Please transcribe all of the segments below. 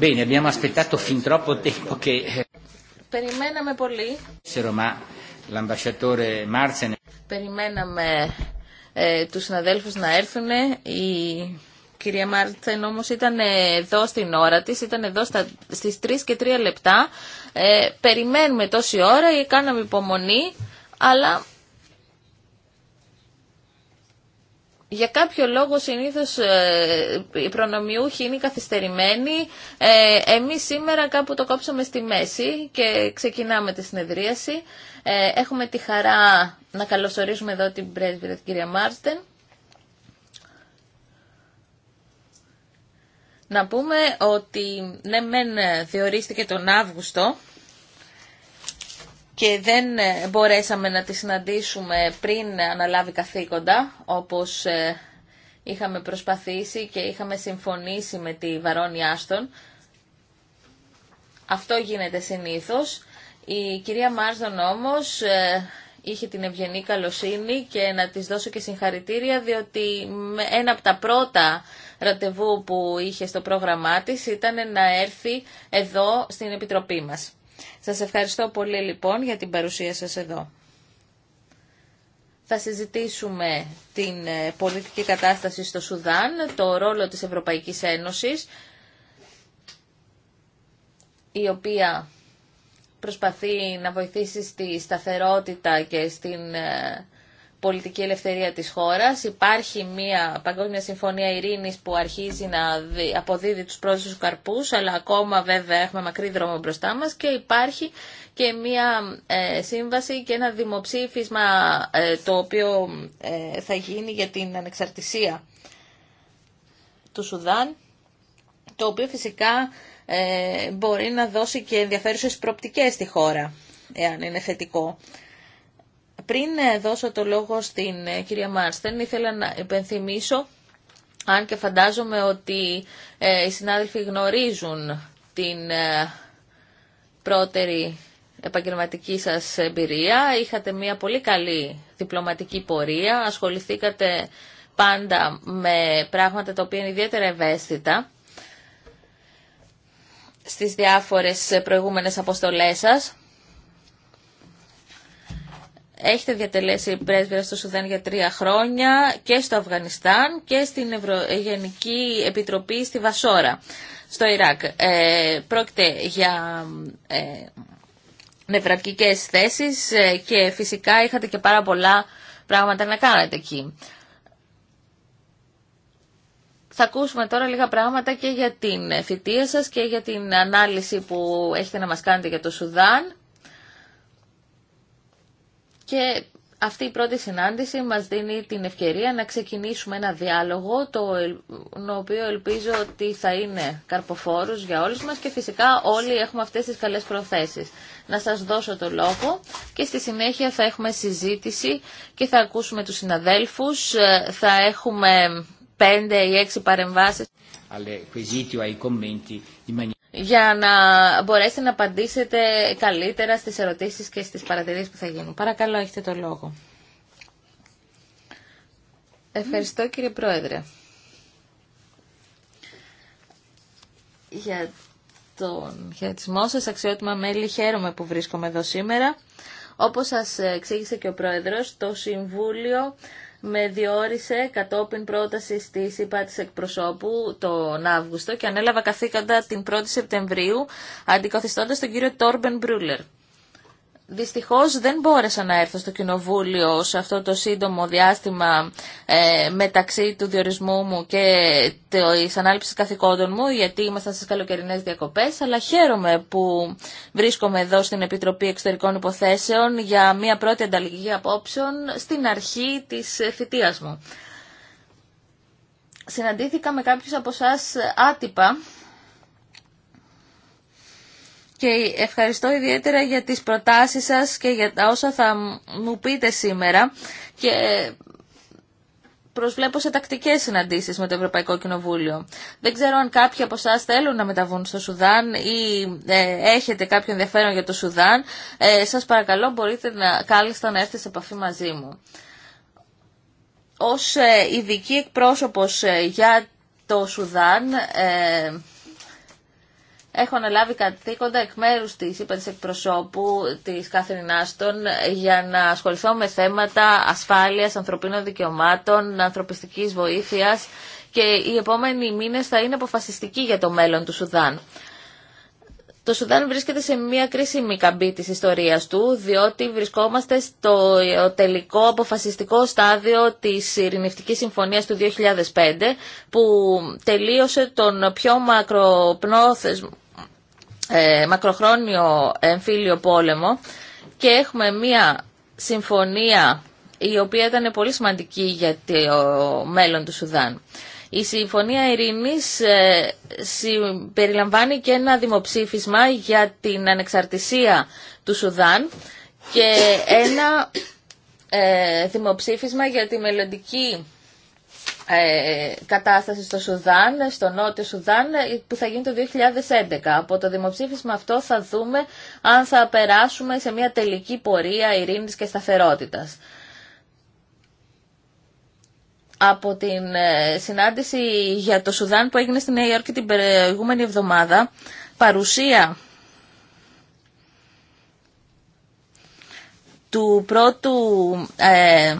Eh, Περιμέναμε πολύ. Περιμέναμε ε, τους συναδέλφους να έρθουν. Η κυρία Μάρτσεν όμως ήταν εδώ στην ώρα τη, ήταν εδώ στι στις 3 και 3 λεπτά. Ε, περιμένουμε τόση ώρα, ή κάναμε υπομονή, αλλά Για κάποιο λόγο συνήθως ε, οι προνομιούχοι είναι καθυστερημένοι. Ε, εμείς σήμερα κάπου το κόψαμε στη μέση και ξεκινάμε τη συνεδρίαση. Ε, έχουμε τη χαρά να καλωσορίσουμε εδώ την πρέσβυρα την κυρία Μάρστεν. Να πούμε ότι ναι μεν θεωρίστηκε τον Αύγουστο και δεν ε, μπορέσαμε να τη συναντήσουμε πριν αναλάβει καθήκοντα, όπως ε, είχαμε προσπαθήσει και είχαμε συμφωνήσει με τη Βαρόνι Άστον. Αυτό γίνεται συνήθως. Η κυρία Μάρζον, όμως ε, είχε την ευγενή καλοσύνη και να της δώσω και συγχαρητήρια διότι ένα από τα πρώτα ραντεβού που είχε στο πρόγραμμά της ήταν να έρθει εδώ στην Επιτροπή μας. Σας ευχαριστώ πολύ λοιπόν για την παρουσία σας εδώ. Θα συζητήσουμε την ε, πολιτική κατάσταση στο Σουδάν, το ρόλο της Ευρωπαϊκής Ένωσης, η οποία προσπαθεί να βοηθήσει στη σταθερότητα και στην ε, πολιτική ελευθερία της χώρας. Υπάρχει μια παγκόσμια συμφωνία ειρήνης που αρχίζει να αποδίδει τους του καρπούς, αλλά ακόμα βέβαια έχουμε μακρύ δρόμο μπροστά μας και υπάρχει και μια ε, σύμβαση και ένα δημοψήφισμα ε, το οποίο ε, θα γίνει για την ανεξαρτησία του Σουδάν, το οποίο φυσικά μπορεί να δώσει και ενδιαφέρουσες προπτικές στη χώρα, εάν είναι θετικό. Πριν δώσω το λόγο στην ε, κυρία Μάρστεν, ήθελα να υπενθυμίσω, αν και φαντάζομαι ότι ε, οι συνάδελφοι γνωρίζουν την ε, πρώτερη επαγγελματική σας εμπειρία. Είχατε μια πολύ καλή διπλωματική πορεία, ασχοληθήκατε πάντα με πράγματα τα οποία είναι ιδιαίτερα ευαίσθητα στις διάφορες προηγούμενες αποστολές σας. Έχετε διατελέσει πρέσβυρα στο Σουδάν για τρία χρόνια και στο Αφγανιστάν και στην Ευρωγενική Επιτροπή στη Βασόρα, στο Ιράκ. Ε, πρόκειται για ε, θέσει θέσεις ε, και φυσικά είχατε και πάρα πολλά πράγματα να κάνετε εκεί. Θα ακούσουμε τώρα λίγα πράγματα και για την φοιτεία σας και για την ανάλυση που έχετε να μας κάνετε για το Σουδάν. Και αυτή η πρώτη συνάντηση μας δίνει την ευκαιρία να ξεκινήσουμε ένα διάλογο, το οποίο ελπίζω ότι θα είναι καρποφόρους για όλους μας και φυσικά όλοι έχουμε αυτές τις καλές προθέσεις. Να σας δώσω το λόγο και στη συνέχεια θα έχουμε συζήτηση και θα ακούσουμε τους συναδέλφους, ε, θα έχουμε πέντε ή έξι παρεμβάσεις για να μπορέσετε να απαντήσετε καλύτερα στις ερωτήσεις και στις παρατηρήσεις που θα γίνουν. Παρακαλώ, έχετε το λόγο. Ευχαριστώ κύριε Πρόεδρε. Για τον χαιρετισμό σας, αξιότιμα μέλη, χαίρομαι που βρίσκομαι εδώ σήμερα. Όπως σας εξήγησε και ο Πρόεδρος, το Συμβούλιο με διόρισε κατόπιν πρόταση τη ΥΠΑ τη εκπροσώπου τον Αύγουστο και ανέλαβα καθήκοντα την 1η Σεπτεμβρίου, αντικαθιστώντα τον κύριο Τόρμπεν Μπρούλερ. Δυστυχώς δεν μπόρεσα να έρθω στο Κοινοβούλιο σε αυτό το σύντομο διάστημα ε, μεταξύ του διορισμού μου και της ανάληψης καθηκόντων μου γιατί ήμασταν στις καλοκαιρινές διακοπές αλλά χαίρομαι που βρίσκομαι εδώ στην Επιτροπή Εξωτερικών Υποθέσεων για μια πρώτη ανταλλαγή απόψεων στην αρχή της θητείας μου. Συναντήθηκα με κάποιους από εσά άτυπα και ευχαριστώ ιδιαίτερα για τις προτάσεις σας και για τα όσα θα μου πείτε σήμερα και προσβλέπω σε τακτικέ συναντήσει με το Ευρωπαϊκό Κοινοβούλιο. Δεν ξέρω αν κάποιοι από εσά θέλουν να μεταβούν στο Σουδάν ή ε, έχετε κάποιο ενδιαφέρον για το Σουδάν. Ε, Σα παρακαλώ, μπορείτε να, κάλλιστα να έρθετε σε επαφή μαζί μου. Ω ε, ειδική εκπρόσωπο ε, για το Σουδάν. Ε, έχω αναλάβει καθήκοντα εκ μέρου τη είπα τη εκπροσώπου της Κάθριν Άστον για να ασχοληθώ με θέματα ασφάλεια, ανθρωπίνων δικαιωμάτων, ανθρωπιστική βοήθεια και οι επόμενοι μήνε θα είναι αποφασιστικοί για το μέλλον του Σουδάν. Το Σουδάν βρίσκεται σε μια κρίσιμη καμπή της ιστορίας του, διότι βρισκόμαστε στο τελικό αποφασιστικό στάδιο της Ειρηνευτικής Συμφωνίας του 2005, που τελείωσε τον πιο μακροπνόθεσμο ε, μακροχρόνιο εμφύλιο πόλεμο και έχουμε μία συμφωνία η οποία ήταν πολύ σημαντική για το μέλλον του Σουδάν. Η Συμφωνία Ειρήνης ε, περιλαμβάνει και ένα δημοψήφισμα για την ανεξαρτησία του Σουδάν και ένα ε, δημοψήφισμα για τη μελλοντική ε, κατάσταση στο Σουδάν, στο Νότιο Σουδάν, που θα γίνει το 2011. Από το δημοψήφισμα αυτό θα δούμε αν θα περάσουμε σε μια τελική πορεία ειρήνης και σταθερότητας. Από την ε, συνάντηση για το Σουδάν που έγινε στην Νέα Υόρκη την προηγούμενη εβδομάδα, παρουσία του πρώτου... Ε,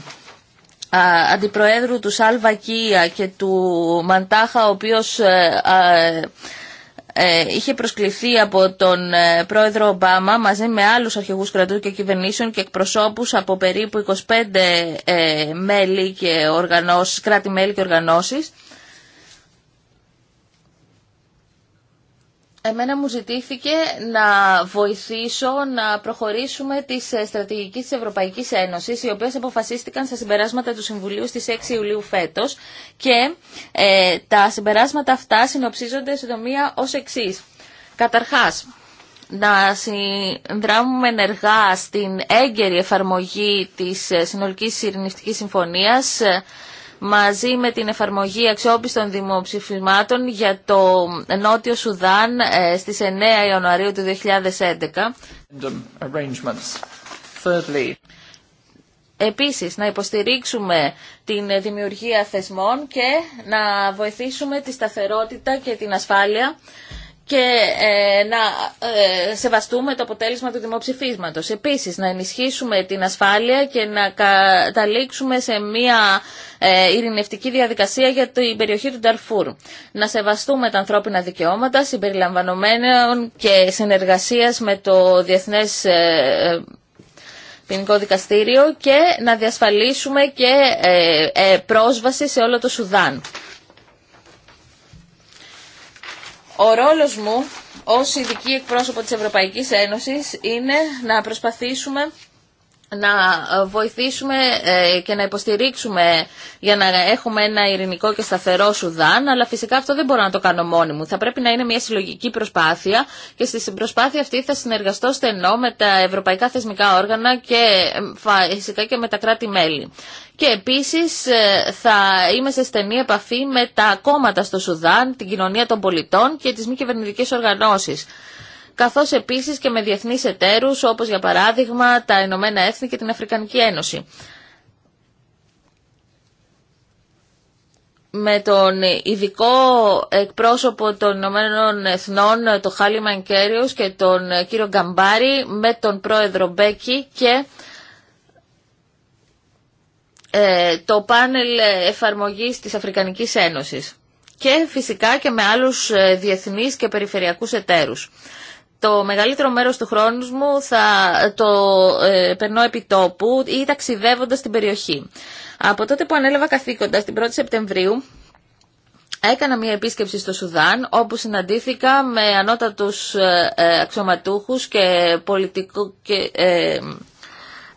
αντιπροέδρου του Σάλβα και του Μαντάχα, ο οποίος ε, ε, είχε προσκληθεί από τον ε, πρόεδρο Ομπάμα μαζί με άλλους αρχηγούς κρατού και κυβερνήσεων και εκπροσώπους από περίπου 25 μέλη και οργανώσεις, κράτη-μέλη και οργανώσεις εμένα μου ζητήθηκε να βοηθήσω να προχωρήσουμε τις ε, στρατηγική τη Ευρωπαϊκή Ένωση, οι οποίες αποφασίστηκαν στα συμπεράσματα του Συμβουλίου στις 6 Ιουλίου Φέτο. και ε, τα συμπεράσματα αυτά συνοψίζονται σε μία ως εξής. Καταρχάς, να συνδράμουμε ενεργά στην έγκαιρη εφαρμογή της ε, Συνολικής Ειρηνευτικής Συμφωνίας μαζί με την εφαρμογή αξιόπιστων δημοψηφισμάτων για το Νότιο Σουδάν ε, στις 9 Ιανουαρίου του 2011. Επίσης, να υποστηρίξουμε την δημιουργία θεσμών και να βοηθήσουμε τη σταθερότητα και την ασφάλεια και ε, να ε, σεβαστούμε το αποτέλεσμα του δημοψηφίσματος. Επίσης, να ενισχύσουμε την ασφάλεια και να καταλήξουμε σε μια ε, ειρηνευτική διαδικασία για την περιοχή του Νταρφούρ. Να σεβαστούμε τα ανθρώπινα δικαιώματα συμπεριλαμβανομένων και συνεργασίας με το Διεθνές ποινικό δικαστήριο και να διασφαλίσουμε και πρόσβαση σε όλο το Σουδάν. Ο ρόλος μου ως ειδική εκπρόσωπο της Ευρωπαϊκής Ένωσης είναι να προσπαθήσουμε να βοηθήσουμε ε, και να υποστηρίξουμε για να έχουμε ένα ειρηνικό και σταθερό Σουδάν, αλλά φυσικά αυτό δεν μπορώ να το κάνω μόνη μου. Θα πρέπει να είναι μια συλλογική προσπάθεια και στη προσπάθεια αυτή θα συνεργαστώ στενό με τα ευρωπαϊκά θεσμικά όργανα και ε, φυσικά και με τα κράτη-μέλη και επίσης ε, θα είμαι σε στενή επαφή με τα κόμματα στο Σουδάν, την κοινωνία των πολιτών και τις μη κυβερνητικέ οργανώσεις καθώς επίσης και με διεθνείς εταίρους όπως για παράδειγμα τα Ηνωμένα Έθνη και την Αφρικανική Ένωση. με τον ειδικό εκπρόσωπο των Ηνωμένων Εθνών, τον Χάλι Μανκέριος και τον κύριο Γκαμπάρη, με τον πρόεδρο Μπέκη και ε, το πάνελ εφαρμογής της Αφρικανικής Ένωσης και φυσικά και με άλλους ε, διεθνείς και περιφερειακούς εταίρους. Το μεγαλύτερο μέρος του χρόνου μου θα ε, το περνώ επί τόπου ή ταξιδεύοντας στην περιοχή. Από τότε που ανέλαβα καθήκοντα την 1η Σεπτεμβρίου, Έκανα μια επίσκεψη στο Σουδάν όπου συναντήθηκα με ανώτατους αξιωματούχους και πολιτικού και,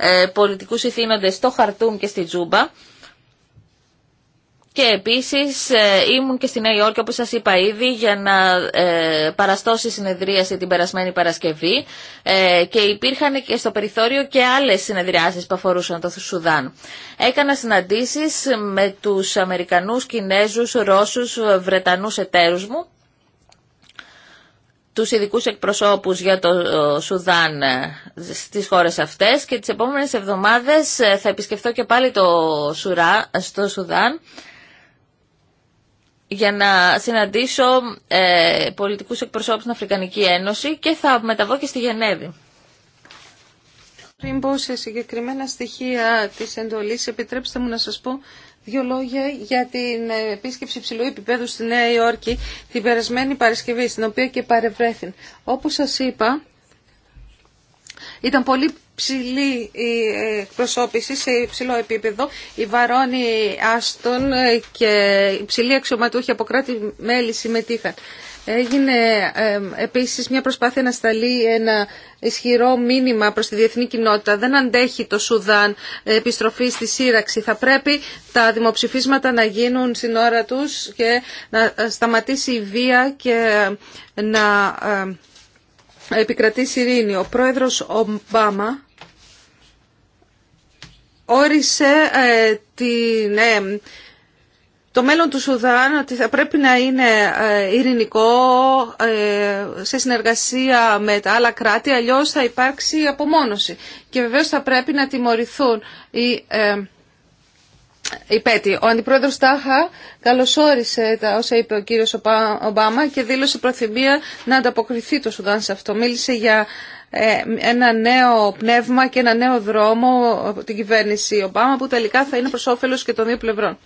ε, πολιτικούς ηθήνοντες στο Χαρτούμ και στη Τζούμπα. Και επίσης ε, ήμουν και στη Νέα Υόρκη όπως σας είπα ήδη για να ε, παραστώσει συνεδρίαση την περασμένη Παρασκευή και υπήρχαν και στο περιθώριο και άλλες συνεδριάσεις που αφορούσαν το Σουδάν. Έκανα συναντήσεις με τους Αμερικανούς, Κινέζους, Ρώσους, Βρετανούς εταίρους μου του ειδικούς εκπροσώπους για το ε, Σουδάν ε, στις χώρες αυτές και τις επόμενες εβδομάδες ε, θα επισκεφθώ και πάλι το Σουρά, στο Σουδάν για να συναντήσω ε, πολιτικούς εκπροσώπους στην Αφρικανική Ένωση και θα μεταβώ και στη Γενέβη. Πριν πω σε συγκεκριμένα στοιχεία της εντολής, επιτρέψτε μου να σας πω Δύο λόγια για την επίσκεψη ψηλού επίπεδου στη Νέα Υόρκη την περασμένη Παρασκευή, στην οποία και παρευρέθη. Όπως σας είπα, ήταν πολύ ψηλή η εκπροσώπηση σε υψηλό επίπεδο. Η Βαρόνη Άστον και οι ψηλοί αξιωματούχοι από κράτη-μέλη συμμετείχαν. Έγινε επίσης μια προσπάθεια να σταλεί ένα ισχυρό μήνυμα προς τη διεθνή κοινότητα. Δεν αντέχει το Σουδάν επιστροφή στη σύραξη. Θα πρέπει τα δημοψηφίσματα να γίνουν στην ώρα τους και να σταματήσει η βία και να επικρατήσει ειρήνη. Ο πρόεδρος Ομπάμα όρισε ε, την ε, το μέλλον του Σουδάν ότι θα πρέπει να είναι ε, ειρηνικό ε, σε συνεργασία με τα άλλα κράτη, αλλιώς θα υπάρξει απομόνωση. Και βεβαίως θα πρέπει να τιμωρηθούν οι, ε, οι πέτοι. Ο Αντιπρόεδρος Τάχα καλωσόρισε τα όσα είπε ο κύριος Ομπάμα και δήλωσε προθυμία να ανταποκριθεί το Σουδάν σε αυτό. Μίλησε για ένα νέο πνεύμα και ένα νέο δρόμο από την κυβέρνηση Ομπάμα που τελικά θα είναι προς όφελος και των δύο πλευρών.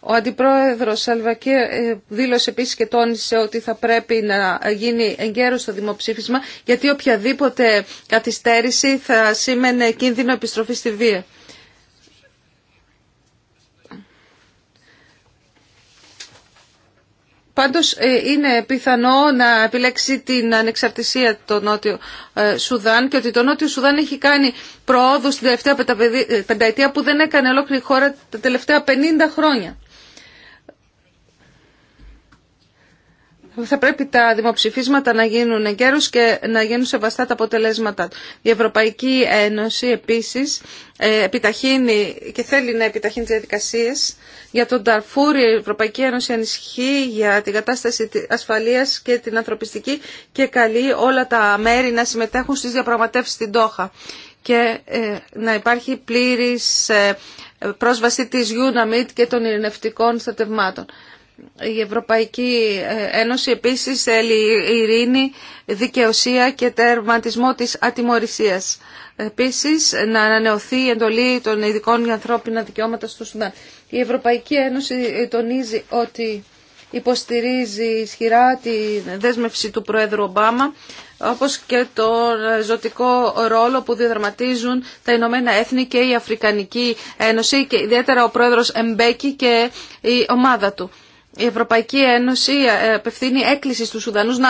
Ο Αντιπρόεδρος Σαλβακή ε, δήλωσε επίσης και τόνισε ότι θα πρέπει να γίνει εγκαίρος το δημοψήφισμα γιατί οποιαδήποτε καθυστέρηση θα σήμαινε κίνδυνο επιστροφή στη βία. Πάντως ε, είναι πιθανό να επιλέξει την ανεξαρτησία το Νότιο ε, Σουδάν και ότι το Νότιο Σουδάν έχει κάνει προόδους την τελευταία πενταετία που δεν έκανε ολόκληρη χώρα τα τελευταία 50 χρόνια. θα πρέπει τα δημοψηφίσματα να γίνουν εγκαίρως και να γίνουν σεβαστά τα αποτελέσματα. Η Ευρωπαϊκή Ένωση επίσης ε, επιταχύνει και θέλει να επιταχύνει τις διαδικασίες. Για τον Ταρφούρη η Ευρωπαϊκή Ένωση ανησυχεί για την κατάσταση ασφαλείας και την ανθρωπιστική και καλεί όλα τα μέρη να συμμετέχουν στις διαπραγματεύσεις στην Τόχα και ε, να υπάρχει πλήρης ε, πρόσβαση της UNAMID και των ειρηνευτικών στατευμάτων. Η Ευρωπαϊκή ε, Ένωση επίσης θέλει ειρήνη, δικαιοσία και τερματισμό της ατιμορρησίας. Επίσης να ανανεωθεί η εντολή των ειδικών για ανθρώπινα δικαιώματα στο Σουδάν. Η Ευρωπαϊκή Ένωση τονίζει ότι υποστηρίζει ισχυρά τη δέσμευση του Πρόεδρου Ομπάμα όπως και το ζωτικό ρόλο που διαδραματίζουν τα Ηνωμένα Έθνη και η Αφρικανική Ένωση και ιδιαίτερα ο Πρόεδρος Εμπέκη και η ομάδα του η Ευρωπαϊκή Ένωση ε, απευθύνει έκκληση στους Σουδανούς να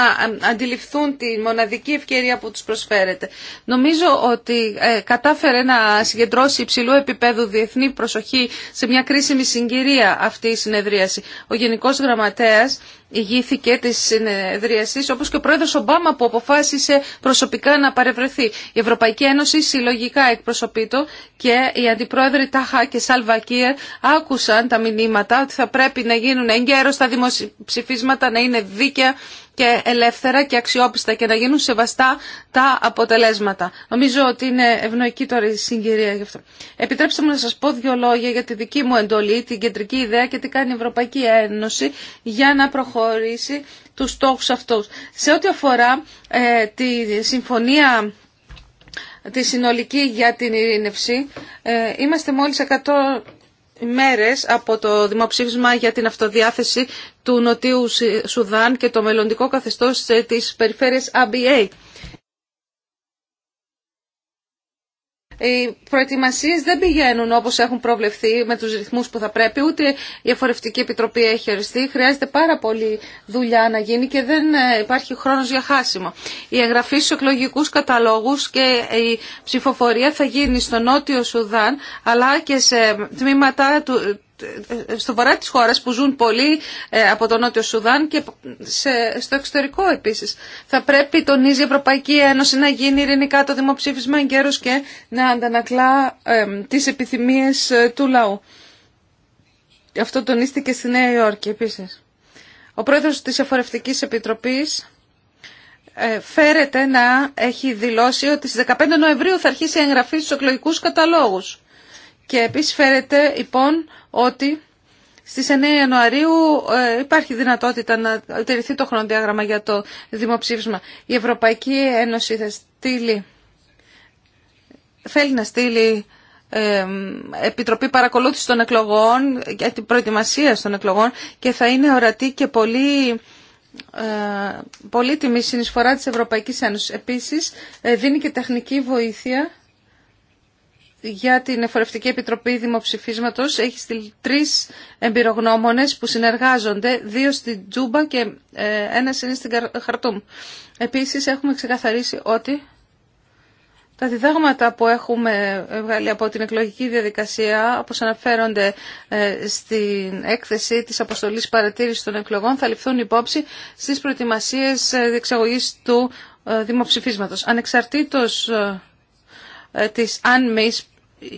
αντιληφθούν τη μοναδική ευκαιρία που τους προσφέρεται. Νομίζω ότι ε, κατάφερε να συγκεντρώσει υψηλού επίπεδου διεθνή προσοχή σε μια κρίσιμη συγκυρία αυτή η συνεδρίαση. Ο Γενικός Γραμματέας ηγήθηκε τη συνεδρίαση, όπω και ο πρόεδρο Ομπάμα που αποφάσισε προσωπικά να παρευρεθεί. Η Ευρωπαϊκή Ένωση συλλογικά εκπροσωπεί το και οι αντιπρόεδροι Τάχα και Σαλβακίερ άκουσαν τα μηνύματα ότι θα πρέπει να γίνουν εγκαίρω τα δημοψηφίσματα, να είναι δίκαια και ελεύθερα και αξιόπιστα και να γίνουν σεβαστά τα αποτελέσματα. Νομίζω ότι είναι ευνοϊκή τώρα η συγκυρία γι' αυτό. Επιτρέψτε μου να σας πω δύο λόγια για τη δική μου εντολή, την κεντρική ιδέα και τι κάνει η Ευρωπαϊκή Ένωση για να προχωρήσει τους στόχους αυτούς. Σε ό,τι αφορά ε, τη συμφωνία τη συνολική για την ειρήνευση, ε, είμαστε μόλις 100 μέρες από το δημοψήφισμα για την αυτοδιάθεση του Νοτίου Σουδάν και το μελλοντικό καθεστώς ε, της περιφέρειας ABA. οι προετοιμασίε δεν πηγαίνουν όπω έχουν προβλεφθεί με του ρυθμού που θα πρέπει, ούτε η Εφορευτική Επιτροπή έχει οριστεί. Χρειάζεται πάρα πολύ δουλειά να γίνει και δεν ε, υπάρχει χρόνο για χάσιμο. Η εγγραφή στου εκλογικού καταλόγου και η ψηφοφορία θα γίνει στο Νότιο Σουδάν, αλλά και σε τμήματα του, στο βορρά της χώρας που ζουν πολλοί ε, από το Νότιο Σουδάν και σε, στο εξωτερικό επίσης. Θα πρέπει, τονίζει η Ευρωπαϊκή Ένωση, να γίνει ειρηνικά το δημοψήφισμα εγκαίρως και να αντανακλά ε, τις επιθυμίες ε, του λαού. Αυτό τονίστηκε στη Νέα Υόρκη επίσης. Ο πρόεδρος της Εφορευτικής Επιτροπής ε, φέρεται να έχει δηλώσει ότι στις 15 Νοεμβρίου θα αρχίσει η εγγραφή στους εκλογικούς καταλόγους. Και επίσης φέρεται λοιπόν ότι στις 9 Ιανουαρίου ε, υπάρχει δυνατότητα να τηρηθεί το χρονοδιάγραμμα για το δημοψήφισμα. Η Ευρωπαϊκή Ένωση θα στείλει, θέλει να στείλει ε, Επιτροπή Παρακολούθησης των Εκλογών για την προετοιμασία των εκλογών και θα είναι ορατή και πολύ ε, πολύτιμη συνεισφορά της Ευρωπαϊκής Ένωσης. Επίσης δίνει και τεχνική βοήθεια για την Εφορευτική Επιτροπή Δημοψηφίσματος έχει στείλει τρεις εμπειρογνώμονε που συνεργάζονται, δύο στην Τζούμπα και ε, ένα είναι στην Χαρτούμ. Επίσης έχουμε ξεκαθαρίσει ότι τα διδάγματα που έχουμε βγάλει από την εκλογική διαδικασία, όπως αναφέρονται ε, στην έκθεση της αποστολής παρατήρησης των εκλογών, θα ληφθούν υπόψη στις προετοιμασίες ε, διεξαγωγή του δημοψηφίσματος. Ανεξαρτήτως ε, της ΑΝΜΙΣ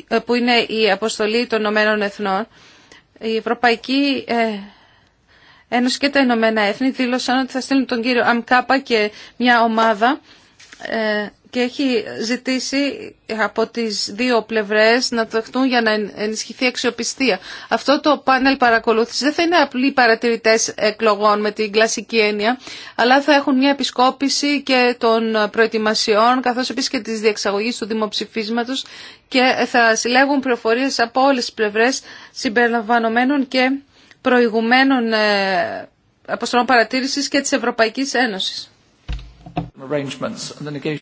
ε, που είναι η αποστολή των Ηνωμένων Εθνών, η Ευρωπαϊκή ε, Ένωση και τα Ηνωμένα Έθνη δήλωσαν ότι θα στείλουν τον κύριο Αμκάπα και μια ομάδα και έχει ζητήσει από τις δύο πλευρές να δεχτούν για να ενισχυθεί η αξιοπιστία. Αυτό το πάνελ παρακολούθηση δεν θα είναι απλοί παρατηρητές εκλογών με την κλασική έννοια, αλλά θα έχουν μια επισκόπηση και των προετοιμασιών, καθώς επίσης και της διεξαγωγής του δημοψηφίσματος και θα συλλέγουν πληροφορίες από όλες τις πλευρές συμπεριλαμβανομένων και προηγουμένων ε, αποστολών παρατήρησης και της Ευρωπαϊκής Ένωσης.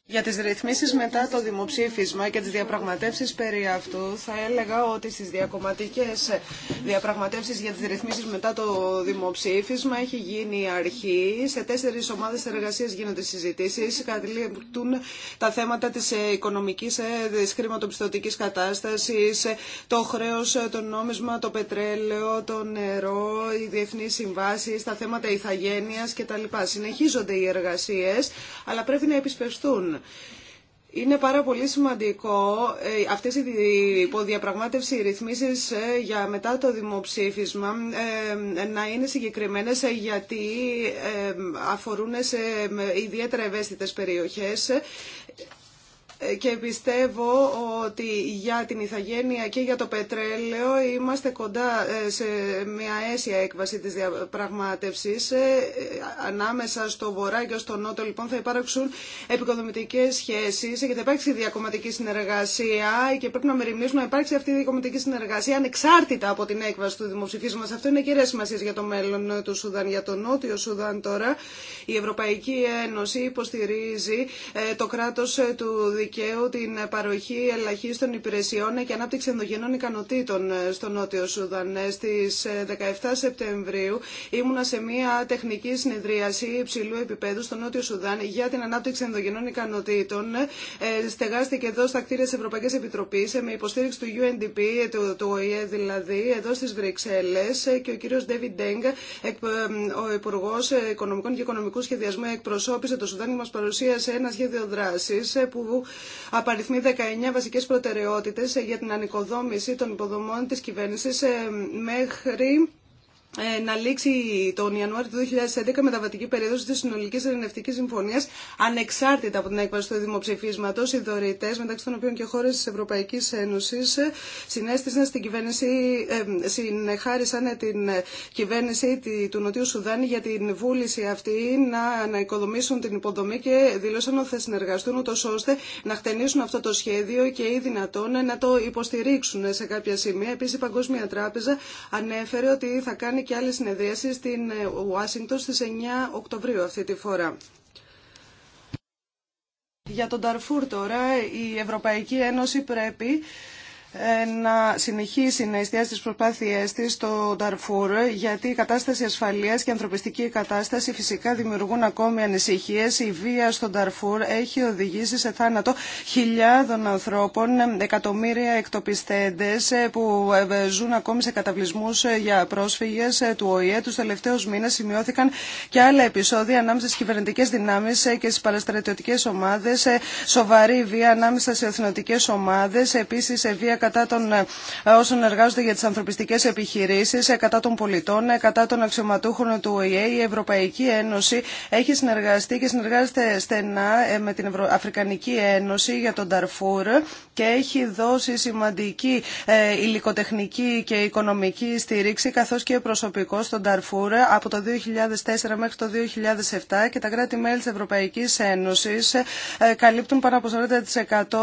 Για τις ρυθμίσεις μετά το δημοψήφισμα και τις διαπραγματεύσεις περί αυτού, θα έλεγα ότι στις διακομματικές διαπραγματεύσεις για τις ρυθμίσεις μετά το δημοψήφισμα έχει γίνει αρχή. Σε τέσσερις ομάδες εργασίας γίνονται συζητήσεις, καταλήγουν τα θέματα της οικονομικής, της χρηματοπιστωτικής κατάστασης, το χρέος, το νόμισμα, το πετρέλαιο, το νερό, οι διεθνείς συμβάσεις, τα θέματα ηθαγένειας κτλ. Συνεχίζονται οι εργασίες αλλά πρέπει να επισπευστούν. Είναι πάρα πολύ σημαντικό ε, αυτές οι υποδιαπραγμάτευση ρυθμίσεις ε, για μετά το δημοψήφισμα ε, να είναι συγκεκριμένες γιατί αφορούν σε ιδιαίτερα ευαίσθητες περιοχές και πιστεύω ότι για την ηθαγένεια και για το πετρέλαιο είμαστε κοντά ε, σε μια αίσια έκβαση της διαπραγμάτευσης. Ε, ανάμεσα στο βορρά και στο νότο λοιπόν θα υπάρξουν επικοδομητικές σχέσεις και θα υπάρξει διακομματική συνεργασία και πρέπει να μεριμνήσουμε να υπάρξει αυτή η διακομματική συνεργασία ανεξάρτητα από την έκβαση του δημοψηφίσματος. Αυτό είναι κυρία σημασία για το μέλλον του Σουδάν. Για το νότιο Σουδάν τώρα η Ευρωπαϊκή Ένωση υποστηρίζει ε, το κράτος του δικαίου την παροχή ελαχίστων υπηρεσιών και ανάπτυξη ενδογενών ικανοτήτων στο Νότιο Σουδάν. Στι 17 ε, Σεπτεμβρίου ήμουνα σε μια τεχνική συνεδρίαση υψηλού επίπεδου στο Νότιο Σουδάν για την ανάπτυξη ενδογενών ικανοτήτων. Ε, στεγάστηκε εδώ στα κτίρια τη Ευρωπαϊκή Επιτροπή ε, με υποστήριξη του UNDP, του, ΟΗΕ δηλαδή, εδώ στι Βρυξέλλε και ο κύριο Ντέβιν Ντέγκ, ο Υπουργό Οικονομικών και Οικονομικού Σχεδιασμού, εκπροσώπησε το Σουδάν μα παρουσίασε ένα σχέδιο δράση που απαριθμεί 19 βασικές προτεραιότητες ε, για την ανοικοδόμηση των υποδομών της κυβέρνησης ε, μέχρι ε, να λήξει τον Ιανουάριο του 2011 μεταβατική περίοδο της συνολικής ειρηνευτικής συμφωνίας ανεξάρτητα από την έκβαση του δημοψηφίσματος οι δωρητές μεταξύ των οποίων και χώρες της Ευρωπαϊκής Ένωσης συνέστησαν στην κυβέρνηση, ε, συνεχάρισαν την κυβέρνηση του Νοτιού Σουδάνη για την βούληση αυτή να οικοδομήσουν την υποδομή και δήλωσαν ότι θα συνεργαστούν ούτως ώστε να χτενίσουν αυτό το σχέδιο και ή δυνατόν να το υποστηρίξουν σε κάποια σημεία. Επίσης η Παγκόσμια Τράπεζα ανέφερε ότι θα κάνει και άλλη συνεδρίαση στην ε, Ουάσιγκτον στις 9 Οκτωβρίου αυτή τη φορά. Για τον Ταρφούρ τώρα η Ευρωπαϊκή Ένωση πρέπει ε, να συνεχίσει να εστιάσει τις προσπάθειές της στο Νταρφούρ γιατί η κατάσταση ασφαλείας και η ανθρωπιστική κατάσταση φυσικά δημιουργούν ακόμη ανησυχίες. Η βία στο Νταρφούρ έχει οδηγήσει σε θάνατο χιλιάδων ανθρώπων, εκατομμύρια εκτοπιστέντες ε, που ε, ζουν ακόμη σε καταβλισμούς για πρόσφυγες του ΟΗΕ. Τους τελευταίους μήνες σημειώθηκαν και άλλα επεισόδια ανάμεσα στις κυβερνητικές δυνάμεις και στις παραστρατιωτικές ομάδες, σοβαρή βία ανάμεσα σε εθνοτικές ομάδες, επίσης βία κατά των ε, όσων εργάζονται για τις ανθρωπιστικές επιχειρήσεις, ε, κατά των πολιτών, ε, κατά των αξιωματούχων του ΟΗΕ. Η Ευρωπαϊκή Ένωση έχει συνεργαστεί και συνεργάζεται στενά με την Αφρικανική Ένωση για τον Ταρφούρ και έχει δώσει σημαντική υλικοτεχνική και οικονομική στήριξη καθώς και προσωπικό στον Ταρφούρ από το 2004 μέχρι το 2007 και τα κράτη-μέλη της Ευρωπαϊκής Ένωσης καλύπτουν πάνω από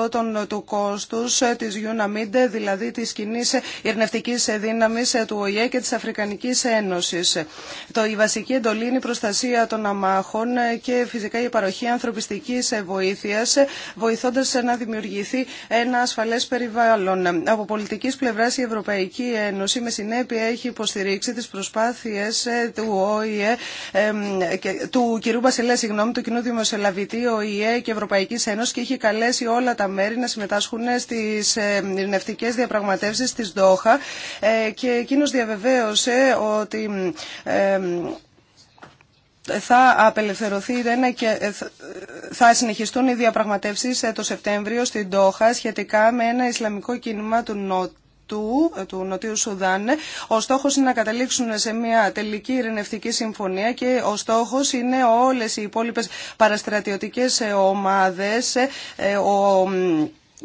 40% του κόστου της UNAMI δηλαδή τη κοινή ειρνευτική δύναμη του ΟΗΕ και τη Αφρικανική Ένωση. η βασική εντολή είναι η προστασία των αμάχων και φυσικά η παροχή ανθρωπιστική βοήθεια, βοηθώντα να δημιουργηθεί ένα ασφαλέ περιβάλλον. Από πολιτική πλευρά η Ευρωπαϊκή Ένωση με συνέπεια έχει υποστηρίξει τι προσπάθειε ε, του ΟΗΕ, του κυρίου Βασιλέα, συγγνώμη, του κοινού δημοσιολαβητή ΟΗΕ και Ευρωπαϊκή Ένωση και έχει καλέσει όλα τα μέρη να συμμετάσχουν στις ε, ειρηνευτικές διαπραγματεύσεις της Δόχα ε, και εκείνο διαβεβαίωσε ότι ε, θα απελευθερωθεί και ε, θα συνεχιστούν οι διαπραγματεύσεις το Σεπτέμβριο στην Δόχα σχετικά με ένα Ισλαμικό κίνημα του Νότου του, Νοτιού Σουδάν. Ο στόχος είναι να καταλήξουν σε μια τελική ειρηνευτική συμφωνία και ο στόχος είναι όλες οι υπόλοιπε παραστρατιωτικές ομάδες, ο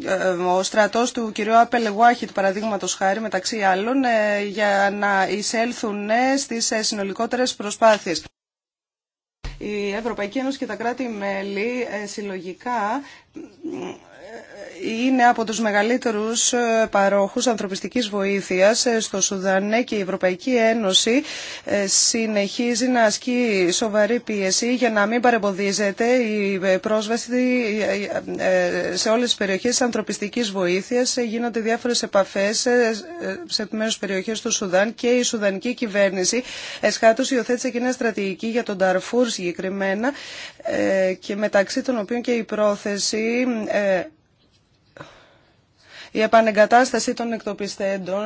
ε, ο στρατός του κυρίου Απελεγουάχη, του παραδείγματος χάρη, μεταξύ άλλων, ε, για να εισέλθουν ε, στις συνολικότερες προσπάθειες. Η Ευρωπαϊκή Ένωση και τα κράτη-μέλη συλλογικά είναι από τους μεγαλύτερους ε, παρόχους ανθρωπιστικής βοήθειας ε, στο Σουδάν ναι, και η Ευρωπαϊκή Ένωση ε, συνεχίζει να ασκεί σοβαρή πίεση για να μην παρεμποδίζεται η πρόσβαση σε όλες τις περιοχές της ανθρωπιστικής βοήθειας. Γίνονται διάφορες επαφές σε μέρους περιοχές του Σουδάν και η Σουδανική κυβέρνηση εσχάτως υιοθέτησε και μια στρατηγική για τον Ταρφούρ συγκεκριμένα και μεταξύ των οποίων και η πρόθεση η επανεγκατάσταση των εκτοπιστέντων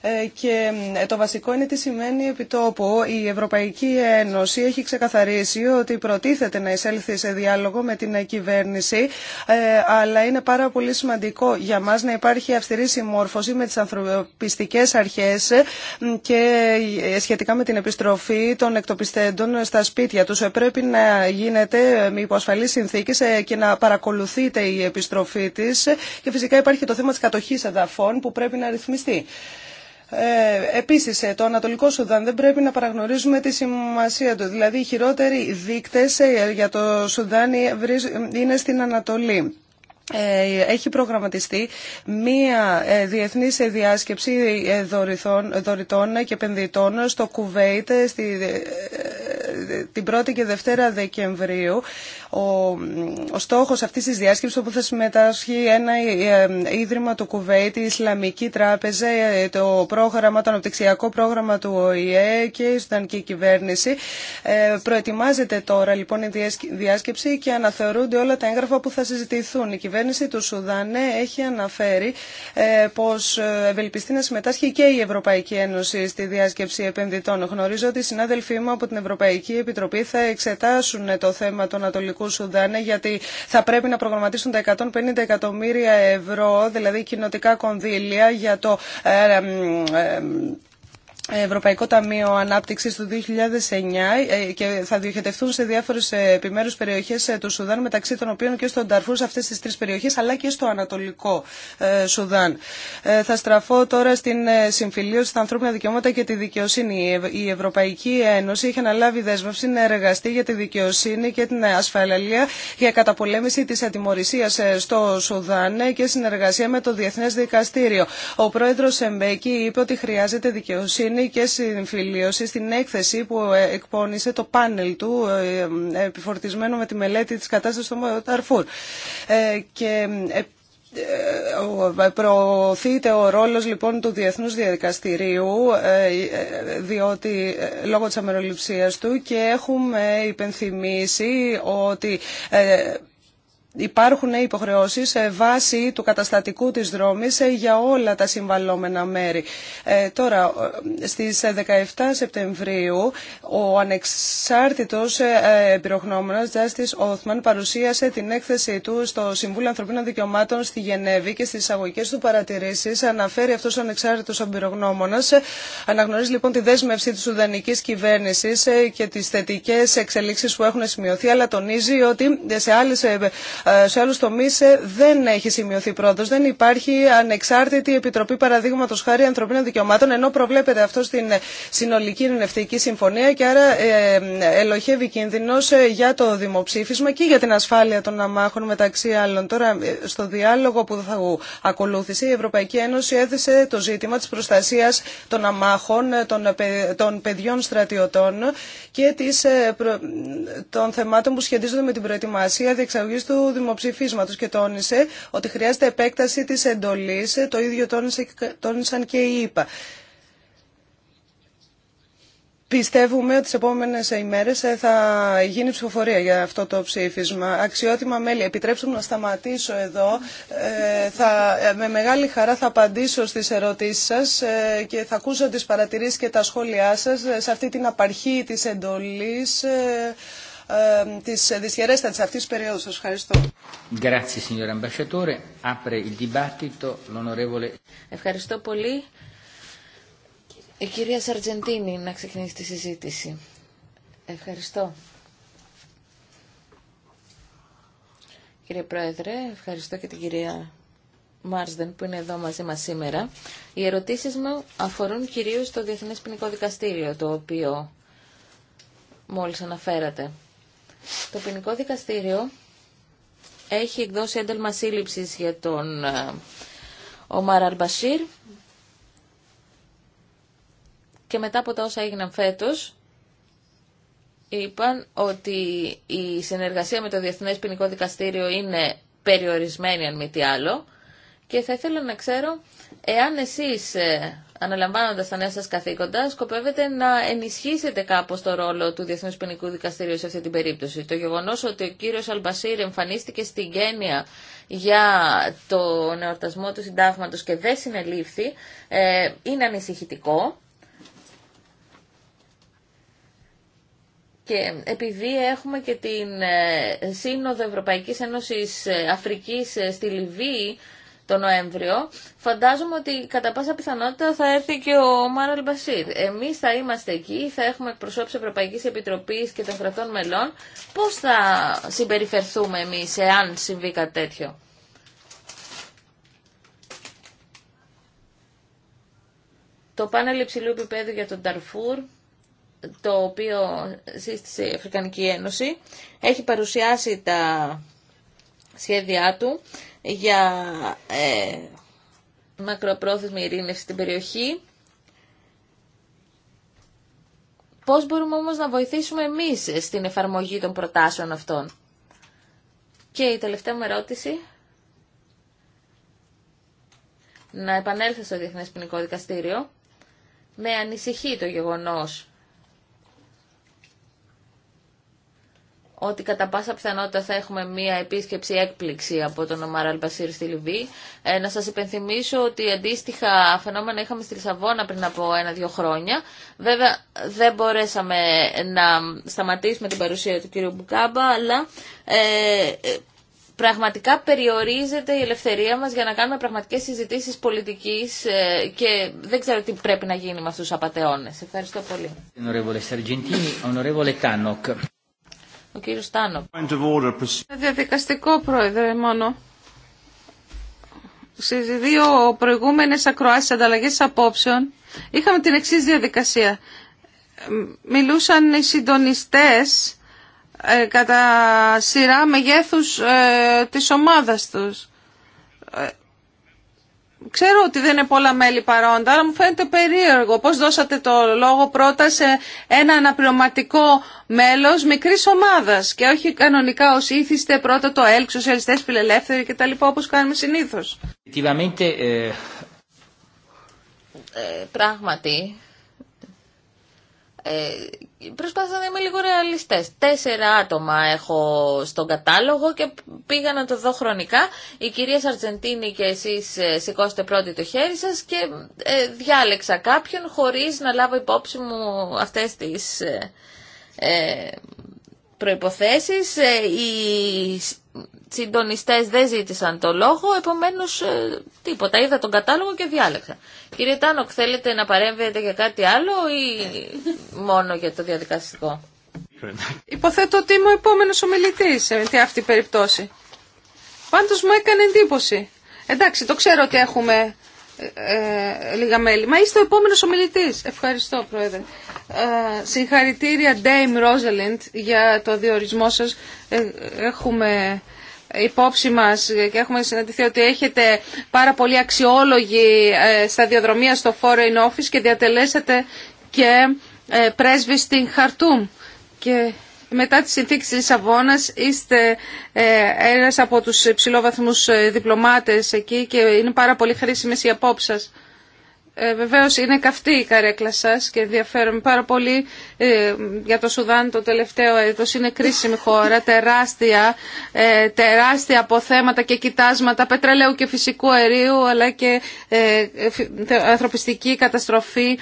ε, και ε, το βασικό είναι τι σημαίνει επιτόπου. Η Ευρωπαϊκή Ένωση έχει ξεκαθαρίσει ότι προτίθεται να εισέλθει σε διάλογο με την κυβέρνηση, ε, αλλά είναι πάρα πολύ σημαντικό για μας να υπάρχει αυστηρή συμμόρφωση με τις ανθρωπιστικές αρχές και σχετικά με την επιστροφή των εκτοπιστέντων στα σπίτια τους. Πρέπει να γίνεται με υποασφαλείς συνθήκες και να παρακολουθείται η επιστροφή της και φυσικά υπάρχει το θέμα Κατοχή κατοχής εδαφών που πρέπει να ρυθμιστεί. Ε, επίσης, ε, το Ανατολικό Σουδάν δεν πρέπει να παραγνωρίζουμε τη σημασία του. Δηλαδή, οι χειρότεροι δείκτες ε, για το Σουδάν ε, είναι στην Ανατολή. Έχει προγραμματιστεί μία διεθνή διάσκεψη δωρητών και επενδυτών στο Κουβέιτ την 1η και 2η Δεκεμβρίου ο, ο στόχος αυτής της διάσκεψης όπου θα συμμετάσχει ένα ε, ε, ίδρυμα του Κουβέιτ, η Ισλαμική Τράπεζα, ε, το πρόγραμμα, το αναπτυξιακό πρόγραμμα του ΟΗΕ και η Σουδανική Κυβέρνηση. προετοιμάζεται τώρα λοιπόν η διάσκεψη και αναθεωρούνται όλα τα έγγραφα που θα συζητηθούν. Η κυβέρνηση του Σουδανέ έχει αναφέρει πως ευελπιστεί να συμμετάσχει και η Ευρωπαϊκή Ένωση στη διάσκεψη επενδυτών. Γνωρίζω ότι οι συνάδελφοί μου από την Ευρωπαϊκή Επιτροπή θα εξετάσουν το θέμα του Ανατολικού Σουδάνε γιατί θα πρέπει να προγραμματίσουν τα 150 εκατομμύρια ευρώ, δηλαδή κοινοτικά κονδύλια για το ε, ε, Ευρωπαϊκό Ταμείο Ανάπτυξη του 2009 ε, και θα διοχετευτούν σε διάφορε επιμέρου περιοχέ ε, του Σουδάν, μεταξύ των οποίων και στον Ταρφού σε αυτέ τι τρει περιοχέ, αλλά και στο Ανατολικό ε, Σουδάν. Θα στραφώ τώρα στην συμφιλίωση στα ανθρώπινα δικαιώματα και τη δικαιοσύνη. Η Ευρωπαϊκή Ένωση είχε αναλάβει δέσμευση να εργαστεί για τη δικαιοσύνη και την ασφαλεία για καταπολέμηση τη ατιμορρησία στο Σουδάν και συνεργασία με το Διεθνέ Δικαστήριο. Ο πρόεδρο Σεμπέκη είπε ότι χρειάζεται δικαιοσύνη ειρήνη και συμφιλίωση στην έκθεση που ε, εκπώνησε το πάνελ του ε, ε, επιφορτισμένο με τη μελέτη της κατάστασης του Ταρφούρ. Και προωθείται ο ρόλος λοιπόν του Διεθνούς Διαδικαστηρίου διότι λόγω της αμεροληψίας του και έχουμε υπενθυμίσει ότι υπάρχουν υποχρεώσεις σε βάση του καταστατικού της δρόμης ε, για όλα τα συμβαλόμενα μέρη. Ε, τώρα, ε, στις 17 Σεπτεμβρίου, ο ανεξάρτητος εμπειρογνώμονας Justice Othman παρουσίασε την έκθεσή του στο Συμβούλιο Ανθρωπίνων Δικαιωμάτων στη Γενέβη και στις εισαγωγικές του παρατηρήσεις αναφέρει αυτός ο ανεξάρτητος εμπειρογνώμονας. Αναγνωρίζει λοιπόν τη δέσμευση της Σουδανικής κυβέρνησης και τις θετικές εξελίξεις που έχουν σημειωθεί, αλλά τονίζει ότι σε άλλες ε, σε άλλου τομεί ε, δεν έχει σημειωθεί πρόοδο. Δεν υπάρχει ανεξάρτητη επιτροπή παραδείγματο χάρη ανθρωπίνων δικαιωμάτων, ενώ προβλέπεται αυτό στην ε, συνολική ειρηνευτική συμφωνία και άρα ελοχεύει κίνδυνο για το δημοψήφισμα και για την ασφάλεια των αμάχων μεταξύ άλλων. Τώρα, στο διάλογο που θα ακολούθησε, η Ευρωπαϊκή Ένωση έθεσε το ζήτημα τη προστασία των αμάχων, των παιδιών στρατιωτών και των θεμάτων που σχετίζονται με την προετοιμασία διεξαγωγή του δημοψηφίσματο και τόνισε ότι χρειάζεται επέκταση της εντολής. Το ίδιο τόνισε, τόνισαν και οι ΙΠΑ. Πιστεύουμε ότι τι επόμενε ημέρε ε, θα γίνει ψηφοφορία για αυτό το ψήφισμα. Αξιότιμα μέλη, επιτρέψτε μου να σταματήσω εδώ. Ε, θα, ε, με μεγάλη χαρά θα απαντήσω στις ερωτήσεις σας και θα ακούσω τις παρατηρήσεις και τα σχόλιά σας σε αυτή την απαρχή της εντολής. Ε, της δυσχερέστατης αυτής της περίοδου. Σας ευχαριστώ. Ευχαριστώ πολύ. Η κυρία Σαρτζεντίνη να ξεκινήσει τη συζήτηση. Ευχαριστώ. Κύριε Πρόεδρε, ευχαριστώ και την κυρία Μάρσδεν που είναι εδώ μαζί μας σήμερα. Οι ερωτήσεις μου αφορούν κυρίως το Διεθνές Ποινικό Δικαστήριο, το οποίο μόλις αναφέρατε. Το ποινικό δικαστήριο έχει εκδώσει ένταλμα σύλληψης για τον ε, Ομάρ Αρμπασίρ και μετά από τα όσα έγιναν φέτος είπαν ότι η συνεργασία με το Διεθνές Ποινικό Δικαστήριο είναι περιορισμένη αν μη τι άλλο και θα ήθελα να ξέρω εάν εσείς ε, αναλαμβάνοντας τα νέα σας καθήκοντα, σκοπεύετε να ενισχύσετε κάπως το ρόλο του Διεθνούς Ποινικού Δικαστηρίου σε αυτή την περίπτωση. Το γεγονός ότι ο κύριος Αλμπασίρ εμφανίστηκε στην γένεια για το νεορτασμό του συντάγματος και δεν συνελήφθη, ε, είναι ανησυχητικό. Και επειδή έχουμε και την ε, Σύνοδο Ευρωπαϊκής Ένωσης Αφρικής στη Λιβύη, το Νοέμβριο, φαντάζομαι ότι κατά πάσα πιθανότητα θα έρθει και ο Μάραλ Μπασίρ. Εμεί θα είμαστε εκεί, θα έχουμε εκπροσώπηση Ευρωπαϊκή Επιτροπή και των κρατών μελών. Πώ θα συμπεριφερθούμε εμεί, εάν συμβεί κάτι τέτοιο. Το πάνελ υψηλού επίπεδου για τον Ταρφούρ, το οποίο σύστησε η Αφρικανική Ένωση, έχει παρουσιάσει τα σχέδιά του για ε, μακροπρόθεσμη ειρήνευση στην περιοχή. Πώς μπορούμε όμως να βοηθήσουμε εμείς στην εφαρμογή των προτάσεων αυτών. Και η τελευταία μου ερώτηση. Να επανέλθω στο Διεθνές Ποινικό Δικαστήριο. Με ανησυχεί το γεγονός ότι κατά πάσα πιθανότητα θα έχουμε μία επίσκεψη έκπληξη από τον Ομάρα Αλμπασίρ στη Λιβύη. Ε, να σας υπενθυμίσω ότι αντίστοιχα φαινόμενα είχαμε στη Λισαβόνα πριν από ένα-δύο χρόνια. Βέβαια δεν μπορέσαμε να σταματήσουμε την παρουσία του κ. Μπουκάμπα, αλλά ε, πραγματικά περιορίζεται η ελευθερία μας για να κάνουμε πραγματικές συζητήσεις πολιτικής ε, και δεν ξέρω τι πρέπει να γίνει με αυτούς τους απαταιώνες. Ευχαριστώ πολύ. Ο κύριος Τάνο. Διαδικαστικό πρόεδρε μόνο. Σε δύο προηγούμενες ακροάσεις ανταλλαγές απόψεων είχαμε την εξής διαδικασία. Μιλούσαν οι συντονιστές ε, κατά σειρά μεγέθους ε, της ομάδας τους. Ξέρω ότι δεν είναι πολλά μέλη παρόντα, αλλά μου φαίνεται περίεργο. Πώς δώσατε το λόγο πρώτα σε ένα αναπληρωματικό μέλος μικρής ομάδας και όχι κανονικά ως ήθιστε πρώτα το ΕΛΚ, σοσιαλιστές, φιλελεύθεροι λοιπά όπως κάνουμε συνήθως. Ε, ε, πράγματι, ε, προσπάθησα να είμαι λίγο ρεαλιστέ. Τέσσερα άτομα έχω στον κατάλογο και πήγα να το δω χρονικά. Οι κυρία Αργεντίνη και εσεί ε, σηκώστε πρώτη το χέρι σα και ε, διάλεξα κάποιον χωρί να λάβω υπόψη μου αυτέ τι ε, ε προποθέσει. Οι συντονιστέ δεν ζήτησαν το λόγο, επομένω τίποτα. Είδα τον κατάλογο και διάλεξα. Κύριε Τάνοκ, θέλετε να παρέμβετε για κάτι άλλο ή μόνο για το διαδικαστικό. Υποθέτω ότι είμαι ο επόμενος ομιλητής ε, σε αυτή την περιπτώση. Πάντως μου έκανε εντύπωση. Εντάξει, το ξέρω ότι έχουμε ε, ε λίγα μέλη. Μα είστε ο επόμενος ομιλητής. Ευχαριστώ, Πρόεδρε. Ε, συγχαρητήρια, Ντέιμ Rosalind, για το διορισμό σας. έχουμε υπόψη μας και έχουμε συναντηθεί ότι έχετε πάρα πολύ αξιόλογη ε, σταδιοδρομία στο Foreign Office και διατελέσατε και ε, πρέσβη στην Χαρτούμ. Και μετά τη συνθήκη της Λισαβόνας είστε ε, ένας από τους υψηλόβαθμους διπλωμάτες εκεί και είναι πάρα πολύ χρήσιμες οι απόψεις ε, βεβαίως είναι καυτή η καρέκλα σα και ενδιαφέρομαι πάρα πολύ ε, για το Σουδάν το τελευταίο έτο. Είναι κρίσιμη χώρα, τεράστια, ε, τεράστια αποθέματα και κοιτάσματα πετρελαίου και φυσικού αερίου αλλά και ε, ανθρωπιστική καταστροφή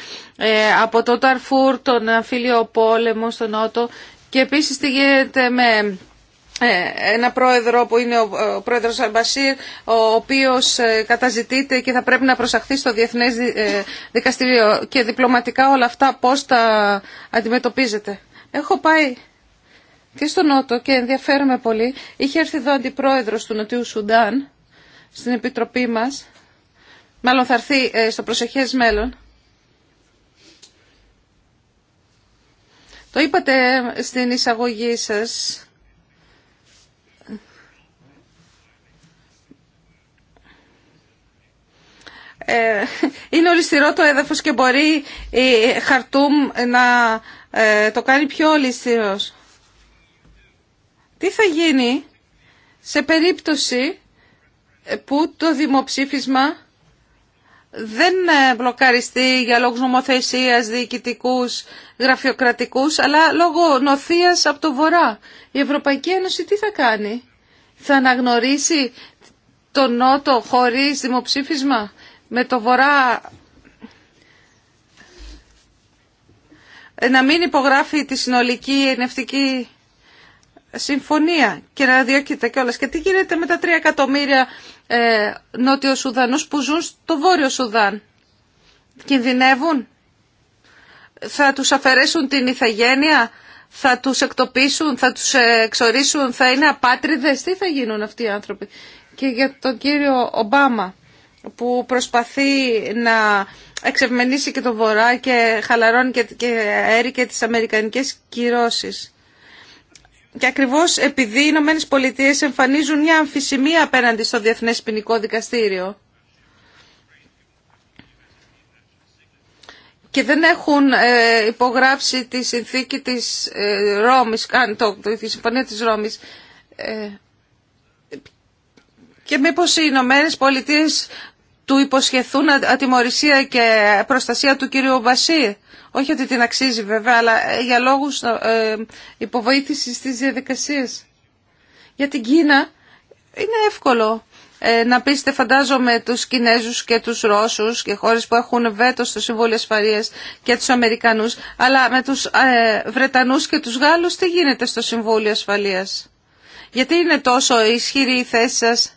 από το Ταρφούρ, τον Αφίλιο πόλεμο στον Νότο και επίσης τι γίνεται με ε, ένα πρόεδρο που είναι ο πρόεδρος Αλμπασίρ, ο οποίος ε, καταζητείται και θα πρέπει να προσαχθεί στο Διεθνές ε, Δικαστηρίο και διπλωματικά όλα αυτά πώς τα αντιμετωπίζετε. Έχω πάει και στο Νότο και ενδιαφέρομαι πολύ. Είχε έρθει εδώ αντιπρόεδρος του Νοτιού Σουντάν στην Επιτροπή μας. Μάλλον θα έρθει στο προσεχές μέλλον. Το είπατε στην εισαγωγή σας Ε, είναι ολιστηρό το έδαφος και μπορεί η Χαρτούμ να ε, το κάνει πιο ολιστηρός. Τι θα γίνει σε περίπτωση που το δημοψήφισμα δεν ε, μπλοκαριστεί για λόγους νομοθεσίας, διοικητικούς, γραφειοκρατικούς, αλλά λόγω νοθείας από το Βορρά. Η Ευρωπαϊκή Ένωση τι θα κάνει, θα αναγνωρίσει τον Νότο χωρίς δημοψήφισμα, με το Βορρά να μην υπογράφει τη συνολική ενευτική συμφωνία και να διώκεται κιόλας. Και τι γίνεται με τα τρια εκατομμύρια ε, νότιο Σουδανούς που ζουν στο βόρειο Σουδάν. Κινδυνεύουν. Θα τους αφαιρέσουν την ηθαγένεια, θα τους εκτοπίσουν, θα τους ε, εξορίσουν, θα είναι απάτριδες. Τι θα γίνουν αυτοί οι άνθρωποι. Και για τον κύριο Ομπάμα που προσπαθεί να εξευμενήσει και το Βορρά και χαλαρώνει και, και αέρι και τις αμερικανικές κυρώσεις. Και ακριβώς επειδή οι Ηνωμένε Πολιτείες εμφανίζουν μια αμφισημία απέναντι στο Διεθνές Ποινικό Δικαστήριο και δεν έχουν ε, υπογράψει τη συνθήκη της ε, Ρώμης, το, τη συμφωνία της Ρώμης, ε, και μήπως οι Ηνωμένε Πολιτείες του υποσχεθούν ατιμορρησία και προστασία του κύριου Μπασί. Όχι ότι την αξίζει βέβαια, αλλά ε, για λόγους ε, ε, υποβοήθησης της διαδικασίας. Για την Κίνα είναι εύκολο να πείστε φαντάζομαι τους Κινέζους και τους Ρώσους και χώρες που έχουν βέτο στο Συμβούλιο Ασφαλείας και τους Αμερικανούς, αλλά με τους Βρετανούς και τους Γάλλους τι γίνεται στο Συμβούλιο Ασφαλείας. Γιατί είναι τόσο ισχυρή η θέση σας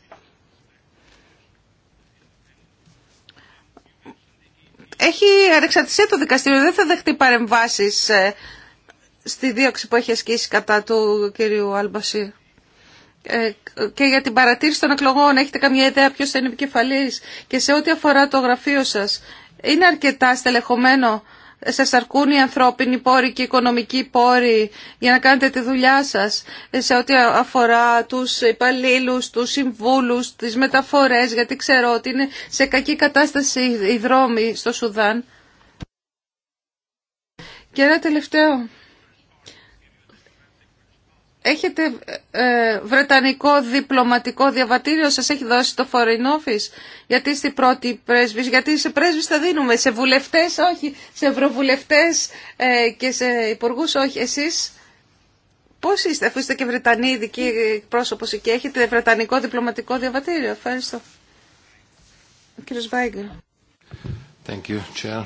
έχει ανεξαρτησία το δικαστήριο, δεν θα δεχτεί παρεμβάσεις ε, στη δίωξη που έχει ασκήσει κατά του κυρίου Αλμπασίρ. Ε, και για την παρατήρηση των εκλογών, έχετε καμιά ιδέα ποιος θα είναι επικεφαλή και σε ό,τι αφορά το γραφείο σας, είναι αρκετά στελεχωμένο σας αρκούν οι ανθρώπινοι πόροι και οι οικονομικοί πόροι για να κάνετε τη δουλειά σας σε ό,τι αφορά τους υπαλλήλου, τους συμβούλους, τις μεταφορές, γιατί ξέρω ότι είναι σε κακή κατάσταση οι δρόμοι στο Σουδάν. Και ένα τελευταίο Έχετε ε, βρετανικό διπλωματικό διαβατήριο, σας έχει δώσει το Foreign Office, γιατί είστε πρώτη πρέσβή, γιατί σε πρέσβης θα δίνουμε, σε βουλευτές όχι, σε ευρωβουλευτές ε, και σε υπουργούς όχι. Εσείς πώς είστε, αφού είστε και Βρετανοί ειδικοί πρόσωπος και έχετε βρετανικό διπλωματικό διαβατήριο. Ευχαριστώ. Ο κύριος Thank you,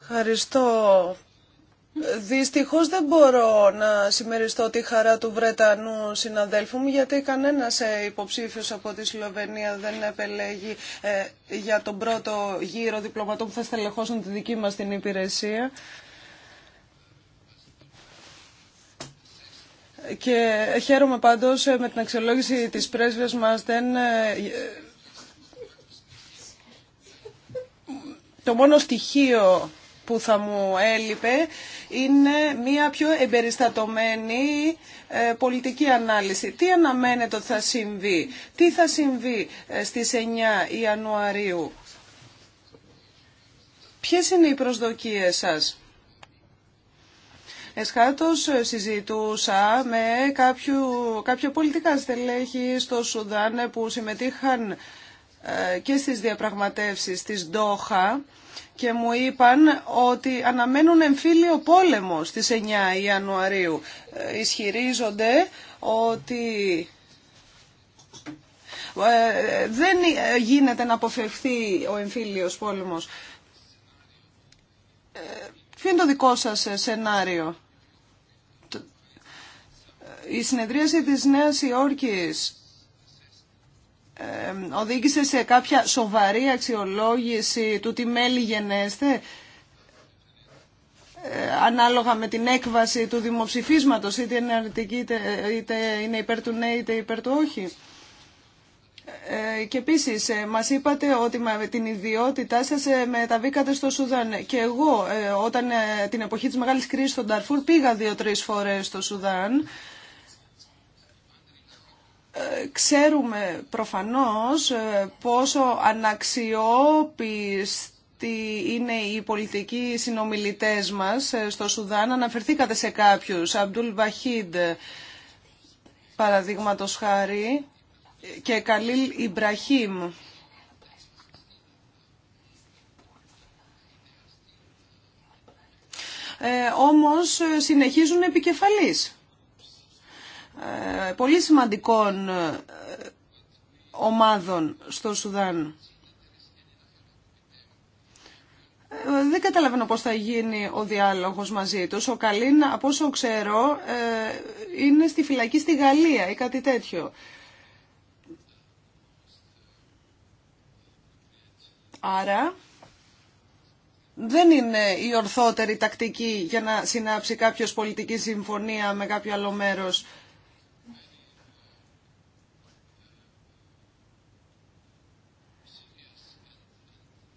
Ευχαριστώ, Δυστυχώ δεν μπορώ να συμμεριστώ τη χαρά του Βρετανού συναδέλφου μου γιατί κανένας ε, υποψήφιος από τη Σλοβενία δεν επελέγει ε, για τον πρώτο γύρο διπλωματών που θα στελεχώσουν τη δική μας την υπηρεσία. Και χαίρομαι πάντως ε, με την αξιολόγηση της πρέσβειας μας δεν... Το μόνο στοιχείο που θα μου έλειπε είναι μια πιο εμπεριστατωμένη ε, πολιτική ανάλυση. Τι αναμένεται ότι θα συμβεί, τι θα συμβεί ε, στις 9 Ιανουαρίου. Ποιες είναι οι προσδοκίες σας. Εσχάτως ε, συζητούσα με κάποιο κάποια πολιτικά στελέχη στο Σουδάν που συμμετείχαν και στις διαπραγματεύσεις της Ντόχα και μου είπαν ότι αναμένουν εμφύλιο πόλεμο στις 9 Ιανουαρίου. Ε, ισχυρίζονται ότι ε, δεν ε, γίνεται να αποφευθεί ο εμφύλιος πόλεμος. Ποιο είναι το δικό σας σενάριο. Η συνεδρίαση της Νέας Υόρκης ε, οδήγησε σε κάποια σοβαρή αξιολόγηση του τι μέλη γενέστε ε, ανάλογα με την έκβαση του δημοψηφίσματος είτε είναι αρνητική είτε, είναι υπέρ του ναι είτε υπέρ του όχι. Ε, και επίσης μας είπατε ότι με την ιδιότητά σας μεταβήκατε στο Σουδάν και εγώ όταν την εποχή της μεγάλης κρίσης στον Ταρφούρ πήγα δύο-τρεις φορές στο Σουδάν ε, ξέρουμε προφανώς ε, πόσο αναξιόπιστη είναι οι πολιτικοί συνομιλητές μας ε, στο Σουδάν. Αναφερθήκατε σε κάποιους, Αμπτούλ Βαχίντ, παραδείγματος χάρη, και Καλίλ Ιμπραχήμ. Ε, όμως συνεχίζουν επικεφαλής. Ε, πολύ σημαντικών ε, ομάδων στο Σουδάν. Ε, δεν καταλαβαίνω πώς θα γίνει ο διάλογος μαζί τους. Ο Καλίν, από όσο ξέρω, είναι στη φυλακή στη Γαλλία ή κάτι τέτοιο. Άρα δεν είναι η ορθότερη τακτική για να συνάψει κάποιος πολιτική συμφωνία με κάποιο άλλο μέρος.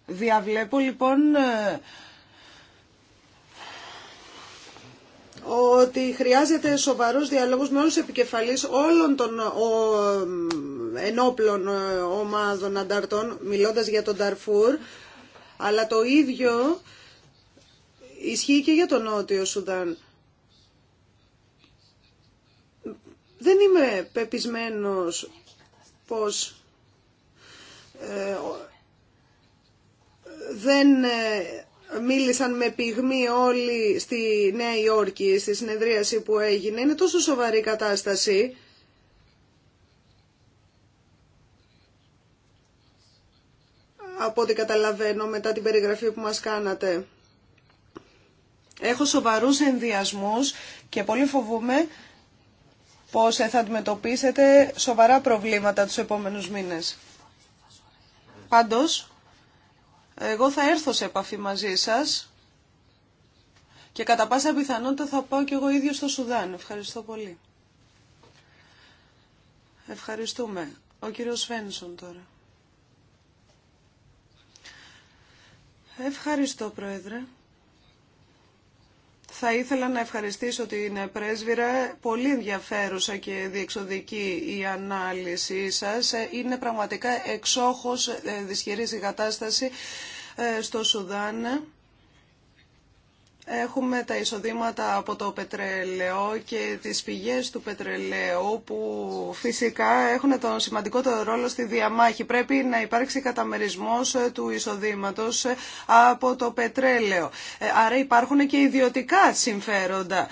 Διαβλέπω λοιπόν ε, ότι χρειάζεται σοβαρός διαλόγος με όλους επικεφαλής όλων των ε, ε, ενόπλων ομάδων ανταρτών, μιλώντας για τον Ταρφούρ, αλλά το ίδιο ισχύει και για τον Νότιο Σουδάν. Δεν είμαι πεπισμένος πως δεν ε, μίλησαν με πυγμή όλοι στη Νέα Υόρκη, στη συνεδρίαση που έγινε. Είναι τόσο σοβαρή κατάσταση. Από ό,τι καταλαβαίνω μετά την περιγραφή που μας κάνατε. Έχω σοβαρούς ενδιασμούς και πολύ φοβούμαι πώς θα αντιμετωπίσετε σοβαρά προβλήματα τους επόμενους μήνες. Πάντως, εγώ θα έρθω σε επαφή μαζί σας και κατά πάσα πιθανότητα θα πάω και εγώ ίδιο στο Σουδάν. Ευχαριστώ πολύ. Ευχαριστούμε. Ο κύριος Φένσον τώρα. Ευχαριστώ, Πρόεδρε. Θα ήθελα να ευχαριστήσω την πρέσβυρα. Πολύ ενδιαφέρουσα και διεξοδική η ανάλυση σας. Είναι πραγματικά εξόχως ε, δυσχερής η κατάσταση ε, στο Σουδάν Έχουμε τα εισοδήματα από το πετρελαιό και τις πηγές του πετρελαίου που φυσικά έχουν τον σημαντικότερο ρόλο στη διαμάχη. Πρέπει να υπάρξει καταμερισμός ε, του εισοδήματος ε, από το πετρέλαιο. Ε, άρα υπάρχουν και ιδιωτικά συμφέροντα.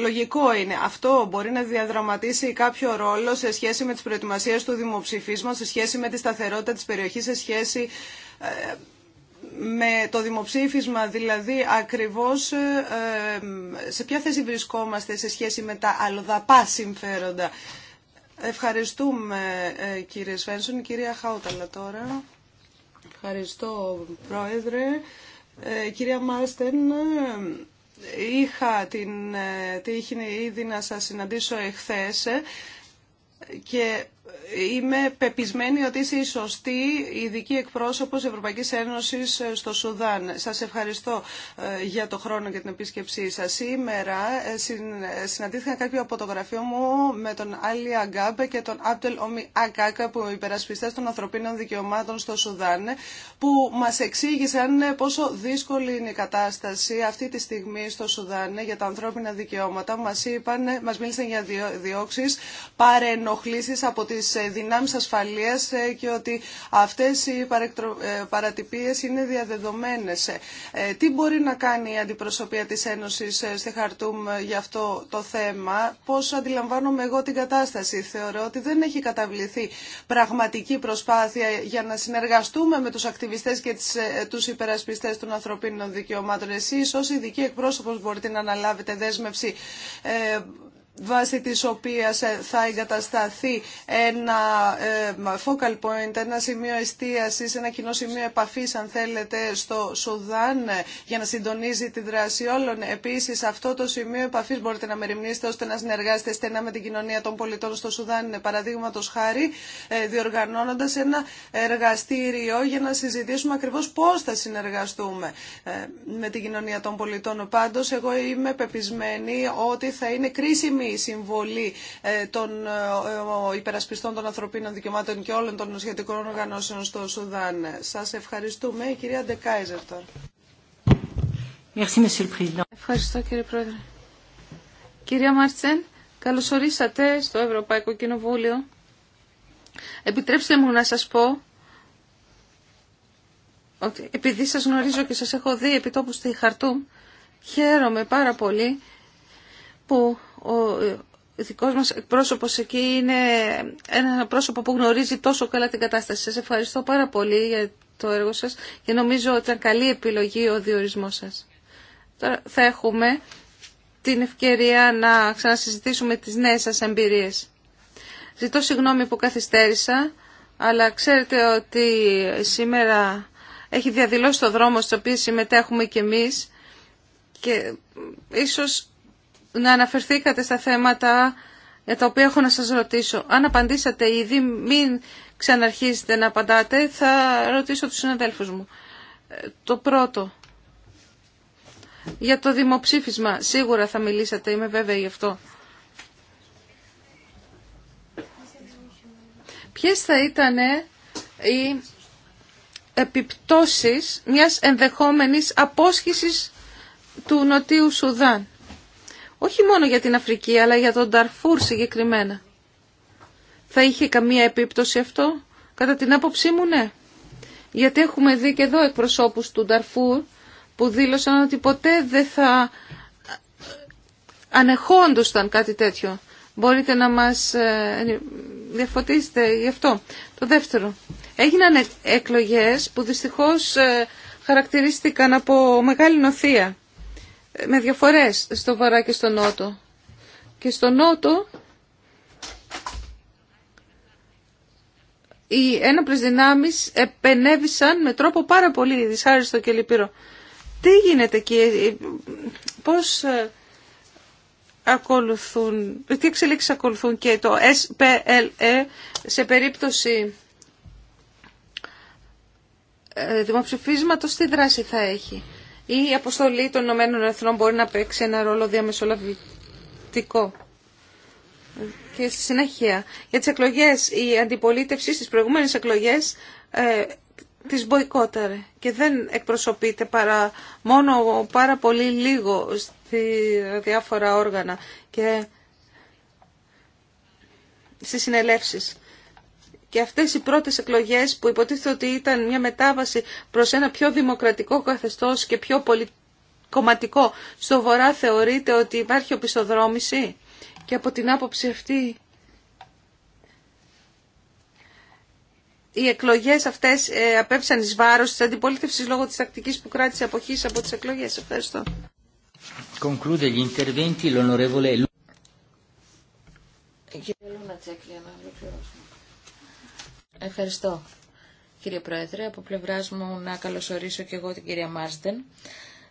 Λογικό είναι. Αυτό μπορεί να διαδραματίσει κάποιο ρόλο σε σχέση με τις προετοιμασίες του δημοψηφίσμα, σε σχέση με τη σταθερότητα της περιοχής, σε σχέση με το δημοψήφισμα, δηλαδή ακριβώς ε, ε, σε ποια θέση βρισκόμαστε σε σχέση με τα αλλοδαπά συμφέροντα. Ευχαριστούμε ε, κύριε Σφένσον. Κυρία Χάουταλα τώρα. Ευχαριστώ πρόεδρε. Κυρία Μάστεν, είχα την τύχη ήδη να σας συναντήσω εχθές και Είμαι πεπισμένη ότι είσαι η σωστή ειδική εκπρόσωπος Ευρωπαϊκής Ένωσης στο Σουδάν. Σας ευχαριστώ ε, για το χρόνο και την επίσκεψή σας. Σήμερα ε, ε, συναντήθηκα κάποιο από το γραφείο μου με τον Άλλη Αγκάμπ και τον Άπτελ Ομι Ακάκα που υπερασπιστές των ανθρωπίνων δικαιωμάτων στο Σουδάν που μας εξήγησαν πόσο δύσκολη είναι η κατάσταση αυτή τη στιγμή στο Σουδάν για τα ανθρώπινα δικαιώματα. Μας, είπαν, μας μίλησαν για διώξεις, παρενοχλήσεις από τη τις ε, δυνάμεις ασφαλείας ε, και ότι αυτές οι ε, παρατυπίες είναι διαδεδομένες. Τι μπορεί να κάνει η αντιπροσωπεία της Ένωσης στη Χαρτούμ για αυτό το θέμα, πώς αντιλαμβάνομαι εγώ την κατάσταση. Θεωρώ ότι δεν έχει καταβληθεί πραγματική προσπάθεια για να συνεργαστούμε με τους ακτιβιστές και του τους υπερασπιστές των ανθρωπίνων δικαιωμάτων. Εσείς ως ειδική εκπρόσωπος μπορείτε να αναλάβετε δέσμευση βάσει της οποίας ε, θα εγκατασταθεί ένα ε, focal point, ένα σημείο εστίασης, ένα κοινό σημείο επαφής αν θέλετε στο Σουδάν ε, για να συντονίζει τη δράση όλων. Επίσης αυτό το σημείο επαφής μπορείτε να μεριμνήσετε ώστε να συνεργάσετε στενά με την κοινωνία των πολιτών στο Σουδάν, παραδείγματο χάρη, διοργανώνοντας ένα εργαστήριο για να συζητήσουμε ακριβώς πώς θα συνεργαστούμε με την κοινωνία των πολιτών. Πάντως εγώ είμαι πεπισμένη ότι θα είναι κρίσιμη η συμβολή ε, των ε, υπερασπιστών των ανθρωπίνων δικαιωμάτων και όλων των σχετικών οργανώσεων στο Σουδάν. Σας ευχαριστούμε. Η κυρία Ντεκάιζερ τώρα. Ευχαριστώ κύριε Πρόεδρε. Κυρία Μάρτσεν, καλωσορίσατε στο Ευρωπαϊκό Κοινοβούλιο. Επιτρέψτε μου να σας πω ότι επειδή σας γνωρίζω και σας έχω δει επί τόπου στη Χαρτούμ, χαίρομαι πάρα πολύ που ο δικός μας πρόσωπος εκεί είναι ένα πρόσωπο που γνωρίζει τόσο καλά την κατάσταση. Σας ευχαριστώ πάρα πολύ για το έργο σας και νομίζω ότι ήταν καλή επιλογή ο διορισμός σας. Τώρα θα έχουμε την ευκαιρία να ξανασυζητήσουμε τις νέες σας εμπειρίες. Ζητώ συγγνώμη που καθυστέρησα, αλλά ξέρετε ότι σήμερα έχει διαδηλώσει το δρόμο στο οποίο συμμετέχουμε κι εμείς και ίσως να αναφερθήκατε στα θέματα για τα οποία έχω να σας ρωτήσω. Αν απαντήσατε ήδη, μην ξαναρχίζετε να απαντάτε, θα ρωτήσω τους συναδέλφους μου. Ε, το πρώτο, για το δημοψήφισμα, σίγουρα θα μιλήσατε, είμαι βέβαιη γι' αυτό. Ποιες θα ήταν οι επιπτώσεις μιας ενδεχόμενης απόσχησης του Νοτίου Σουδάν όχι μόνο για την Αφρική αλλά για τον Ταρφούρ συγκεκριμένα. Θα είχε καμία επίπτωση αυτό, κατά την άποψή μου ναι. Γιατί έχουμε δει και εδώ εκπροσώπους του Νταρφούρ που δήλωσαν ότι ποτέ δεν θα ανεχόντουσαν κάτι τέτοιο. Μπορείτε να μας ε, διαφωτίσετε γι' αυτό. Το δεύτερο. Έγιναν εκλογές που δυστυχώς ε, χαρακτηρίστηκαν από μεγάλη νοθεία με διαφορές στο βορρά και στο νότο. Και στο νότο οι ένοπλες δυνάμεις επενέβησαν με τρόπο πάρα πολύ δυσάρεστο και λυπηρό. Τι γίνεται εκεί, πώς ε, ακολουθούν, τι εξελίξεις ακολουθούν και το SPLE ε σε περίπτωση ε, δημοψηφίσματος τι δράση θα έχει η αποστολή των Ηνωμένων Εθνών μπορεί να παίξει ένα ρόλο διαμεσολαβητικό. Και στη συνέχεια, για τις εκλογές, η αντιπολίτευση στις προηγούμενες εκλογές ε, τις μποϊκόταρε και δεν εκπροσωπείται παρά μόνο πάρα πολύ λίγο στη διάφορα όργανα και στις συνελεύσεις και αυτές οι πρώτες εκλογές που υποτίθεται ότι ήταν μια μετάβαση προς ένα πιο δημοκρατικό καθεστώς και πιο πολυκομματικό στο Βορρά θεωρείται ότι υπάρχει οπισθοδρόμηση και από την άποψη αυτή οι εκλογές αυτές ε, απέφυσαν εις βάρος της αντιπολίτευσης λόγω της τακτικής που κράτησε αποχής από τις εκλογές. Ευχαριστώ. να Ευχαριστώ. Κύριε Πρόεδρε, από πλευρά μου να καλωσορίσω και εγώ την κυρία Μάρστεν.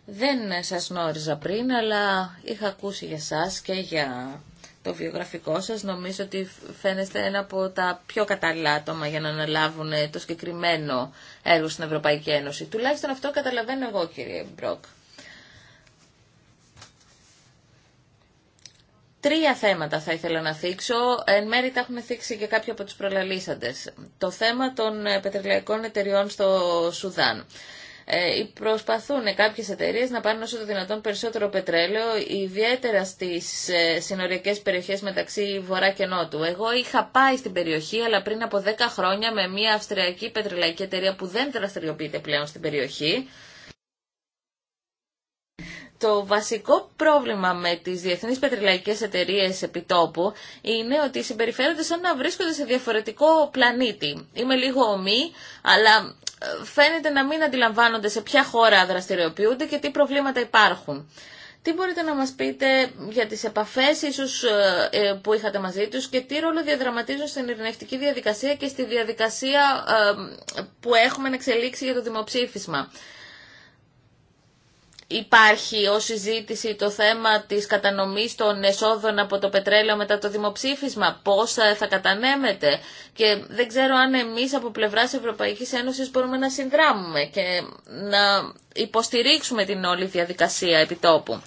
Δεν σας γνώριζα πριν, αλλά είχα ακούσει για σας και για το βιογραφικό σας. Νομίζω ότι φαίνεστε ένα από τα πιο κατάλληλα άτομα για να αναλάβουν το συγκεκριμένο έργο στην Ευρωπαϊκή Ένωση. Τουλάχιστον αυτό καταλαβαίνω εγώ, κύριε Μπρόκ. Τρία θέματα θα ήθελα να θίξω. Εν μέρη τα έχουν θίξει και κάποιοι από τους προλαλήσαντες. Το θέμα των ε, πετρελαϊκών εταιριών στο Σουδάν. Ε, προσπαθούν κάποιες εταιρείες να πάρουν όσο το δυνατόν περισσότερο πετρέλαιο, ιδιαίτερα στις ε, συνοριακές περιοχές μεταξύ Βορρά και Νότου. Εγώ είχα πάει στην περιοχή, αλλά πριν από 10 χρόνια με μια αυστριακή πετρελαϊκή εταιρεία που δεν δραστηριοποιείται πλέον στην περιοχή, το βασικό πρόβλημα με τις διεθνείς πετρελαϊκές εταιρείες επιτόπου είναι ότι συμπεριφέρονται σαν να βρίσκονται σε διαφορετικό πλανήτη. Είμαι λίγο ομοί, αλλά ε, φαίνεται να μην αντιλαμβάνονται σε ποια χώρα δραστηριοποιούνται και τι προβλήματα υπάρχουν. Τι μπορείτε να μας πείτε για τις επαφές ίσως ε, ε, που είχατε μαζί τους και τι ρόλο διαδραματίζουν στην ειρηνευτική διαδικασία και στη διαδικασία που έχουμε να εξελίξει για το δημοψήφισμα υπάρχει ως συζήτηση το θέμα της κατανομής των εσόδων από το πετρέλαιο μετά το δημοψήφισμα, πόσα ε, θα κατανέμετε και δεν ξέρω αν εμείς από πλευράς Ευρωπαϊκής Ένωσης μπορούμε να συνδράμουμε και να υποστηρίξουμε την όλη διαδικασία επιτόπου.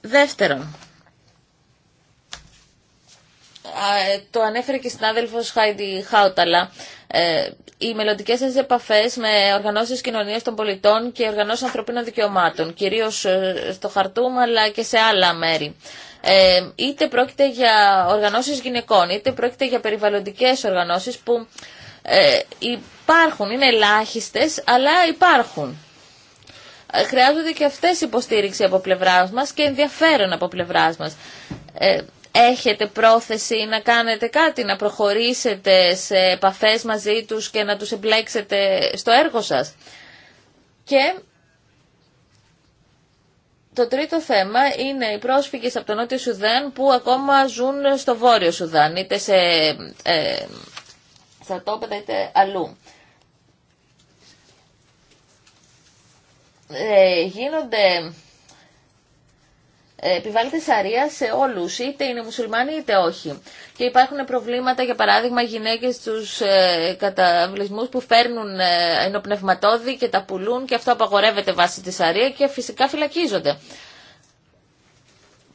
Δεύτερον, ε, το ανέφερε και άδελφος Χάιντι Χάουταλα, ε, οι μελλοντικέ σα επαφές με οργανώσεις κοινωνίας των πολιτών και οργανώσεις ανθρωπίνων δικαιωμάτων, κυρίως ε, στο Χαρτούμ αλλά και σε άλλα μέρη. Ε, είτε πρόκειται για οργανώσεις γυναικών, είτε πρόκειται για περιβαλλοντικές οργανώσεις που ε, υπάρχουν, είναι ελάχιστες, αλλά υπάρχουν. Ε, χρειάζονται και αυτέ υποστήριξη από πλευρά μα και ενδιαφέρον από πλευρά μα. Ε, έχετε πρόθεση να κάνετε κάτι, να προχωρήσετε σε επαφές μαζί τους και να τους εμπλέξετε στο έργο σας. Και το τρίτο θέμα είναι οι πρόσφυγες από τον Νότιο Σουδάν που ακόμα ζουν στο Βόρειο Σουδάν, είτε σε ε, στρατόπεδα είτε αλλού. Ε, γίνονται επιβάλλεται σαρία σε όλους, είτε είναι μουσουλμάνοι είτε όχι. Και υπάρχουν προβλήματα, για παράδειγμα, γυναίκες στους ε, που φέρνουν ε, ενοπνευματόδη και τα πουλούν και αυτό απαγορεύεται βάσει της σαρία και φυσικά φυλακίζονται.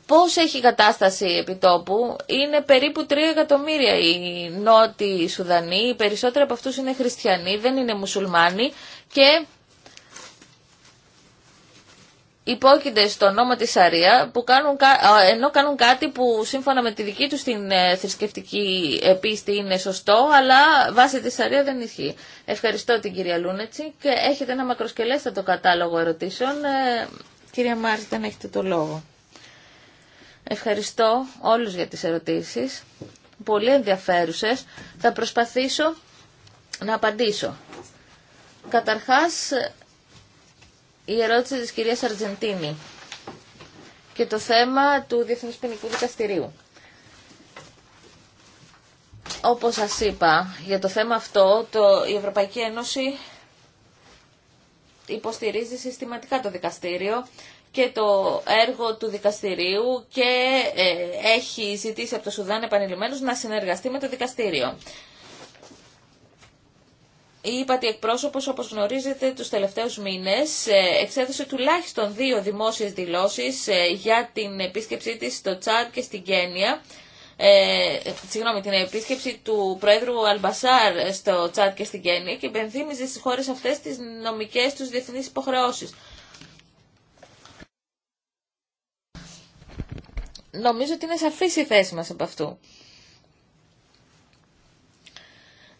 Πώς έχει η κατάσταση επιτόπου, είναι περίπου 3 εκατομμύρια οι νότιοι Σουδανοί, οι περισσότεροι από αυτούς είναι χριστιανοί, δεν είναι μουσουλμάνοι και υπόκεινται στο νόμο της Σαρία που κάνουν, ενώ κάνουν κάτι που σύμφωνα με τη δική τους την ε, θρησκευτική επίστη είναι σωστό αλλά βάσει της Σαρία δεν ισχύει. Ευχαριστώ την κυρία Λούνετσι και έχετε ένα μακροσκελέστατο κατάλογο ερωτήσεων. Ε, κυρία Μάρτιν, δεν έχετε το λόγο. Ευχαριστώ όλους για τις ερωτήσεις. Πολύ ενδιαφέρουσες. Θα προσπαθήσω να απαντήσω. Καταρχάς η ερώτηση της κυρίας Αργεντίνη και το θέμα του Διεθνούς Ποινικού Δικαστηρίου. Όπως σας είπα, για το θέμα αυτό το, η Ευρωπαϊκή Ένωση υποστηρίζει συστηματικά το δικαστήριο και το έργο του δικαστηρίου και ε, έχει ζητήσει από το Σουδάν επανειλημμένως να συνεργαστεί με το δικαστήριο. Η ΥΠΑΤΗ εκπρόσωπος, όπως γνωρίζετε, τους τελευταίους μήνες ε, εξέδωσε τουλάχιστον δύο δημόσιες δηλώσεις ε, για την επίσκεψή της στο Τσάντ και στην Κένια. Ε, συγγνώμη, την επίσκεψη του Πρόεδρου Αλμπασάρ στο τσάτ και στην Κένια και υπενθύμιζε στις χώρες αυτές τις νομικές τους διεθνείς υποχρεώσεις. Νομίζω ότι είναι σαφής η θέση μας από αυτού.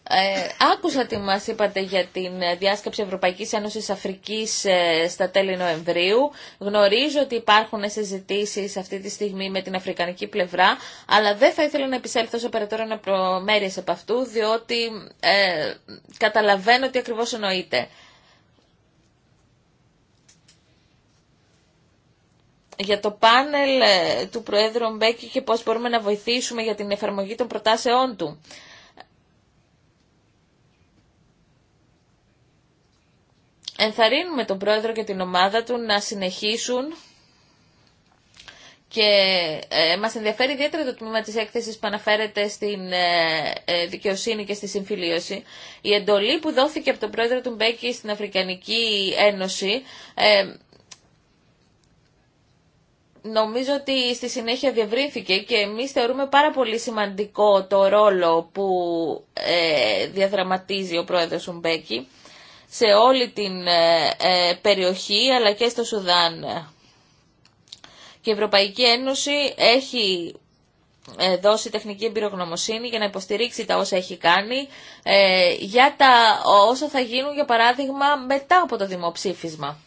Ε, άκουσα τι μας είπατε για την διάσκεψη Ευρωπαϊκής Ένωσης Αφρικής ε, στα τέλη Νοεμβρίου. Γνωρίζω ότι υπάρχουν συζητήσει αυτή τη στιγμή με την αφρικανική πλευρά, αλλά δεν θα ήθελα να επισέλθω σε περαιτέρω προμέρειες από αυτού, διότι ε, καταλαβαίνω τι ακριβώς εννοείται. για το πάνελ ε, του Προέδρου Μπέκη και πώς μπορούμε να βοηθήσουμε για την εφαρμογή των προτάσεών του. ενθαρρύνουμε τον πρόεδρο και την ομάδα του να συνεχίσουν και ε, μας ενδιαφέρει ιδιαίτερα το τμήμα της έκθεσης που αναφέρεται στην ε, ε, δικαιοσύνη και στη συμφιλίωση. Η εντολή που δόθηκε από τον πρόεδρο του Μπέκη στην Αφρικανική Ένωση ε, νομίζω ότι στη συνέχεια διευρύνθηκε και εμείς θεωρούμε πάρα πολύ σημαντικό το ρόλο που διαδραματίζει ο πρόεδρος Ουμπέκη σε όλη την ε, ε, περιοχή αλλά και στο Σουδάν. Και η Ευρωπαϊκή Ένωση έχει ε, δώσει τεχνική εμπειρογνωμοσύνη για να υποστηρίξει τα όσα έχει κάνει για τα όσα θα γίνουν για παράδειγμα μετά από το δημοψήφισμα.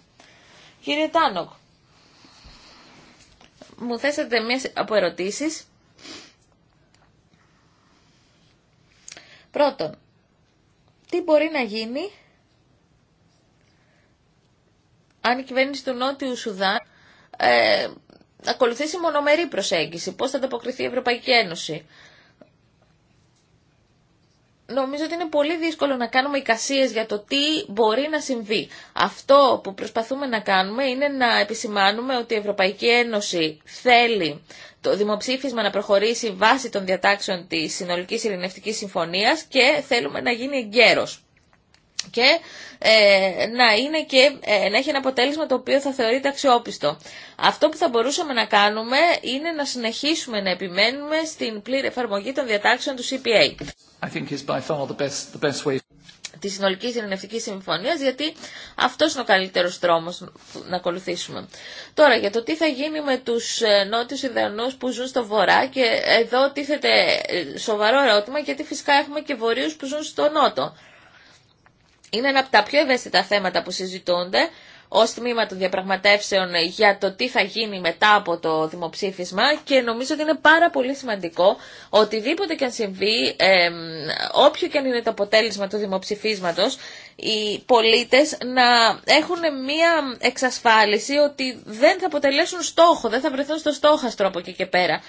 Κύριε Τάνοκ, μου θέσατε μία από ερωτήσεις. Πρώτον, τι μπορεί να γίνει αν η κυβέρνηση του Νότιου Σουδάν ε, ακολουθήσει μονομερή προσέγγιση, πώς θα ανταποκριθεί η Ευρωπαϊκή Ένωση. Νομίζω ότι είναι πολύ δύσκολο να κάνουμε εικασίες για το τι μπορεί να συμβεί. Αυτό που προσπαθούμε να κάνουμε είναι να επισημάνουμε ότι η Ευρωπαϊκή Ένωση θέλει το δημοψήφισμα να προχωρήσει βάσει των διατάξεων της Συνολικής Ειρηνευτικής Συμφωνίας και θέλουμε να γίνει εγκαίρος και ε, να, είναι και, ε, να έχει ένα αποτέλεσμα το οποίο θα θεωρείται αξιόπιστο. Αυτό που θα μπορούσαμε να κάνουμε είναι να συνεχίσουμε να επιμένουμε στην πλήρη εφαρμογή των διατάξεων του CPA. Τη συνολική ειρηνευτική συμφωνία, γιατί αυτό είναι ο καλύτερο δρόμο να ακολουθήσουμε. Τώρα, για το τι θα γίνει με του ε, νότιου Ιδανού που ζουν στο βορρά, και εδώ τίθεται ε, σοβαρό ερώτημα, γιατί φυσικά έχουμε και βορείου που ζουν στο νότο είναι ένα από τα πιο ευαίσθητα θέματα που συζητούνται ω τμήμα των διαπραγματεύσεων για το τι θα γίνει μετά από το δημοψήφισμα και νομίζω ότι είναι πάρα πολύ σημαντικό οτιδήποτε και αν συμβεί, όποιο και αν είναι το αποτέλεσμα του δημοψηφίσματος, οι πολίτες να έχουν μία εξασφάλιση ότι δεν θα αποτελέσουν στόχο, δεν θα βρεθούν στο στόχαστρο από εκεί και πέρα.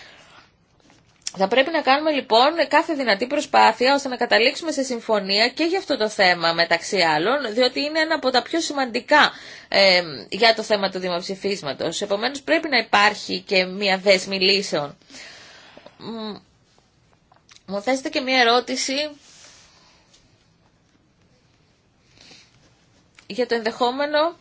Θα πρέπει να κάνουμε λοιπόν κάθε δυνατή προσπάθεια ώστε να καταλήξουμε σε συμφωνία και για αυτό το θέμα μεταξύ άλλων, διότι είναι ένα από τα πιο σημαντικά για το θέμα του δημοψηφίσματος. Επομένως πρέπει να υπάρχει και μια δέσμη λύσεων. Μου θέσετε και μια ερώτηση για το ενδεχόμενο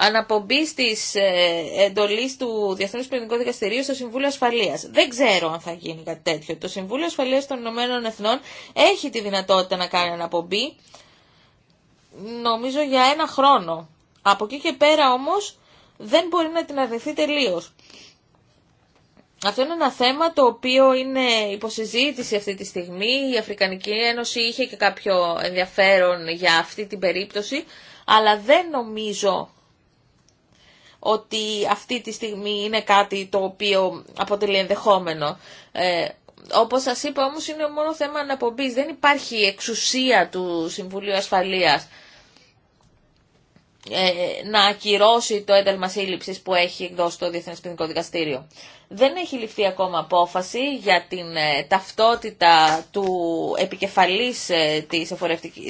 αναπομπή τη ε, εντολή του Διεθνούς Ποινικού Δικαστηρίου στο Συμβούλιο Ασφαλεία. Δεν ξέρω αν θα γίνει κάτι τέτοιο. Το Συμβούλιο ασφαλεία των Ηνωμένων Εθνών έχει τη δυνατότητα να κάνει αναπομπή, νομίζω για ένα χρόνο. Από εκεί και πέρα όμω δεν μπορεί να την αρνηθεί τελείω. Αυτό είναι ένα θέμα το οποίο είναι υποσυζήτηση αυτή τη στιγμή. Η Αφρικανική Ένωση είχε και κάποιο ενδιαφέρον για αυτή την περίπτωση, αλλά δεν νομίζω ότι αυτή τη στιγμή είναι κάτι το οποίο αποτελεί ενδεχόμενο. Ε, όπως σας είπα όμως είναι μόνο θέμα αναπομπής. Δεν υπάρχει εξουσία του Συμβουλίου Ασφαλείας ε, να ακυρώσει το ένταλμα σύλληψη που έχει δώσει το Διεθνές Ποινικό Δικαστήριο. Δεν έχει ληφθεί ακόμα απόφαση για την ε, ταυτότητα του επικεφαλής ε, της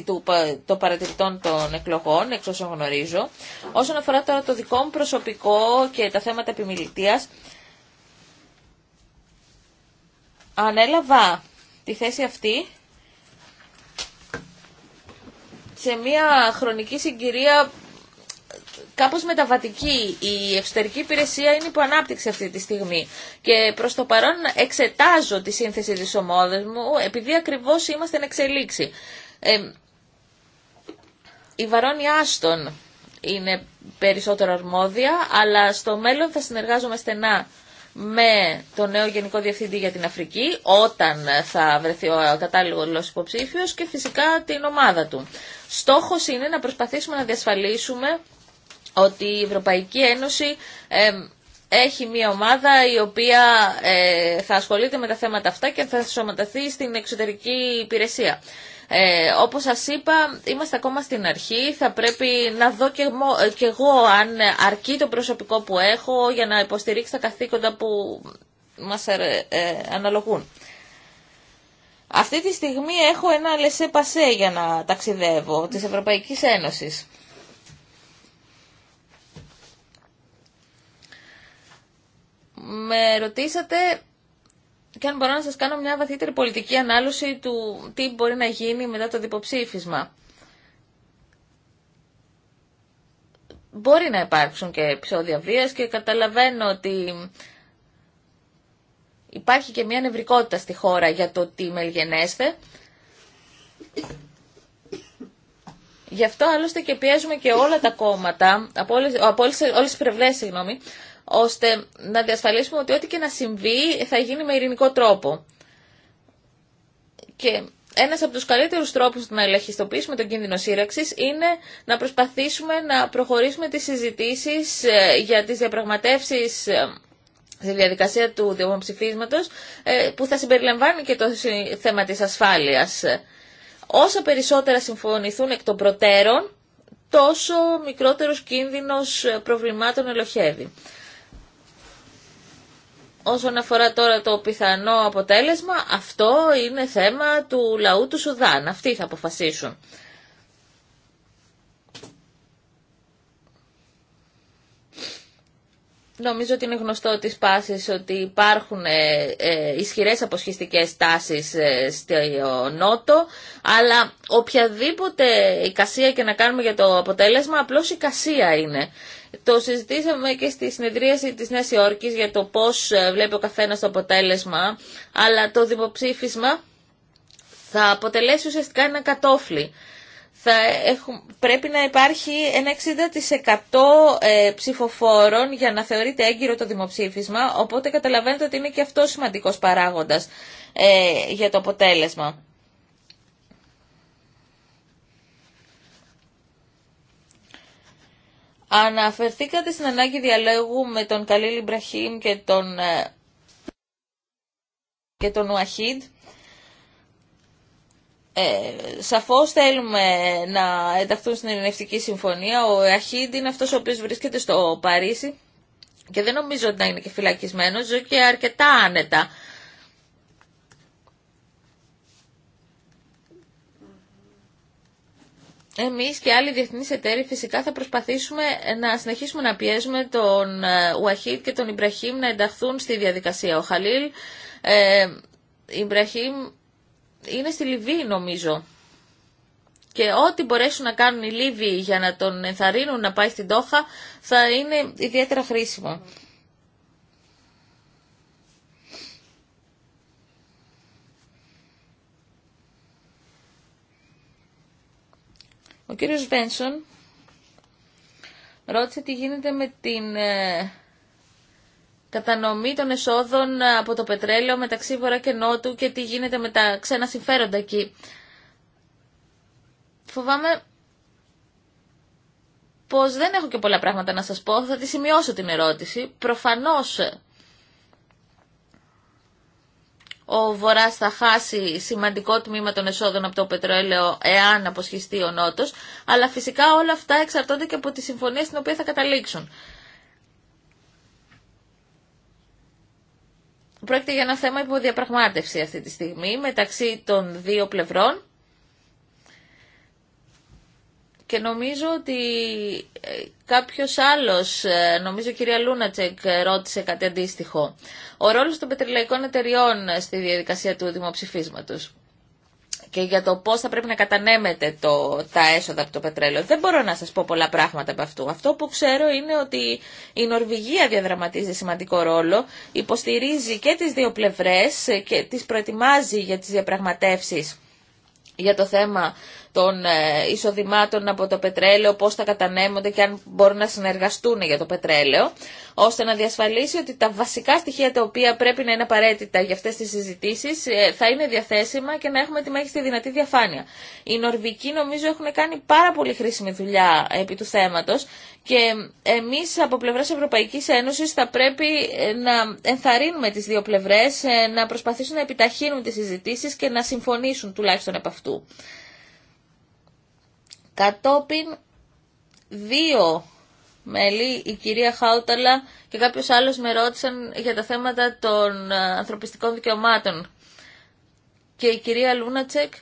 του, των παρατηρητών των εκλογών, εξ όσων γνωρίζω. Όσον αφορά τώρα το δικό μου προσωπικό και τα θέματα επιμηλητία. ανέλαβα τη θέση αυτή σε μια χρονική συγκυρία κάπως μεταβατική. Η εξωτερική υπηρεσία είναι που ανάπτυξε αυτή τη στιγμή. Και προς το παρόν εξετάζω τη σύνθεση της ομόδας μου, επειδή ακριβώς είμαστε εν εξελίξη. Ε, η Βαρόνια Άστον είναι περισσότερο αρμόδια, αλλά στο μέλλον θα συνεργάζομαι στενά με το νέο Γενικό Διευθυντή για την Αφρική, όταν θα βρεθεί ο κατάλληλος υποψήφιος και φυσικά την ομάδα του. Στόχος είναι να προσπαθήσουμε να διασφαλίσουμε ότι η Ευρωπαϊκή Ένωση έχει μια ομάδα η οποία ε, θα ασχολείται με τα θέματα αυτά και θα σωματεθεί στην εξωτερική υπηρεσία. Ε, όπως σας είπα, είμαστε ακόμα στην αρχή. Θα πρέπει να δω και, ε, εγώ, αν αρκεί το προσωπικό που έχω για να υποστηρίξει τα καθήκοντα που μας ε, αναλογούν. Αυτή τη στιγμή έχω ένα λεσέ πασέ για να ταξιδεύω της Ευρωπαϊκής Ένωσης. με ρωτήσατε και αν μπορώ να σας κάνω μια βαθύτερη πολιτική ανάλυση του τι μπορεί να γίνει μετά το διποψήφισμα. Μπορεί να υπάρξουν και επεισόδια βίας και καταλαβαίνω ότι υπάρχει και μια νευρικότητα στη χώρα για το τι μελγενέστε. Γι' αυτό άλλωστε και πιέζουμε και όλα τα κόμματα, από όλες, από όλες, τις συγγνώμη, ώστε να διασφαλίσουμε ότι ό,τι και να συμβεί θα γίνει με ειρηνικό τρόπο. Και ένας από τους καλύτερους τρόπους να ελαχιστοποιήσουμε τον κίνδυνο σύραξη είναι να προσπαθήσουμε να προχωρήσουμε τις συζητήσεις ε, για τις διαπραγματεύσει ε, στη διαδικασία του δημοψηφίσματος ε, που θα συμπεριλαμβάνει και το θέμα της ασφάλειας. Όσα περισσότερα συμφωνηθούν εκ των προτέρων, τόσο μικρότερος κίνδυνος προβλημάτων ελοχεύει. Όσον αφορά τώρα το πιθανό αποτέλεσμα, αυτό είναι θέμα του λαού του Σουδάν. Αυτοί θα αποφασίσουν. Νομίζω ότι είναι γνωστό της πάσης ότι υπάρχουν ε, ε, ισχυρές αποσχιστικές τάσεις ε, στο Νότο, αλλά οποιαδήποτε εικασία και να κάνουμε για το αποτέλεσμα, απλώς εικασία είναι. Το συζητήσαμε και στη συνεδρίαση της Νέας Υόρκης για το πώς ε, βλέπει ο καθένας το αποτέλεσμα, αλλά το δημοψήφισμα θα αποτελέσει ουσιαστικά ένα κατόφλι. Θα έχουν, πρέπει να υπάρχει ένα 60% ε, ψηφοφόρων για να θεωρείται έγκυρο το δημοψήφισμα, οπότε καταλαβαίνετε ότι είναι και αυτό σημαντικός παράγοντας ε, για το αποτέλεσμα. Αναφερθήκατε στην ανάγκη διαλόγου με τον Καλή Λιμπραχήμ και τον, ε, και τον Ουαχίδ. Ε, σαφώς θέλουμε να ενταχθούν στην Ειρηνευτική Συμφωνία. Ο Αχίντ είναι αυτός ο οποίος βρίσκεται στο Παρίσι και δεν νομίζω ότι να είναι και φυλακισμένος. Ζω και αρκετά άνετα εμείς και άλλοι διεθνεί εταίροι φυσικά θα προσπαθήσουμε να συνεχίσουμε να πιέζουμε τον ε, Ουαχίτ και τον Ιμπραχήμ να ενταχθούν στη διαδικασία. Ο Χαλίλ ε, Ιμπραχήμ είναι στη Λιβύη νομίζω και ό,τι μπορέσουν να κάνουν οι Λίβοι για να τον ενθαρρύνουν να πάει στην Τόχα θα είναι ιδιαίτερα χρήσιμο. Ο κύριος Βένσον ρώτησε τι γίνεται με την ε, κατανομή των εσόδων από το πετρέλαιο μεταξύ Βορρά και Νότου και τι γίνεται με τα ξένα συμφέροντα εκεί. Φοβάμαι πως δεν έχω και πολλά πράγματα να σας πω, θα τη σημειώσω την ερώτηση. Προφανώς ε, ο Βορρά θα χάσει σημαντικό τμήμα των εσόδων από το πετρέλαιο εάν αποσχιστεί ο Νότος, αλλά φυσικά όλα αυτά εξαρτώνται και από τη συμφωνία στην οποία θα καταλήξουν. Πρόκειται για ένα θέμα υποδιαπραγμάτευση αυτή τη στιγμή μεταξύ των δύο πλευρών και νομίζω ότι ε, κάποιος άλλος, ε, νομίζω η κυρία Λούνατσεκ ε, ρώτησε κάτι αντίστοιχο. Ο ρόλος των πετρελαϊκών εταιριών στη διαδικασία του δημοψηφίσματος και για το πώς θα πρέπει να κατανέμετε το, τα έσοδα από το πετρέλαιο. Δεν μπορώ να σας πω πολλά πράγματα από αυτού. Αυτό που ξέρω είναι ότι η Νορβηγία διαδραματίζει σημαντικό ρόλο, υποστηρίζει και τις δύο πλευρές και τις προετοιμάζει για τις διαπραγματεύσεις για το θέμα των ε, εισοδημάτων από το πετρέλαιο, πώς θα κατανέμονται και αν μπορούν να συνεργαστούν για το πετρέλαιο, ώστε να διασφαλίσει ότι τα βασικά στοιχεία τα οποία πρέπει να είναι απαραίτητα για αυτές τις συζητήσεις ε, θα είναι διαθέσιμα και να έχουμε τη μέγιστη δυνατή διαφάνεια. Οι Νορβικοί νομίζω έχουν κάνει πάρα πολύ χρήσιμη δουλειά επί του θέματος και εμείς από πλευράς Ευρωπαϊκής Ένωσης θα πρέπει ε, να ενθαρρύνουμε τις δύο πλευρές, να προσπαθήσουν να επιταχύνουν τις συζητήσεις και να συμφωνήσουν τουλάχιστον επ' αυτού. Κατόπιν δύο μέλη, η κυρία Χάουταλα και κάποιος άλλος με ρώτησαν για τα θέματα των ε, ανθρωπιστικών δικαιωμάτων. Και η κυρία Λούνατσεκ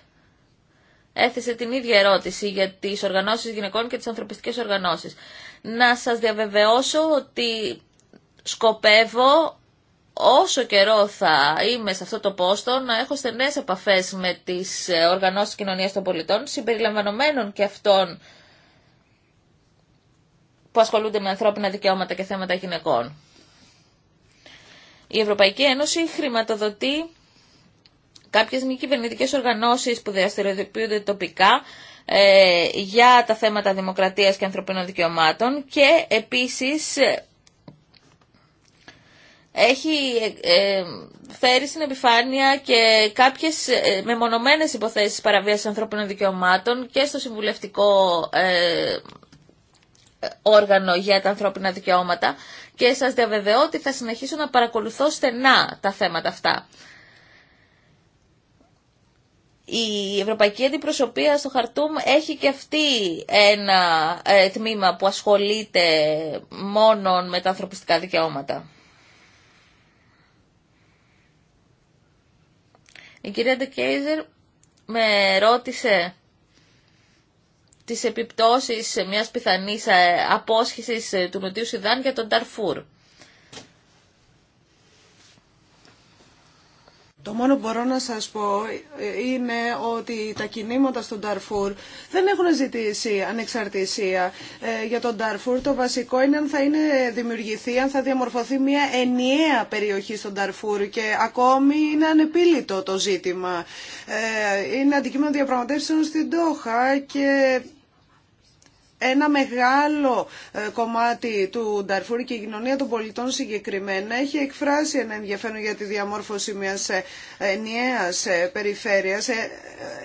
έθεσε την ίδια ερώτηση για τις οργανώσεις γυναικών και τις ανθρωπιστικές οργανώσεις. Να σας διαβεβαιώσω ότι σκοπεύω όσο καιρό θα είμαι σε αυτό το πόστο να έχω στενές επαφές με τις ε, οργανώσεις κοινωνίας των πολιτών συμπεριλαμβανομένων και αυτών που ασχολούνται με ανθρώπινα δικαιώματα και θέματα γυναικών. Η Ευρωπαϊκή Ένωση χρηματοδοτεί κάποιες μη κυβερνητικέ οργανώσεις που διαστηριοποιούνται τοπικά ε, για τα θέματα δημοκρατίας και ανθρωπίνων δικαιωμάτων και επίσης ε, έχει ε, ε, φέρει στην επιφάνεια και κάποιες ε, μεμονωμένες υποθέσεις παραβίασης ανθρώπινων δικαιωμάτων και στο συμβουλευτικό όργανο για τα ανθρώπινα δικαιώματα και σας διαβεβαιώ ότι θα συνεχίσω να παρακολουθώ στενά τα θέματα αυτά. Η Ευρωπαϊκή Αντιπροσωπεία στο Χαρτούμ έχει και αυτή ένα ε, τμήμα που ασχολείται μόνο με τα ανθρωπιστικά δικαιώματα. Η κυρία Ντεκέιζερ με ρώτησε τις επιπτώσεις μιας πιθανής ε, απόσχησης ε, του Νοτιού Σιδάν για τον Ταρφούρ. Το μόνο που μπορώ να σας πω ε, είναι ότι τα κινήματα στον Ταρφούρ δεν έχουν ζητήσει ανεξαρτησία. Ε, για τον Ταρφούρ το βασικό είναι αν θα είναι δημιουργηθεί, αν θα διαμορφωθεί μια ενιαία περιοχή στον Ταρφούρ και ακόμη είναι ανεπίλητο το ζήτημα. Ε, είναι αντικείμενο διαπραγματεύσεων στην Τόχα και ένα μεγάλο ε, κομμάτι του Νταρφούρ και η κοινωνία των πολιτών συγκεκριμένα έχει εκφράσει ένα ενδιαφέρον για τη διαμόρφωση μιας ενιαίας ε, ε, περιφέρειας.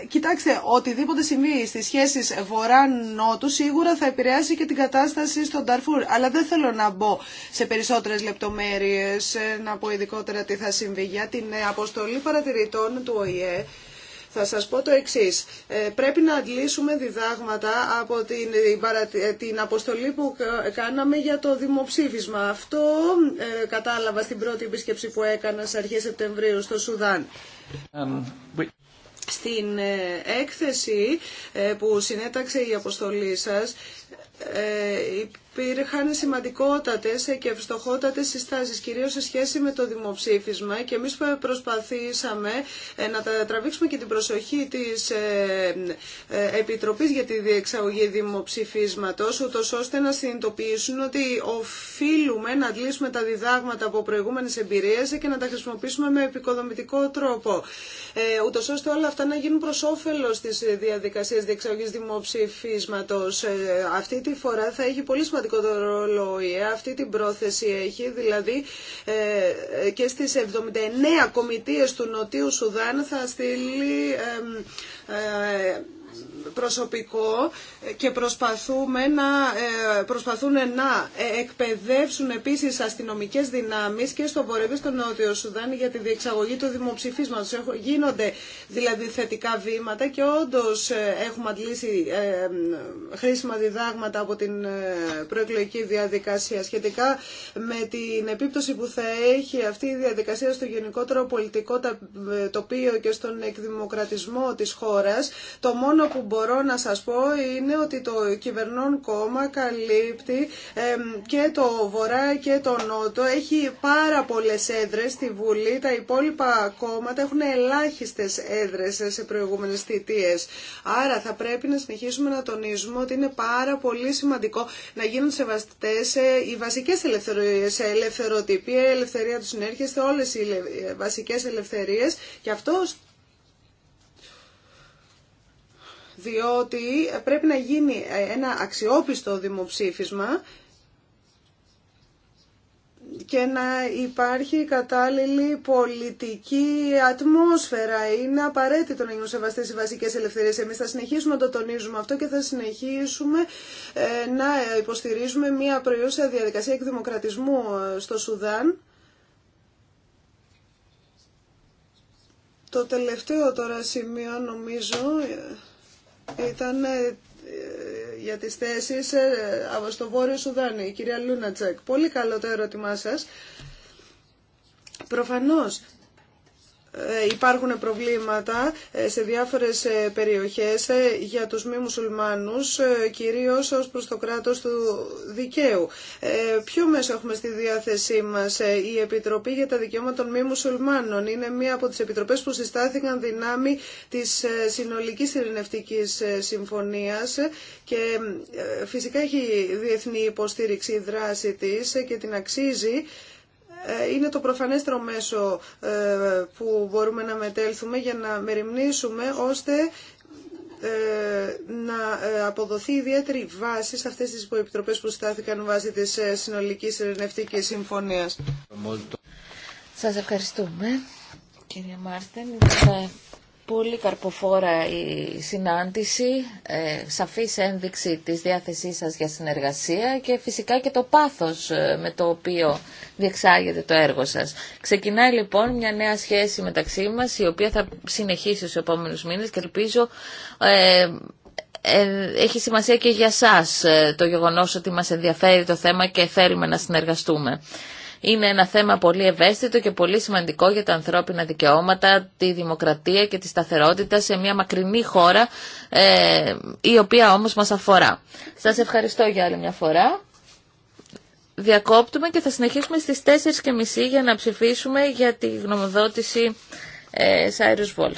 Κοιτάξτε, οτιδήποτε συμβεί στις σχέσεις βορρά-νότου σίγουρα θα επηρεάσει και την κατάσταση στο Νταρφούρ. Αλλά δεν θέλω να μπω σε περισσότερες λεπτομέρειες, να πω ειδικότερα τι θα συμβεί για την αποστολή παρατηρητών του ΟΗΕ θα σας πω το εξής. Ε, πρέπει να αντλήσουμε διδάγματα από την ε, αποστολή που κάναμε για το δημοψήφισμα. Αυτό ε, κατάλαβα στην πρώτη επίσκεψη που έκανα σε αρχές Σεπτεμβρίου στο Σουδάν. Um, στην έκθεση που συνέταξε η αποστολή σας υπήρχαν σημαντικότατες και ευστοχότατες συστάσεις, κυρίως σε σχέση με το δημοψήφισμα και εμείς προσπαθήσαμε ε, να τα τραβήξουμε και την προσοχή της ε, ε, Επιτροπής για τη διεξαγωγή δημοψηφίσματος, ούτως ώστε να συνειδητοποιήσουν ότι οφείλουμε να αντλήσουμε τα διδάγματα από προηγούμενες εμπειρίες και να τα χρησιμοποιήσουμε με επικοδομητικό τρόπο, ούτως ώστε όλα αυτά να γίνουν προς όφελος της διαδικασίας διεξαγωγής δημοψηφίσματος. Αυτή τη φορά θα έχει πολύ σημαντικό το Αυτή την πρόθεση έχει, δηλαδή ε, και στις 79 κομιτείες του Νοτίου Σουδάν θα στείλει... Ε, προσωπικό και προσπαθούμε να, ε, προσπαθούν να ε, εκπαιδεύσουν επίσης αστυνομικές δυνάμεις και στο Βορρέδιο στο Νότιο Σουδάν για τη διεξαγωγή του δημοψηφίσματος. Γίνονται δηλαδή θετικά βήματα και όντως ε, έχουμε αντλήσει χρήσιμα διδάγματα από την προεκλογική διαδικασία σχετικά με την επίπτωση που θα έχει αυτή η διαδικασία στο γενικότερο πολιτικό τοπίο και στον εκδημοκρατισμό της χώρας. Το μόνο που μπορώ να σας πω είναι ότι το κυβερνών κόμμα καλύπτει και το βορρά και το νότο. Έχει πάρα πολλές έδρες στη Βουλή. Τα υπόλοιπα κόμματα έχουν ελάχιστες έδρες σε προηγούμενες θητείες. Άρα θα πρέπει να συνεχίσουμε να τονίζουμε ότι είναι πάρα πολύ σημαντικό να γίνουν σεβαστές ε, οι βασικές ελευθερίες, ε, ελευθεροτυπία, ελευθερία του συνέρχεστε, όλες οι ε, βασικές ελευθερίες και αυτό διότι πρέπει να γίνει ε, ένα αξιόπιστο δημοψήφισμα και να υπάρχει κατάλληλη πολιτική ατμόσφαιρα. Είναι απαραίτητο να γίνουν σεβαστές οι βασικές ελευθερίες. Εμείς θα συνεχίσουμε να το τονίζουμε αυτό και θα συνεχίσουμε ε, να υποστηρίζουμε μια προϊόντα διαδικασία εκδημοκρατισμού ε, στο Σουδάν. Το τελευταίο τώρα σημείο νομίζω ήταν ε, ε, για τις θέσεις ε, στο Βόρειο Σουδάνη, η κυρία Λούνατσεκ. Πολύ καλό το ερώτημά σας. Προφανώς υπάρχουν προβλήματα ε, σε διάφορες ε, περιοχές ε, για τους μη μουσουλμάνους, κυρίως ως προς το κράτος του δικαίου. Ποιο μέσο έχουμε στη διάθεσή μας, η Επιτροπή για τα Δικαιώματα των Μη Μουσουλμάνων. Είναι μία από τις επιτροπές που συστάθηκαν δυνάμει της συνολικής ειρηνευτικής συμφωνίας και φυσικά έχει διεθνή υποστήριξη η δράση της και την αξίζει ε, είναι το προφανέστερο μέσο ε, που μπορούμε να μετέλθουμε για να μεριμνήσουμε ώστε ε, να αποδοθεί ιδιαίτερη βάση σε αυτές τις υποεπιτροπές που στάθηκαν βάσει της συνολικής Ερευνευτικής συμφωνίας. Σας ευχαριστούμε. Κύριε Μάρτεν, Πολύ καρποφόρα η συνάντηση, ε, σαφής ένδειξη της διάθεσής σας για συνεργασία και φυσικά και το πάθος ε, με το οποίο διεξάγεται το έργο σας. Ξεκινάει λοιπόν μια νέα σχέση μεταξύ μας η οποία θα συνεχίσει στους επόμενους μήνες και ελπίζω ε, έχει σημασία και για σας το γεγονός ότι μας ενδιαφέρει το θέμα και θέλουμε να συνεργαστούμε. Είναι ένα θέμα πολύ ευαίσθητο και πολύ σημαντικό για τα ανθρώπινα δικαιώματα, τη δημοκρατία και τη σταθερότητα σε μια μακρινή χώρα ε, η οποία όμως μας αφορά. Σας ευχαριστώ για άλλη μια φορά. Διακόπτουμε και θα συνεχίσουμε στις 4.30 για να ψηφίσουμε για τη γνωμοδότηση ε, Cyrus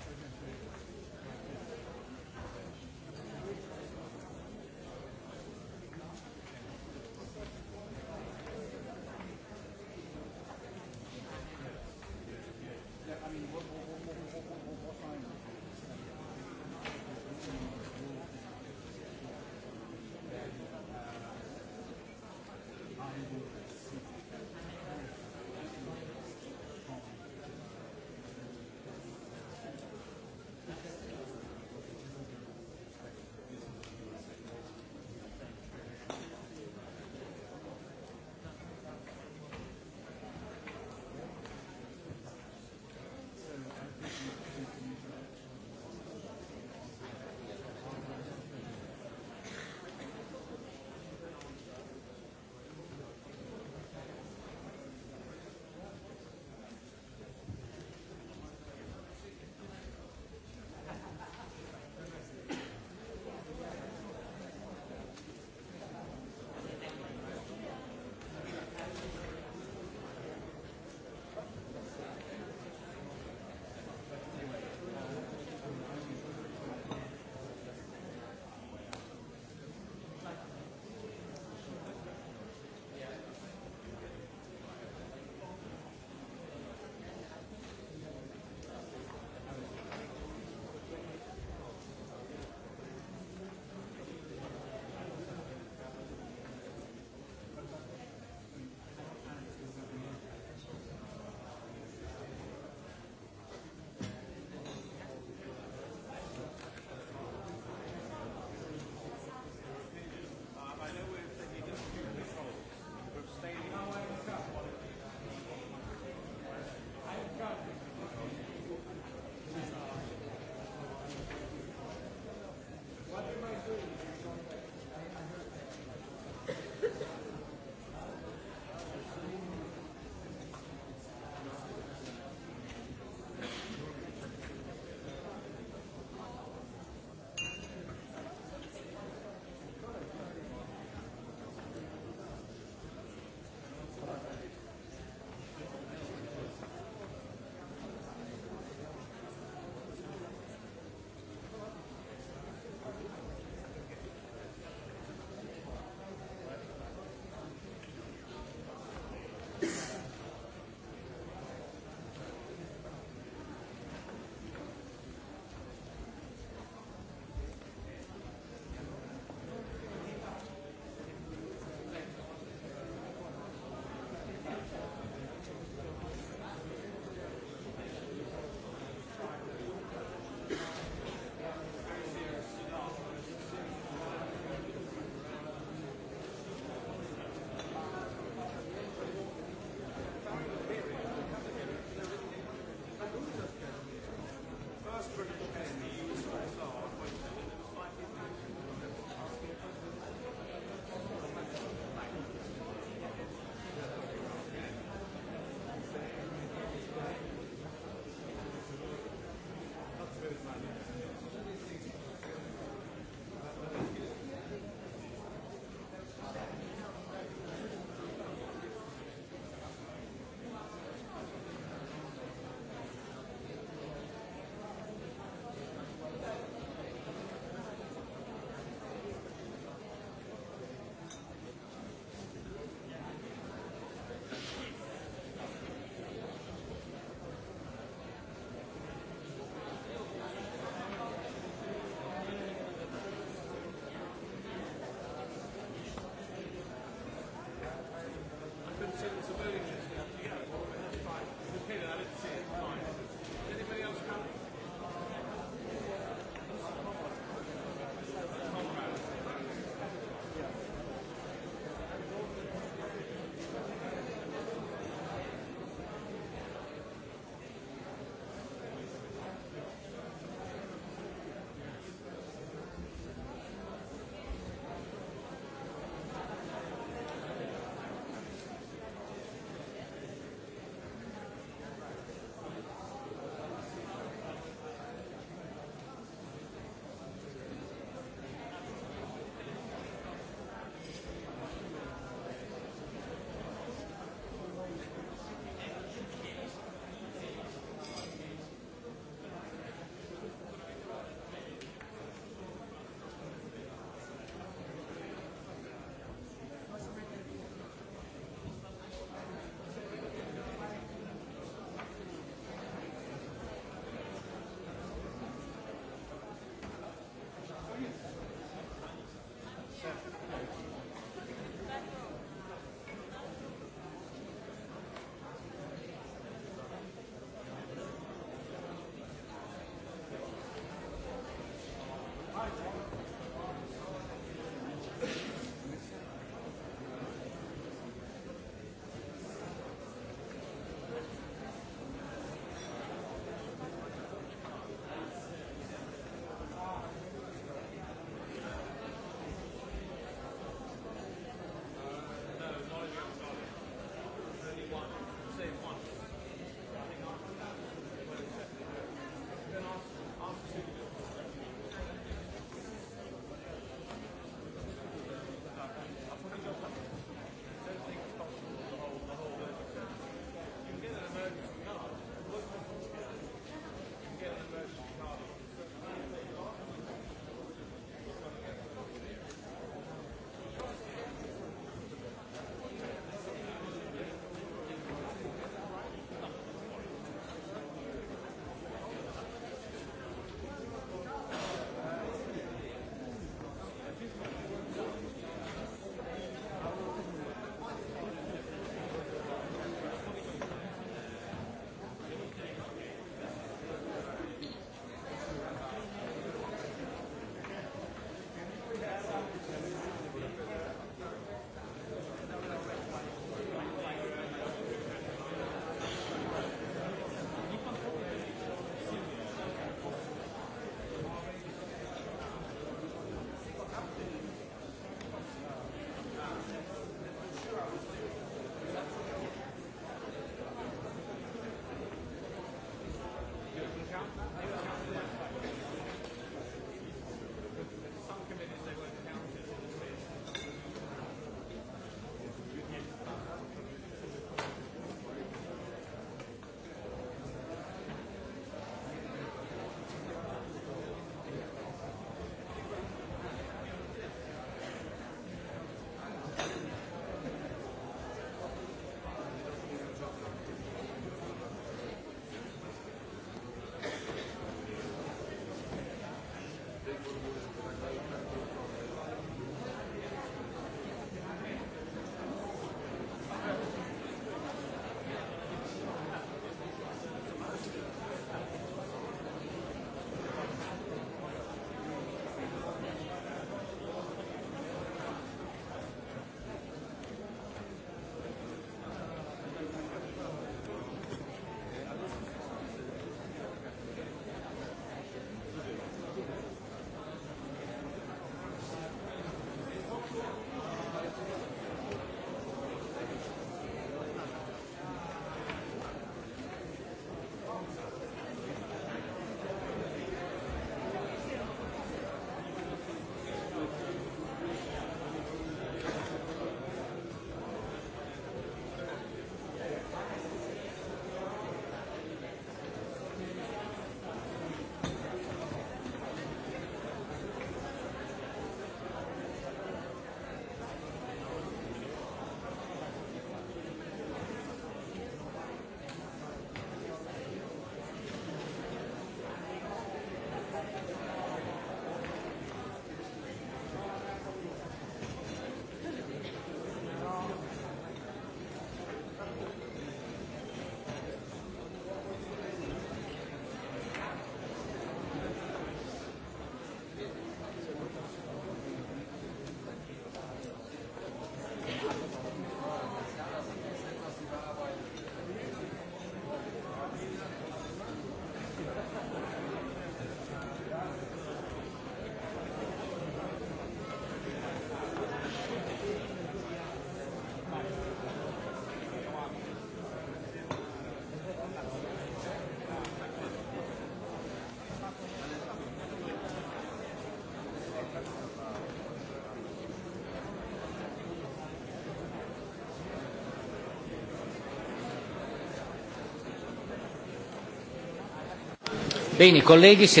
Bene, colleghi, se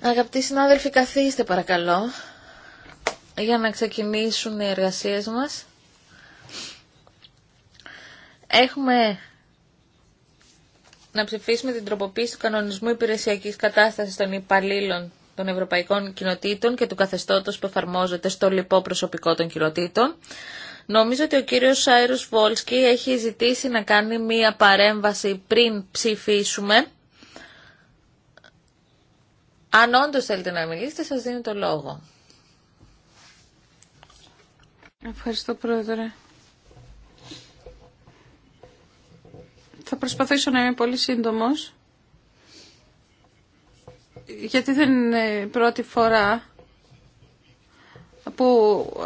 Αγαπητοί συνάδελφοι, καθίστε παρακαλώ για να ξεκινήσουν οι εργασίες μας. Έχουμε να ψηφίσουμε την τροποποίηση του κανονισμού υπηρεσιακής κατάστασης των υπαλλήλων των Ευρωπαϊκών Κοινοτήτων και του καθεστώτος που εφαρμόζεται στο λοιπό προσωπικό των κοινοτήτων. Νομίζω ότι ο κύριος Σάιρους Βόλσκι έχει ζητήσει να κάνει μία παρέμβαση πριν ψηφίσουμε αν όντω θέλετε να μιλήσετε, σας δίνω το λόγο. Ευχαριστώ, Πρόεδρε. Θα προσπαθήσω να είμαι πολύ σύντομος, γιατί δεν είναι πρώτη φορά που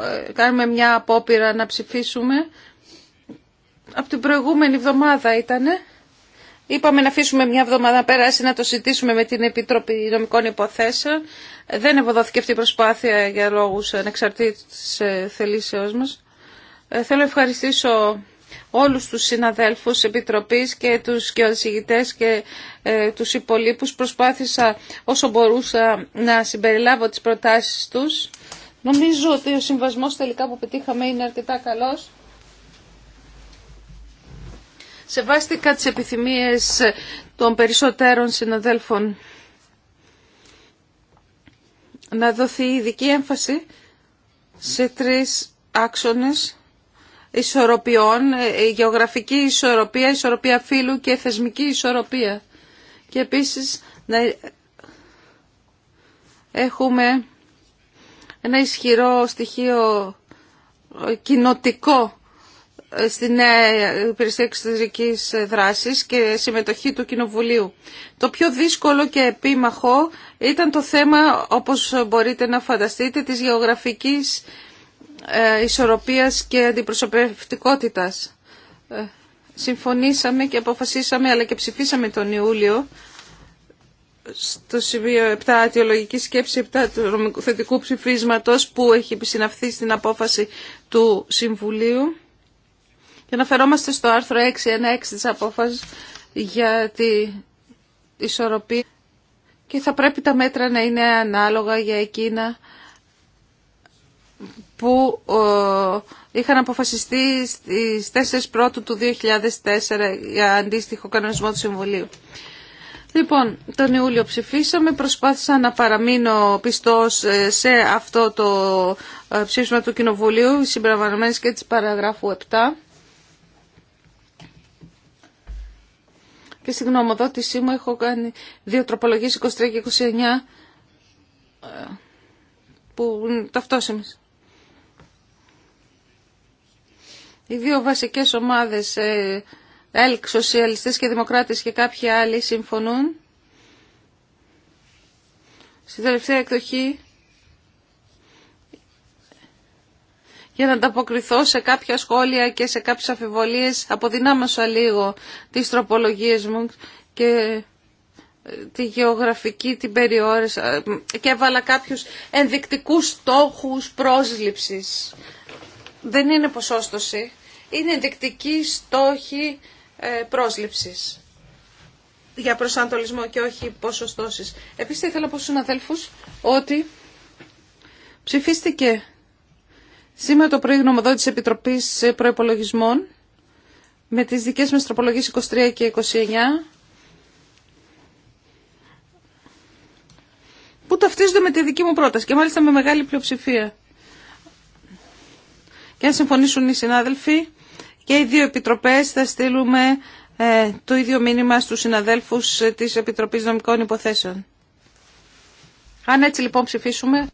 ε, κάνουμε μια απόπειρα να ψηφίσουμε. Από την προηγούμενη εβδομάδα ήτανε. Είπαμε να αφήσουμε μια εβδομάδα να περάσει να το συζητήσουμε με την Επιτροπή Νομικών Υποθέσεων. Δεν ευωδόθηκε αυτή η προσπάθεια για λόγους ανεξαρτήτης ε, θελήσεώς μας. Ε, θέλω να ευχαριστήσω όλους τους συναδέλφους της Επιτροπής και τους και και ε, τους υπολείπους. Προσπάθησα όσο μπορούσα να συμπεριλάβω τις προτάσεις τους. Νομίζω ότι ο συμβασμός τελικά που πετύχαμε είναι αρκετά καλός. Σεβάστηκα τις επιθυμίες των περισσότερων συναδέλφων να δοθεί ειδική έμφαση σε τρεις άξονες ισορροπιών, ε, γεωγραφική ισορροπία, ισορροπία φύλου και θεσμική ισορροπία. Και επίσης να έχουμε ένα ισχυρό στοιχείο ε, κοινοτικό στην ε, υπηρεσία εξωτερική δράση και συμμετοχή του Κοινοβουλίου. Το πιο δύσκολο και επίμαχο ήταν το θέμα, όπως μπορείτε να φανταστείτε, της γεωγραφικής ε, ισορροπίας και αντιπροσωπευτικότητας. Ε, συμφωνήσαμε και αποφασίσαμε, αλλά και ψηφίσαμε τον Ιούλιο, στο σημείο 7, αιτιολογική σκέψη 7 του θετικού ψηφίσματος που έχει επισυναυθεί στην απόφαση του Συμβουλίου και αναφερόμαστε στο άρθρο 6.1.6 της απόφασης για τη ισορροπία και θα πρέπει τα μέτρα να είναι ανάλογα για εκείνα που ε, είχαν αποφασιστεί στις 4 πρώτου του 2004 για αντίστοιχο κανονισμό του Συμβουλίου. Λοιπόν, τον Ιούλιο ψηφίσαμε, προσπάθησα να παραμείνω πιστός ε, σε αυτό το ε, ψήφισμα του Κοινοβουλίου, συμπεριλαμβανομένης και της παραγράφου 7. και στην γνωμοδότησή μου έχω κάνει δύο τροπολογίες 23 και 29 ε, που είναι ταυτόσιμες. Οι δύο βασικές ομάδες ε, ΕΛΚ, Σοσιαλιστές και Δημοκράτες και κάποιοι άλλοι συμφωνούν. Στην τελευταία εκδοχή για να ανταποκριθώ σε κάποια σχόλια και σε κάποιες αφιβολίες. Αποδυνάμωσα λίγο τις τροπολογίες μου και ε, τη γεωγραφική, την περιόρισα ε, και έβαλα κάποιους ενδεικτικούς στόχους πρόσληψης. Δεν είναι ποσόστοση, είναι ενδεικτικοί στόχοι ε, πρόσληψης για προσανατολισμό και όχι ποσοστώσεις. Επίσης ήθελα πω στους αδέλφους ότι ψηφίστηκε Σήμερα το πρωί της Επιτροπής Προϋπολογισμών με τις δικές μας τροπολογίες 23 και 29 που ταυτίζονται με τη δική μου πρόταση και μάλιστα με μεγάλη πλειοψηφία. Και αν συμφωνήσουν οι συνάδελφοι και οι δύο επιτροπές θα στείλουμε ε, το ίδιο μήνυμα στους συναδέλφους ε, της Επιτροπής Νομικών Υποθέσεων. Αν έτσι λοιπόν ψηφίσουμε...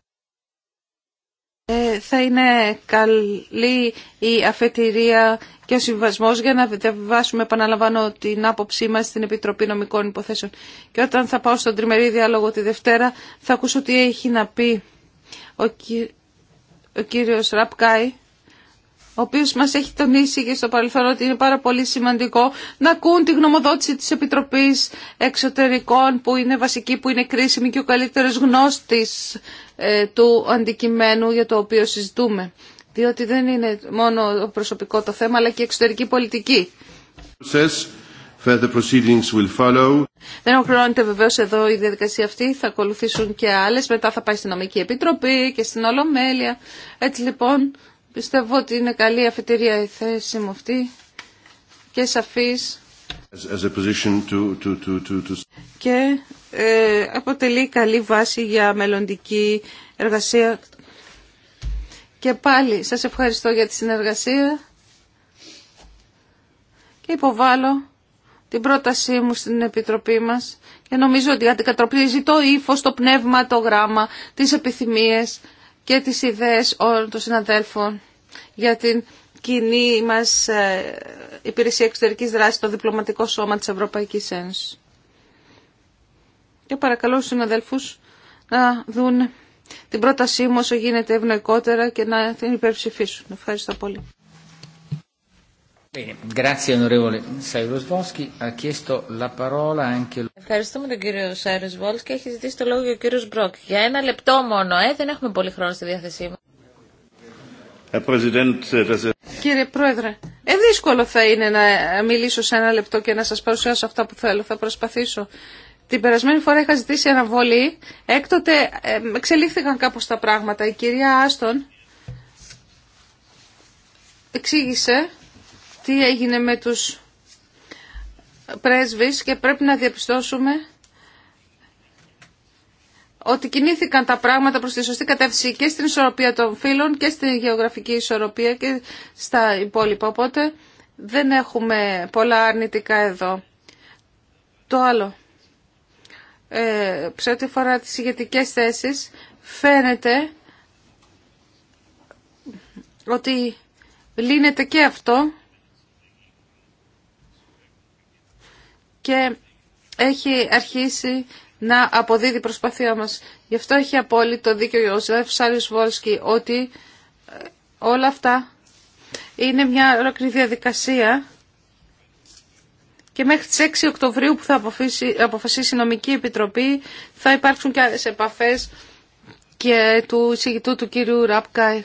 Ε, θα είναι καλή η αφετηρία και ο συμβασμό για να διαβάσουμε, επαναλαμβάνω, την άποψή μα στην Επιτροπή Νομικών Υποθέσεων. Και όταν θα πάω στον τριμερή διάλογο τη Δευτέρα, θα ακούσω τι έχει να πει ο, κυ... ο κύριο Ραπκάη, ο οποίο μα έχει τονίσει και στο παρελθόν ότι είναι πάρα πολύ σημαντικό να ακούν τη γνωμοδότηση τη Επιτροπή Εξωτερικών, που είναι βασική, που είναι κρίσιμη και ο καλύτερο γνώστη ε, του αντικειμένου για το οποίο συζητούμε. Διότι δεν είναι μόνο προσωπικό το θέμα, αλλά και εξωτερική πολιτική. Δεν ολοκληρώνεται βεβαίω εδώ η διαδικασία αυτή. Θα ακολουθήσουν και άλλες. Μετά θα πάει στην νομική επιτροπή και στην Ολομέλεια. Έτσι λοιπόν πιστεύω ότι είναι καλή αφετηρία η θέση μου αυτή και σαφής και ε, αποτελεί καλή βάση για μελλοντική εργασία. Και πάλι σας ευχαριστώ για τη συνεργασία και υποβάλλω την πρότασή μου στην Επιτροπή μας και νομίζω ότι αντικατροπίζει το ύφο, το πνεύμα, το γράμμα, τις επιθυμίες και τις ιδέες όλων των συναδέλφων για την κοινή μας ε, υπηρεσία εξωτερικής δράσης, το διπλωματικό σώμα της Ευρωπαϊκής Ένωσης. Και παρακαλώ τους συναδέλφους να δουν την πρότασή μου όσο γίνεται ευνοϊκότερα και να την υπερψηφίσουν. Ευχαριστώ πολύ. Ευχαριστούμε τον κύριο Σάιρους Βόλσκι. έχει ζητήσει το λόγο και ο κύριο Μπρόκ. Για ένα λεπτό μόνο, ε, δεν έχουμε πολύ χρόνο στη διάθεσή μα. Äh, Κύριε Πρόεδρε, ε, δύσκολο θα είναι να μιλήσω σε ένα λεπτό και να σας παρουσιάσω αυτά που θέλω. Θα προσπαθήσω. Την περασμένη φορά είχα ζητήσει αναβολή. Έκτοτε ε, εξελίχθηκαν κάπως τα πράγματα. Η κυρία Άστον εξήγησε τι έγινε με τους πρέσβεις και πρέπει να διαπιστώσουμε ότι κινήθηκαν τα πράγματα προς τη σωστή κατεύθυνση και στην ισορροπία των φύλων και στην γεωγραφική ισορροπία και στα υπόλοιπα. Οπότε δεν έχουμε πολλά αρνητικά εδώ. Το άλλο, ε, σε ό,τι αφορά τις ηγετικές θέσεις, φαίνεται ότι λύνεται και αυτό και έχει αρχίσει να αποδίδει προσπαθία μας. Γι' αυτό έχει απόλυτο δίκιο ο Ζεφ Σάριος Βόλσκι ότι ε, όλα αυτά είναι μια ολόκληρη διαδικασία και μέχρι τις 6 Οκτωβρίου που θα αποφασίσει, η Νομική Επιτροπή θα υπάρξουν και άλλες επαφές και του εισηγητού του κύριου Ράπκαι.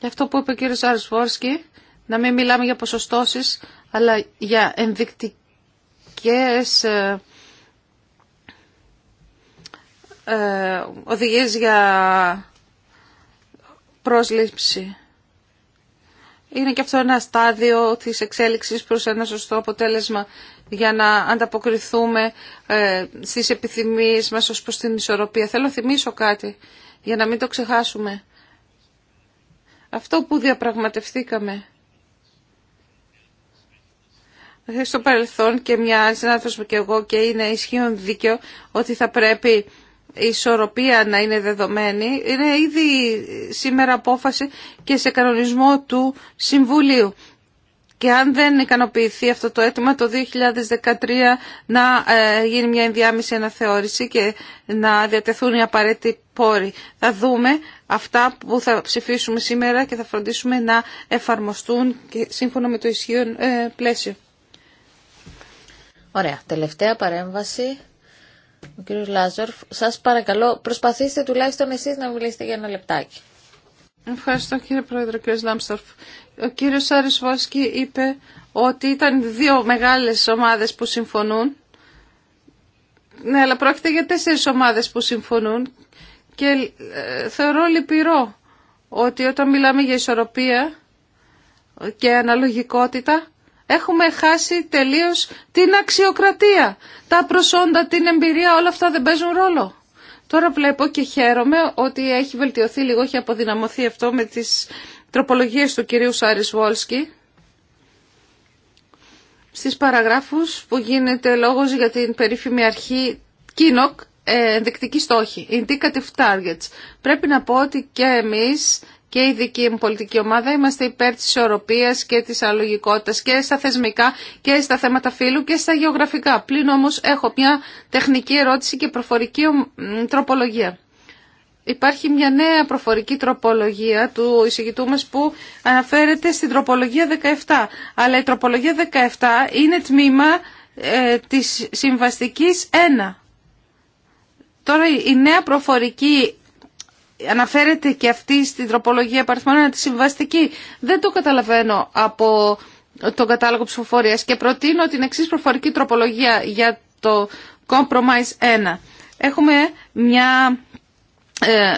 Γι' αυτό που είπε ο κύριος Βόρσκι, να μην μιλάμε για ποσοστώσεις, αλλά για ενδεικτική ε, ε, οδηγίες για πρόσληψη. Είναι και αυτό ένα στάδιο της εξέλιξης προς ένα σωστό αποτέλεσμα για να ανταποκριθούμε ε, στις επιθυμίες μας ως προς την ισορροπία. Θέλω να θυμίσω κάτι για να μην το ξεχάσουμε. Αυτό που διαπραγματευτήκαμε στο παρελθόν και μια συνάδελφος και εγώ και είναι ισχύον δίκαιο ότι θα πρέπει η ισορροπία να είναι δεδομένη. Είναι ήδη σήμερα απόφαση και σε κανονισμό του Συμβουλίου. Και αν δεν ικανοποιηθεί αυτό το αίτημα το 2013 να ε, γίνει μια ενδιάμεση αναθεώρηση και να διατεθούν οι απαραίτητοι πόροι. Θα δούμε αυτά που θα ψηφίσουμε σήμερα και θα φροντίσουμε να εφαρμοστούν και σύμφωνα με το ισχύον ε, πλαίσιο. Ωραία. Τελευταία παρέμβαση. Ο κύριος Λάζορφ, σας παρακαλώ, προσπαθήστε τουλάχιστον εσείς να μιλήσετε για ένα λεπτάκι. Ευχαριστώ κύριε Πρόεδρο, κύριος Λάμστορφ. Ο κύριος Άρης Βόσκι είπε ότι ήταν δύο μεγάλες ομάδες που συμφωνούν. Ναι, αλλά πρόκειται για τέσσερις ομάδες που συμφωνούν και ε, θεωρώ λυπηρό ότι όταν μιλάμε για ισορροπία και αναλογικότητα Έχουμε χάσει τελείως την αξιοκρατία. Τα προσόντα, την εμπειρία, όλα αυτά δεν παίζουν ρόλο. Τώρα βλέπω και χαίρομαι ότι έχει βελτιωθεί λίγο, έχει αποδυναμωθεί αυτό με τις τροπολογίες του κυρίου Σάρις Βόλσκι. Στις παραγράφους που γίνεται λόγος για την περίφημη αρχή Κίνοκ, ε, ενδεικτική στόχη, indicative targets. Πρέπει να πω ότι και εμείς και η δική μου πολιτική ομάδα είμαστε υπέρ της ισορροπίας και της αλογικότητας και στα θεσμικά και στα θέματα φύλου και στα γεωγραφικά. Πλην όμως έχω μια τεχνική ερώτηση και προφορική τροπολογία. Υπάρχει μια νέα προφορική τροπολογία του εισηγητού μας που αναφέρεται στην τροπολογία 17. Αλλά η τροπολογία 17 είναι τμήμα ε, της συμβαστικής 1. Τώρα η νέα προφορική αναφέρεται και αυτή στην τροπολογία παριθμών τη συμβαστική. Δεν το καταλαβαίνω από τον κατάλογο ψηφοφορία και προτείνω την εξή προφορική τροπολογία για το Compromise 1. Έχουμε μια ε,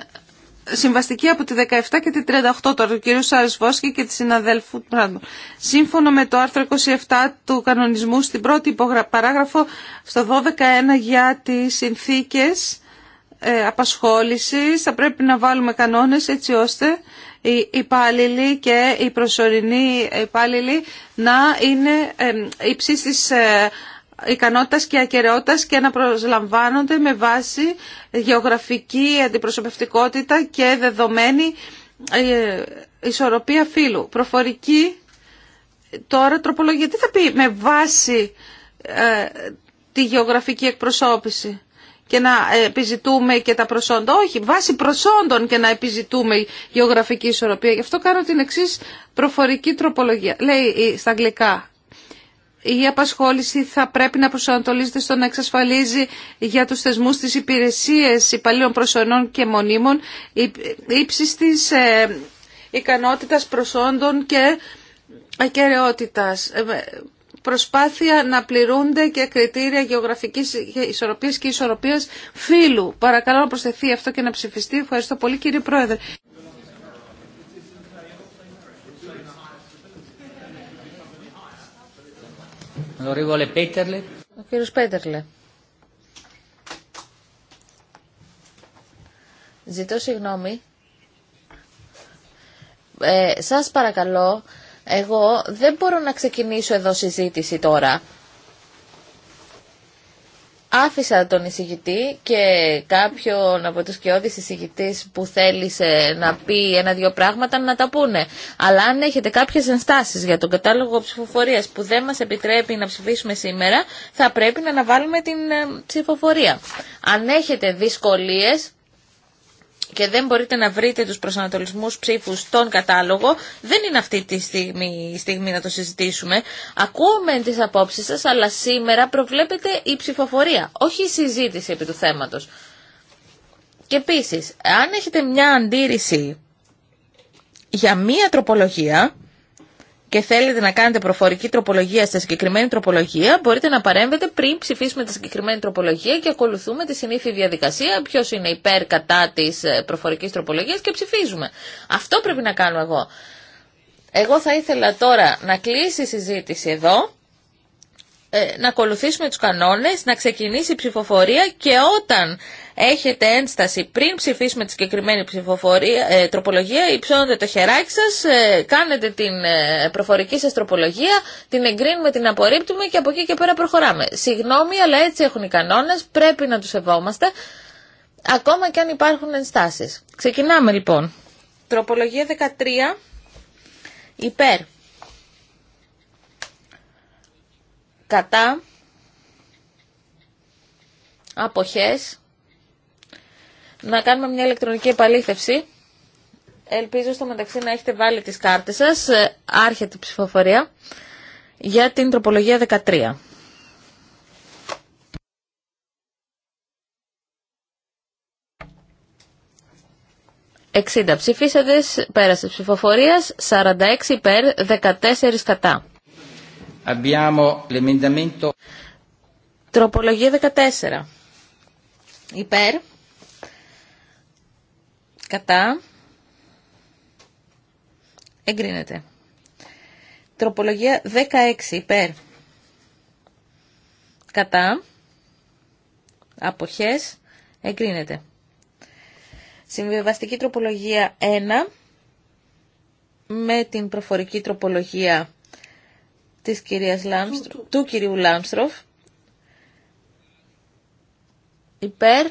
συμβαστική από τη 17 και τη 38 τώρα του κ. Σαρισβόσκη και τη συναδέλφου πράγματος. Σύμφωνα με το άρθρο 27 του κανονισμού στην πρώτη παράγραφο στο 12.1 για τις συνθήκες ε, απασχόλησης θα πρέπει να βάλουμε κανόνες έτσι ώστε οι υπάλληλοι και οι προσωρινοί υπάλληλοι να είναι ε, υψής της ε, ικανότητας και ακαιρεότητας και να προσλαμβάνονται με βάση γεωγραφική αντιπροσωπευτικότητα και δεδομένη ισορροπία φύλου. Προφορική τώρα τροπολογία. Τι θα πει με βάση τη γεωγραφική εκπροσώπηση και να επιζητούμε και τα προσόντα. Όχι, βάσει προσόντων και να επιζητούμε γεωγραφική ισορροπία. Γι' αυτό κάνω την εξή προφορική τροπολογία. Λέει στα αγγλικά. Η απασχόληση θα πρέπει να προσανατολίζεται στο να εξασφαλίζει για τους θεσμούς τις υπηρεσίες υπαλλήλων προσωρινών και μονίμων ύψης της ε, ικανότητας προσόντων και ακαιρεότητας. Ε, προσπάθεια να πληρούνται και κριτήρια γεωγραφικής ισορροπίας και ισορροπίας φύλου. Παρακαλώ να προσθεθεί αυτό και να ψηφιστεί. Ευχαριστώ πολύ κύριε Πρόεδρε. Ο κύριος Πέτερλε. Ζητώ συγγνώμη. Ε, σας παρακαλώ εγώ δεν μπορώ να ξεκινήσω εδώ συζήτηση τώρα. Άφησα τον εισηγητή και κάποιον από τους κοιόδης εισηγητής που θέλησε να πει ένα-δυο πράγματα να τα πούνε. Αλλά αν έχετε κάποιες ενστάσεις για τον κατάλογο ψηφοφορίας που δεν μας επιτρέπει να ψηφίσουμε σήμερα, θα πρέπει να αναβάλουμε την ε, ψηφοφορία. Αν έχετε δυσκολίες, και δεν μπορείτε να βρείτε τους προσανατολισμούς ψήφους στον κατάλογο, δεν είναι αυτή τη στιγμή, η στιγμή να το συζητήσουμε. Ακούμε τις απόψεις σας, αλλά σήμερα προβλέπετε η ψηφοφορία, όχι η συζήτηση επί του θέματος. Και επίσης, αν έχετε μια αντίρρηση για μία τροπολογία, και θέλετε να κάνετε προφορική τροπολογία στη συγκεκριμένη τροπολογία, μπορείτε να παρέμβετε πριν ψηφίσουμε τη συγκεκριμένη τροπολογία και ακολουθούμε τη συνήθεια διαδικασία. Ποιο είναι υπέρ κατά τη ε, προφορική τροπολογία και ψηφίζουμε. Αυτό πρέπει να κάνω εγώ. Εγώ θα ήθελα τώρα να κλείσει η συζήτηση εδώ ε, να ακολουθήσουμε τους κανόνες, να ξεκινήσει η ψηφοφορία και όταν έχετε ένσταση πριν ψηφίσουμε τη συγκεκριμένη ψηφοφορία, ε, τροπολογία, υψώνετε το χεράκι σας, ε, κάνετε την ε, προφορική σας τροπολογία, την εγκρίνουμε, την απορρίπτουμε και από εκεί και πέρα προχωράμε. Συγγνώμη, αλλά έτσι έχουν οι κανόνες, πρέπει να τους σεβόμαστε, ακόμα και αν υπάρχουν ενστάσεις. Ξεκινάμε λοιπόν. Τροπολογία 13, υπέρ. κατά αποχές να κάνουμε μια ηλεκτρονική επαλήθευση ελπίζω στο μεταξύ να έχετε βάλει τις κάρτες σας ε, άρχεται η ψηφοφορία για την τροπολογία 13 60 ψηφίσατε, πέρασε ψηφοφορίας, 46 υπέρ, 14 κατά. Abbiamo l'emendamento. Τροπολογία 14. Υπέρ. Κατά. Εγκρίνεται. Τροπολογία 16. Υπέρ. Κατά. Αποχές. Εγκρίνεται. Συμβιβαστική τροπολογία 1 με την προφορική τροπολογία της κυρίας του, κυρίου Λάμστροφ υπέρ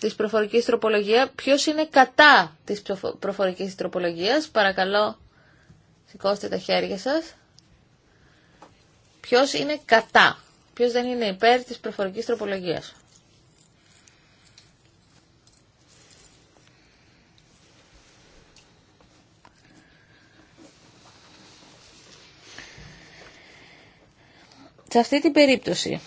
της προφορικής τροπολογίας. Ποιος είναι κατά της προφορικής τροπολογίας. Παρακαλώ σηκώστε τα χέρια σας. Ποιος είναι κατά. Ποιος δεν είναι υπέρ της προφορικής τροπολογίας. Σε αυτή την περίπτωση,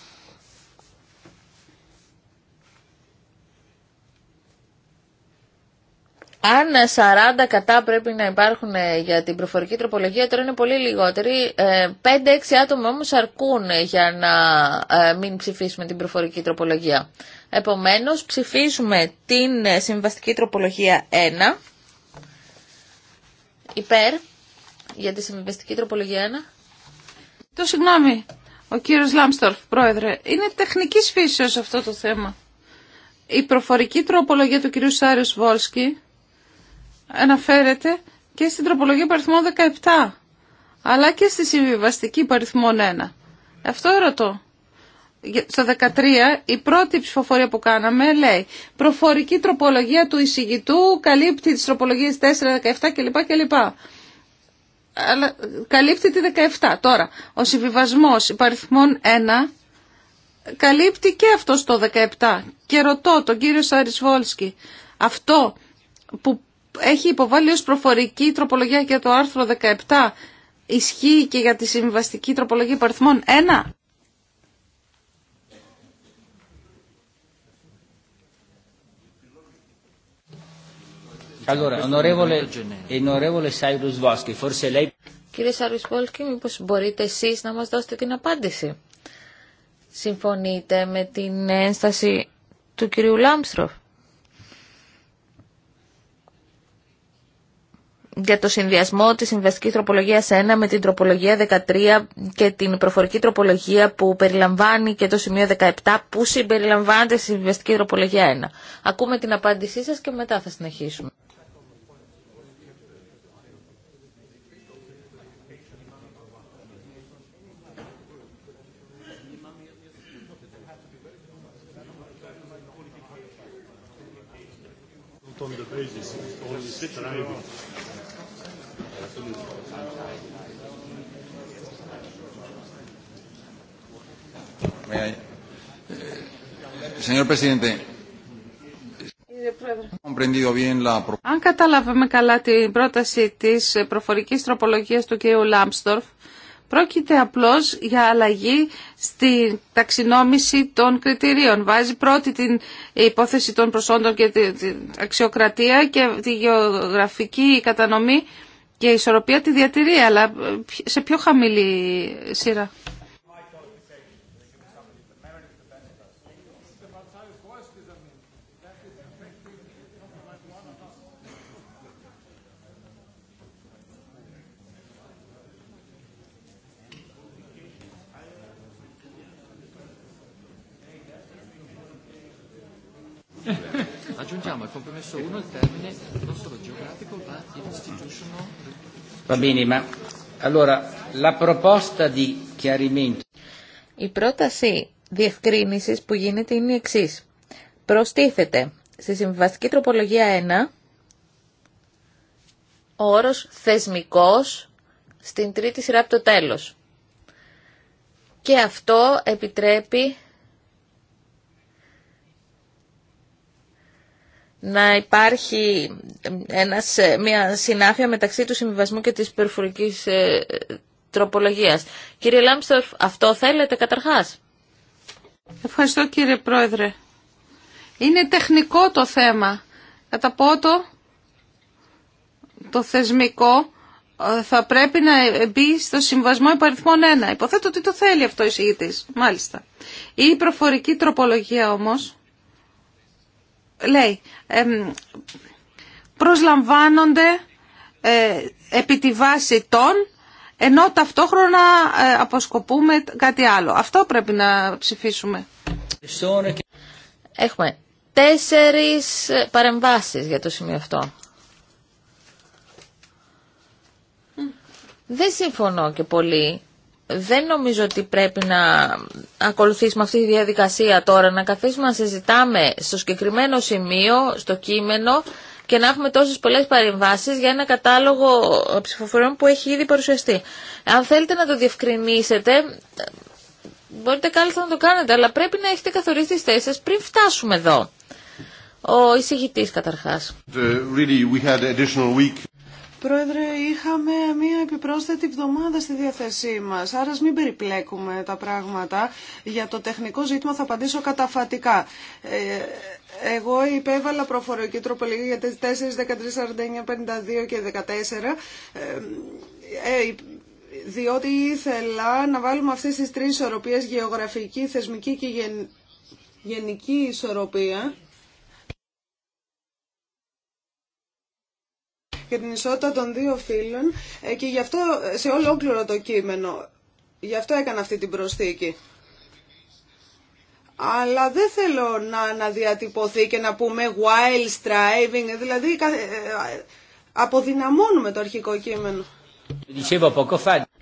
Αν 40 κατά πρέπει να υπάρχουν ε, για την προφορική τροπολογία, τώρα είναι πολύ λιγότεροι. 5-6 ε, άτομα όμως αρκούν για να ε, μην ψηφίσουμε την προφορική τροπολογία. Επομένως, ψηφίζουμε την συμβαστική τροπολογία 1. Υπέρ για τη συμβαστική τροπολογία 1. Το συγγνώμη. Ο κύριος Λάμστορφ, πρόεδρε, είναι τεχνικής φύσεως αυτό το θέμα. Η προφορική τροπολογία του κυρίου Σάριος Βόλσκι αναφέρεται και στην τροπολογία παριθμών 17, αλλά και στη συμβιβαστική παριθμών 1. Αυτό ερώτω. Στο 13 η πρώτη ψηφοφορία που κάναμε λέει προφορική τροπολογία του εισηγητού καλύπτει τις τροπολογίες 4, 17 κλπ αλλά καλύπτει τη 17. Τώρα, ο συμβιβασμός υπαριθμών 1 καλύπτει και αυτό το 17. Και ρωτώ τον κύριο Σαρισβόλσκι, αυτό που έχει υποβάλει ως προφορική τροπολογία για το άρθρο 17 ισχύει και για τη συμβιβαστική τροπολογία υπαριθμών 1. Allora, onorevole, onorevole Cyrus forse lei... Κύριε Σάρβις Πόλκη, μήπως μπορείτε εσείς να μας δώσετε την απάντηση. Συμφωνείτε με την ένσταση του κυρίου Λάμστροφ. για το συνδυασμό της συμβαστικής τροπολογίας 1 με την τροπολογία 13 και την προφορική τροπολογία που περιλαμβάνει και το σημείο 17 που συμπεριλαμβάνεται στη συμβαστική τροπολογία 1. Ακούμε την απάντησή σας και μετά θα συνεχίσουμε. Αν καταλάβαμε καλά την πρόταση της προφορικής τροπολογίας του κ. Λάμπστορφ, Πρόκειται απλώς για αλλαγή στη ταξινόμηση των κριτηρίων. Βάζει πρώτη την υπόθεση των προσόντων και την αξιοκρατία και τη γεωγραφική κατανομή και η ισορροπία τη διατηρεί, αλλά σε πιο χαμηλή σειρά. Aggiungiamo al compromesso 1 il termine non solo geografico ma istituzionale. Va bene, ma allora la proposta di chiarimento. Η πρόταση διευκρίνηση που γίνεται είναι η εξή. Προστίθεται στη συμβαστική τροπολογία 1 ο όρο θεσμικό στην τρίτη σειρά από το τέλο. Και αυτό επιτρέπει να υπάρχει ένας, ε, μια συνάφεια μεταξύ του συμβιβασμού και της περιφορικής ε, τροπολογίας. Κύριε Λάμπστορφ, αυτό θέλετε καταρχάς. Ευχαριστώ κύριε Πρόεδρε. Είναι τεχνικό το θέμα. Κατά πότο το θεσμικό ε, θα πρέπει να μπει στο συμβασμό υπαριθμών 1. Υποθέτω ότι το θέλει αυτό η συγητής. Μάλιστα. Η προφορική τροπολογία όμως λέει προσλαμβάνονται ε, επί τη βάση των ενώ ταυτόχρονα ε, αποσκοπούμε κάτι άλλο. Αυτό πρέπει να ψηφίσουμε. Έχουμε τέσσερις παρεμβάσεις για το σημείο αυτό. Δεν συμφωνώ και πολύ δεν νομίζω ότι πρέπει να ακολουθήσουμε αυτή τη διαδικασία τώρα, να καθίσουμε να συζητάμε στο συγκεκριμένο σημείο, στο κείμενο και να έχουμε τόσες πολλές παρεμβάσεις για ένα κατάλογο ψηφοφοριών που έχει ήδη παρουσιαστεί. Αν θέλετε να το διευκρινίσετε, μπορείτε κάλλιστα να το κάνετε, αλλά πρέπει να έχετε καθορίσει τις θέσεις σας πριν φτάσουμε εδώ. Ο εισηγητής καταρχάς. Really, Πρόεδρε, είχαμε μία επιπρόσθετη εβδομάδα στη διαθέσή μας, άρα μην περιπλέκουμε τα πράγματα. Για το τεχνικό ζήτημα θα απαντήσω καταφατικά. Ε, εγώ υπέβαλα προφορική τροπολογία για τις 4, 13, 49, 52 και 14. Ε, ε διότι ήθελα να βάλουμε αυτές τις τρεις ισορροπίες, γεωγραφική, θεσμική και γεν... γενική ισορροπία, για την ισότητα των δύο φύλων ε, και γι' αυτό ε, σε ολόκληρο το κείμενο. Γι' αυτό έκανα αυτή την προσθήκη. Αλλά δεν θέλω να αναδιατυπωθεί και να πούμε while striving, δηλαδή ε, αποδυναμώνουμε το αρχικό κείμενο.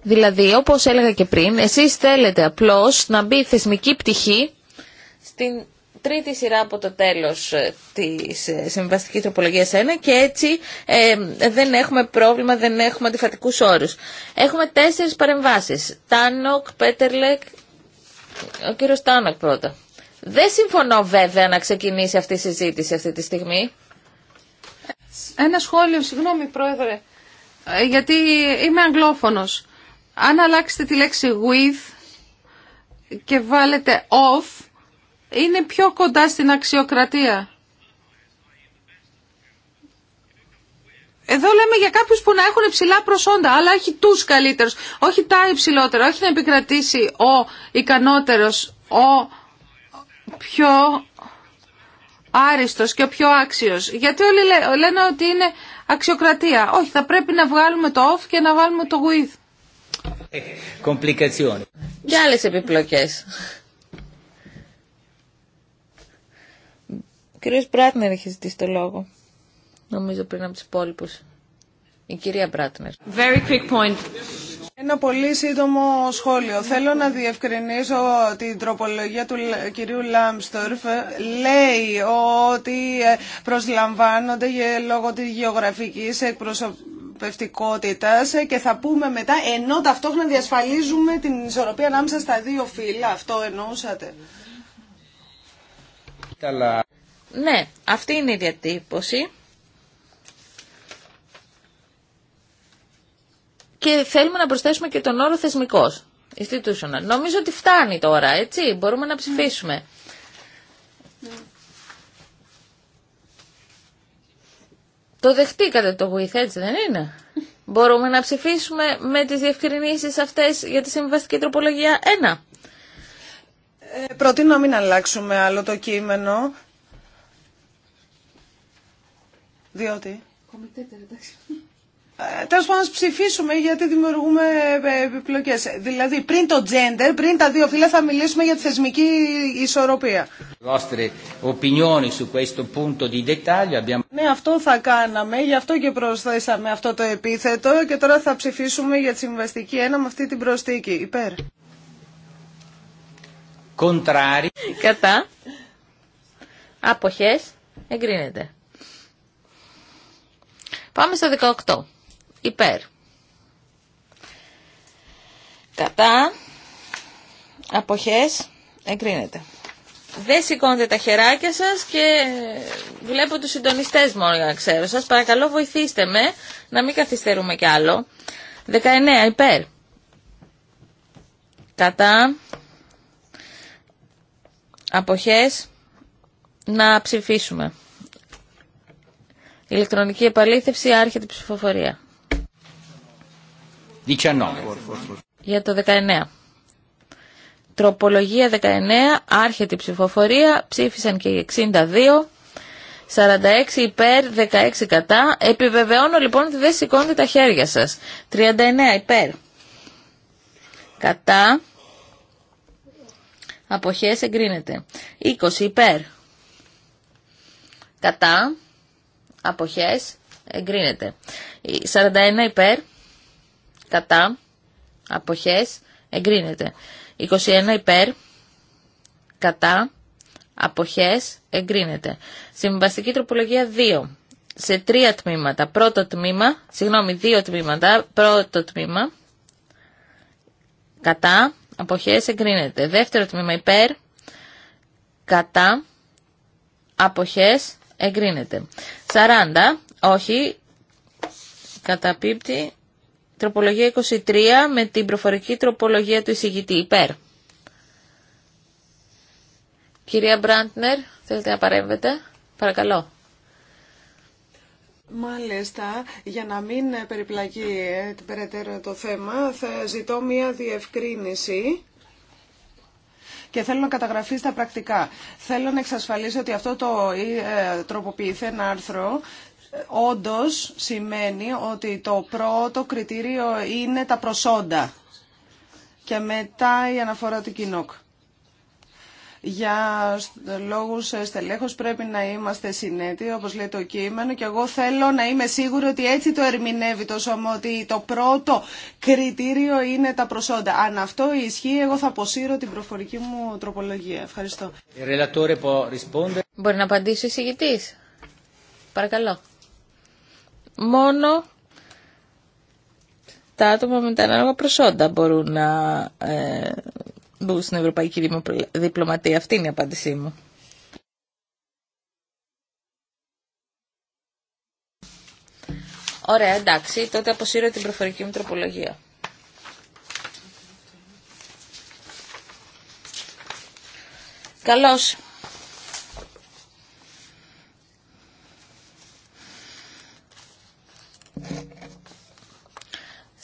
Δηλαδή, όπως έλεγα και πριν, εσείς θέλετε απλώς να μπει θεσμική πτυχή στην τρίτη σειρά από το τέλος ε, της ε, συμβαστικής τροπολογίας 1 και έτσι ε, δεν έχουμε πρόβλημα, δεν έχουμε αντιφατικούς όρους. Έχουμε τέσσερις παρεμβάσεις. Τάνοκ, Πέτερλεκ, ο κύριος Τάνοκ πρώτα. Δεν συμφωνώ βέβαια να ξεκινήσει αυτή η συζήτηση αυτή τη στιγμή. Ένα σχόλιο, συγγνώμη πρόεδρε, γιατί είμαι αγγλόφωνος. Αν αλλάξετε τη λέξη with και βάλετε off, είναι πιο κοντά στην αξιοκρατία. Εδώ λέμε για κάποιους που να έχουν υψηλά προσόντα, αλλά έχει τους καλύτερους, όχι τα υψηλότερα, όχι να επικρατήσει ο ικανότερος, ο πιο άριστος και ο πιο άξιος. Γιατί όλοι λένε ότι είναι αξιοκρατία. Όχι, θα πρέπει να βγάλουμε το off και να βάλουμε το with. Και άλλες επιπλοκές. κύριος Μπράτνερ έχει ζητήσει το λόγο. Νομίζω πριν από τους υπόλοιπους. Η κυρία Μπράτνερ. Very quick point. Ένα πολύ σύντομο σχόλιο. Θέλω να διευκρινίσω την τροπολογία του κυρίου Λάμστορφ. Λέει ότι ε, προσλαμβάνονται λόγω της γεωγραφικής εκπροσωπευτικότητας ε, και θα πούμε μετά ενώ ταυτόχρονα διασφαλίζουμε την ισορροπία ανάμεσα στα δύο φύλλα. Αυτό εννοούσατε. Ναι, αυτή είναι η διατύπωση. Και θέλουμε να προσθέσουμε και τον όρο θεσμικός, institutional. Νομίζω ότι φτάνει τώρα, έτσι, μπορούμε να ψηφίσουμε. Το δεχτήκατε το with, έτσι δεν είναι. μπορούμε να ψηφίσουμε με τις διευκρινήσεις αυτές για τη συμβαστική τροπολογία 1. Ε, προτείνω να μην αλλάξουμε άλλο το κείμενο. Διότι... Ε, Τέλο πάντων, ψηφίσουμε γιατί δημιουργούμε ε, επιπλοκέ. Δηλαδή, πριν το gender, πριν τα δύο φύλλα, θα μιλήσουμε για τη θεσμική ισορροπία. Ναι, αυτό θα κάναμε, γι' αυτό και προσθέσαμε αυτό το επίθετο και τώρα θα ψηφίσουμε για τη συμβαστική ένα με αυτή την προστίκη. Υπέρ. Κοντράρι. Κατά. Αποχές. Εγκρίνεται. Πάμε στο 18. Υπέρ. Κατά. Αποχές. Εγκρίνεται. Δεν σηκώνετε τα χεράκια σας και βλέπω τους συντονιστές μόνο για να ξέρω σας. Παρακαλώ βοηθήστε με να μην καθυστερούμε κι άλλο. 19. Υπέρ. Κατά. Αποχές. Να ψηφίσουμε. Ηλεκτρονική επαλήθευση, άρχεται η ψηφοφορία. 19. Για το 19. Τροπολογία 19, άρχεται η ψηφοφορία, ψήφισαν και 62. 46 υπέρ, 16 κατά. Επιβεβαιώνω λοιπόν ότι δεν σηκώνετε τα χέρια σας. 39 υπέρ. Κατά. Αποχές εγκρίνεται. 20 υπέρ. Κατά αποχές εγκρίνεται. 41 υπέρ, κατά, αποχές εγκρίνεται. 21 υπέρ, κατά, αποχές εγκρίνεται. Συμβαστική τροπολογία 2. Σε τρία τμήματα. Πρώτο τμήμα, συγγνώμη, δύο τμήματα. Πρώτο τμήμα, κατά, αποχές εγκρίνεται. Δεύτερο τμήμα υπέρ, κατά, αποχές εγκρίνεται. 40, όχι, καταπίπτει. Τροπολογία 23 με την προφορική τροπολογία του εισηγητή υπέρ. Κυρία Μπραντνερ, θέλετε να παρέμβετε. Παρακαλώ. Μάλιστα, για να μην περιπλακεί ε, περαιτέρω το θέμα, θα ζητώ μία διευκρίνηση και θέλω να καταγραφεί στα πρακτικά. Θέλω να εξασφαλίσω ότι αυτό το ε, τροποποιηθέν άρθρο όντω σημαίνει ότι το πρώτο κριτήριο είναι τα προσόντα και μετά η αναφορά του κοινόκ. Για λόγους ε, στελέχους πρέπει να είμαστε συνέτοι, όπως λέει το κείμενο, και εγώ θέλω να είμαι σίγουρη ότι έτσι το ερμηνεύει το σώμα, ότι το πρώτο κριτήριο είναι τα προσόντα. Αν αυτό ισχύει, εγώ θα αποσύρω την προφορική μου τροπολογία. Ευχαριστώ. Μπορεί να απαντήσει ο εισηγητής. Παρακαλώ. Μόνο τα άτομα με τα ανάλογα προσόντα μπορούν να ε, μπουν στην ευρωπαϊκή διπλωματία. Αυτή είναι η απάντησή μου. Ωραία, εντάξει, τότε αποσύρω την προφορική μου τροπολογία. Καλώς.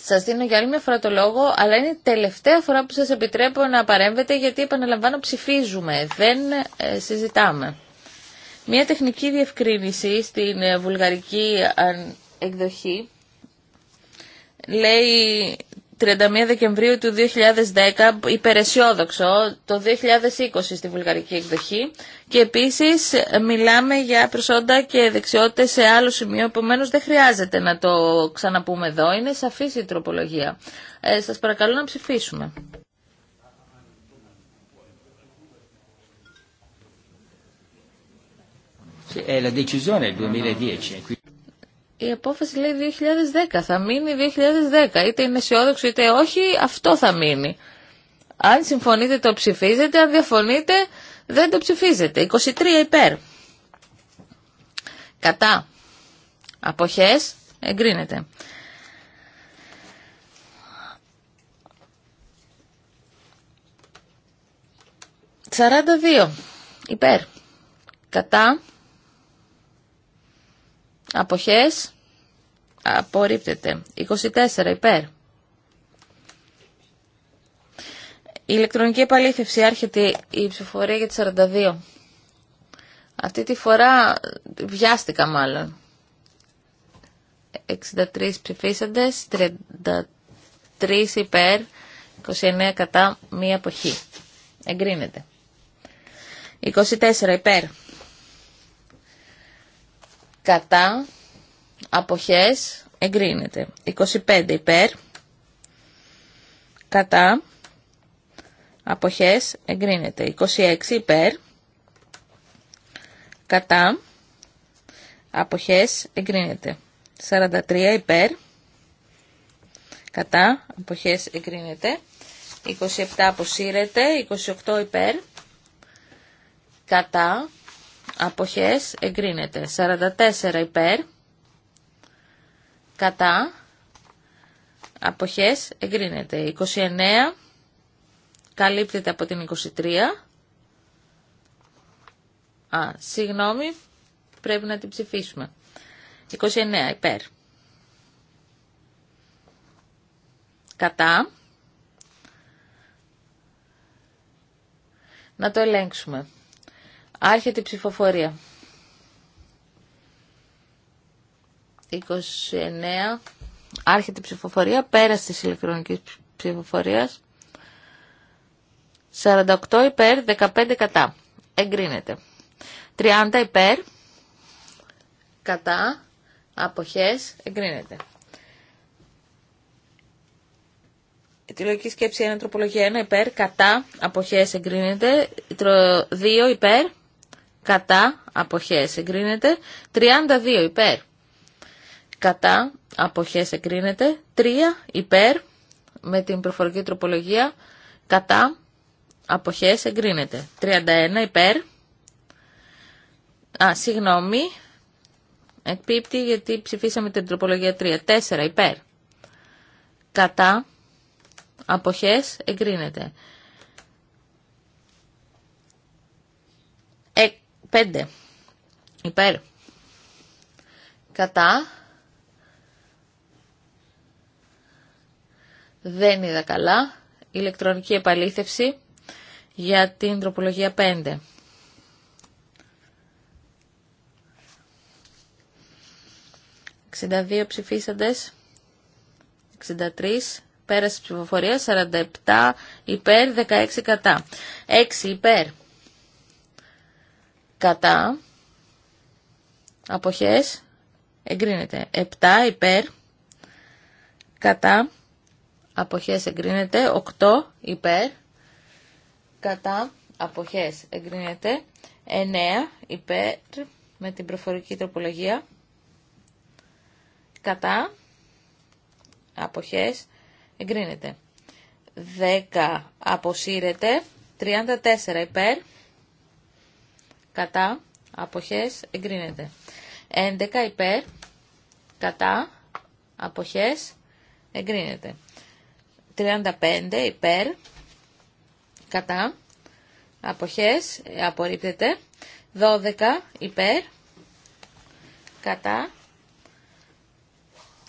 Σα δίνω για άλλη μια φορά το λόγο, αλλά είναι η τελευταία φορά που σας επιτρέπω να παρέμβετε, γιατί επαναλαμβάνω ψηφίζουμε, δεν ε, συζητάμε. Μια τεχνική διευκρίνηση στην ε, βουλγαρική εκδοχή λέει 31 Δεκεμβρίου του 2010 υπεραισιόδοξο, το 2020 στη βουλγαρική εκδοχή και επίσης μιλάμε για προσόντα και δεξιότητες σε άλλο σημείο, επομένω δεν χρειάζεται να το ξαναπούμε εδώ, είναι σαφής η τροπολογία. Ε, σας παρακαλώ να ψηφίσουμε. Ε, 2010 η απόφαση λέει 2010, θα μείνει 2010, είτε είναι αισιόδοξο είτε όχι, αυτό θα μείνει. Αν συμφωνείτε το ψηφίζετε, αν διαφωνείτε δεν το ψηφίζετε. 23 υπέρ. Κατά. Αποχές εγκρίνεται. 42 Υπέρ. Κατά. Αποχές. Απορρίπτεται. 24 υπέρ. Η ηλεκτρονική επαλήθευση άρχεται η ψηφοφορία για τις 42. Αυτή τη φορά βιάστηκα μάλλον. 63 ψηφίσαντες, 33 υπέρ, 29 κατά, μία αποχή. Εγκρίνεται. 24 υπέρ κατά, αποχές, εγκρίνεται. 25 υπέρ, κατά, αποχές, εγκρίνεται. 26 υπέρ, κατά, αποχές, εγκρίνεται. 43 υπέρ, κατά, αποχές, εγκρίνεται. 27 αποσύρεται, 28 υπέρ, κατά, αποχές εγκρίνεται. 44 υπέρ, κατά, αποχές εγκρίνεται. 29 καλύπτεται από την 23. Α, συγγνώμη, πρέπει να την ψηφίσουμε. 29 υπέρ. Κατά. Να το ελέγξουμε. Άρχεται η ψηφοφορία. 29. Άρχεται η ψηφοφορία. Πέρας της ηλεκτρονικής ψηφοφορίας. 48 υπέρ, 15 κατά. Εγκρίνεται. 30 υπέρ, κατά, αποχές, εγκρίνεται. Η τηλογική σκέψη 1, τροπολογία 1, υπέρ, κατά, αποχές, εγκρίνεται. 2, υπέρ, κατά αποχές εγκρίνεται 32 υπέρ κατά αποχές εγκρίνεται 3 υπέρ με την προφορική τροπολογία κατά αποχές εγκρίνεται 31 υπέρ α συγγνώμη εκπίπτει γιατί ψηφίσαμε την τροπολογία 3 4 υπέρ κατά αποχές εγκρίνεται 5 υπέρ κατά δεν είδα καλά ηλεκτρονική επαλήθευση για την τροπολογία 5. ...62 ψηφίσαντες, 63 πέρασε ψηφοφορία, 47 υπέρ, 16 κατά, 6 υπέρ, κατά, αποχές, εγκρίνεται. 7 υπέρ, κατά, αποχές εγκρίνεται. 8 υπέρ, κατά, αποχές εγκρίνεται. 9 υπέρ, με την προφορική τροπολογία, κατά, αποχές εγκρίνεται. 10 αποσύρεται. 34 υπέρ, κατά, αποχές, εγκρίνεται. 11 υπέρ, κατά, αποχές, εγκρίνεται. 35 υπέρ, κατά, αποχές, απορρίπτεται. 12 υπέρ, κατά,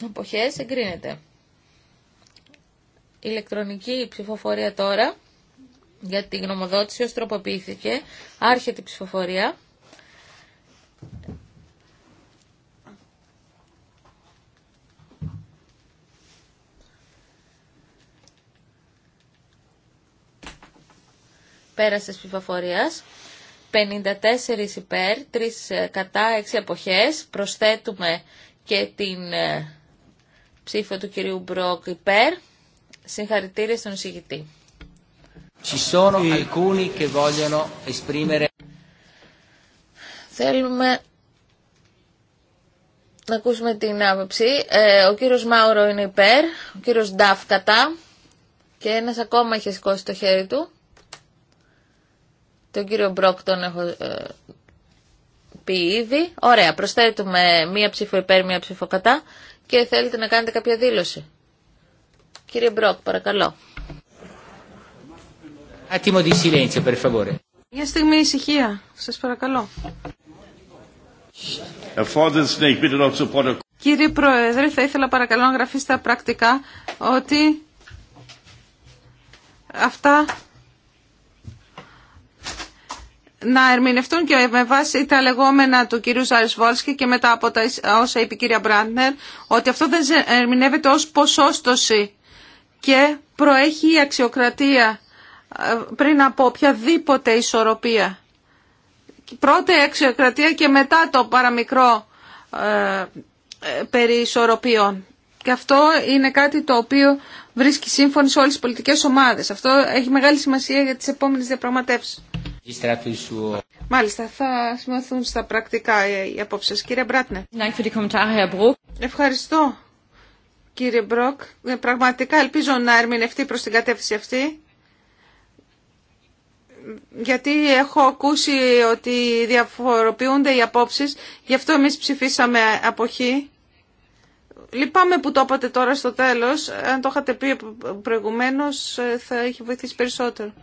αποχές, εγκρίνεται. Ηλεκτρονική ψηφοφορία τώρα για τη γνωμοδότηση ως τροποποιήθηκε. Άρχεται η ψηφοφορία. Πέρασε ψηφοφορία. 54 υπέρ, 3 ε, κατά, 6 εποχές Προσθέτουμε και την ε, ψήφο του κυρίου Μπρόκ υπέρ. Συγχαρητήρια στον εισηγητή. Θέλουμε να ακούσουμε την άποψη. Ε, ο κύριος Μάουρο είναι υπέρ, ο κύριος Νταφ κατά και ένας ακόμα είχε σηκώσει το χέρι του. Τον κύριο Μπρόκ τον έχω ε, πει ήδη. Ωραία, προσθέτουμε μία ψήφο υπέρ, μία ψήφο κατά και θέλετε να κάνετε κάποια δήλωση. Κύριε Μπρόκ, παρακαλώ. Μια στιγμή ησυχία, σας παρακαλώ. Κύριε Πρόεδρε, θα ήθελα παρακαλώ να γραφεί στα πρακτικά ότι αυτά να ερμηνευτούν και με βάση τα λεγόμενα του κυρίου Ζαρισβόλσκη και μετά από τα όσα είπε η κυρία Μπράντνερ, ότι αυτό δεν ερμηνεύεται ως ποσόστοση και προέχει η αξιοκρατία πριν από οποιαδήποτε ισορροπία. Πρώτα η αξιοκρατία και μετά το παραμικρό ε, ε, περί ισορροπιών. Και αυτό είναι κάτι το οποίο βρίσκει σύμφωνη σε όλες τις πολιτικές ομάδες. Αυτό έχει μεγάλη σημασία για τις επόμενες διαπραγματεύσεις. Μάλιστα, θα σημειωθούν στα πρακτικά οι απόψεις. Κύριε Μπράτνε. Ευχαριστώ, κύριε Μπροκ. Ε, πραγματικά ελπίζω να ερμηνευτεί προς την κατεύθυνση αυτή γιατί έχω ακούσει ότι διαφοροποιούνται οι απόψεις, γι' αυτό εμείς ψηφίσαμε αποχή. Λυπάμαι που το είπατε τώρα στο τέλος, αν το είχατε πει προηγουμένως ε, θα είχε βοηθήσει περισσότερο.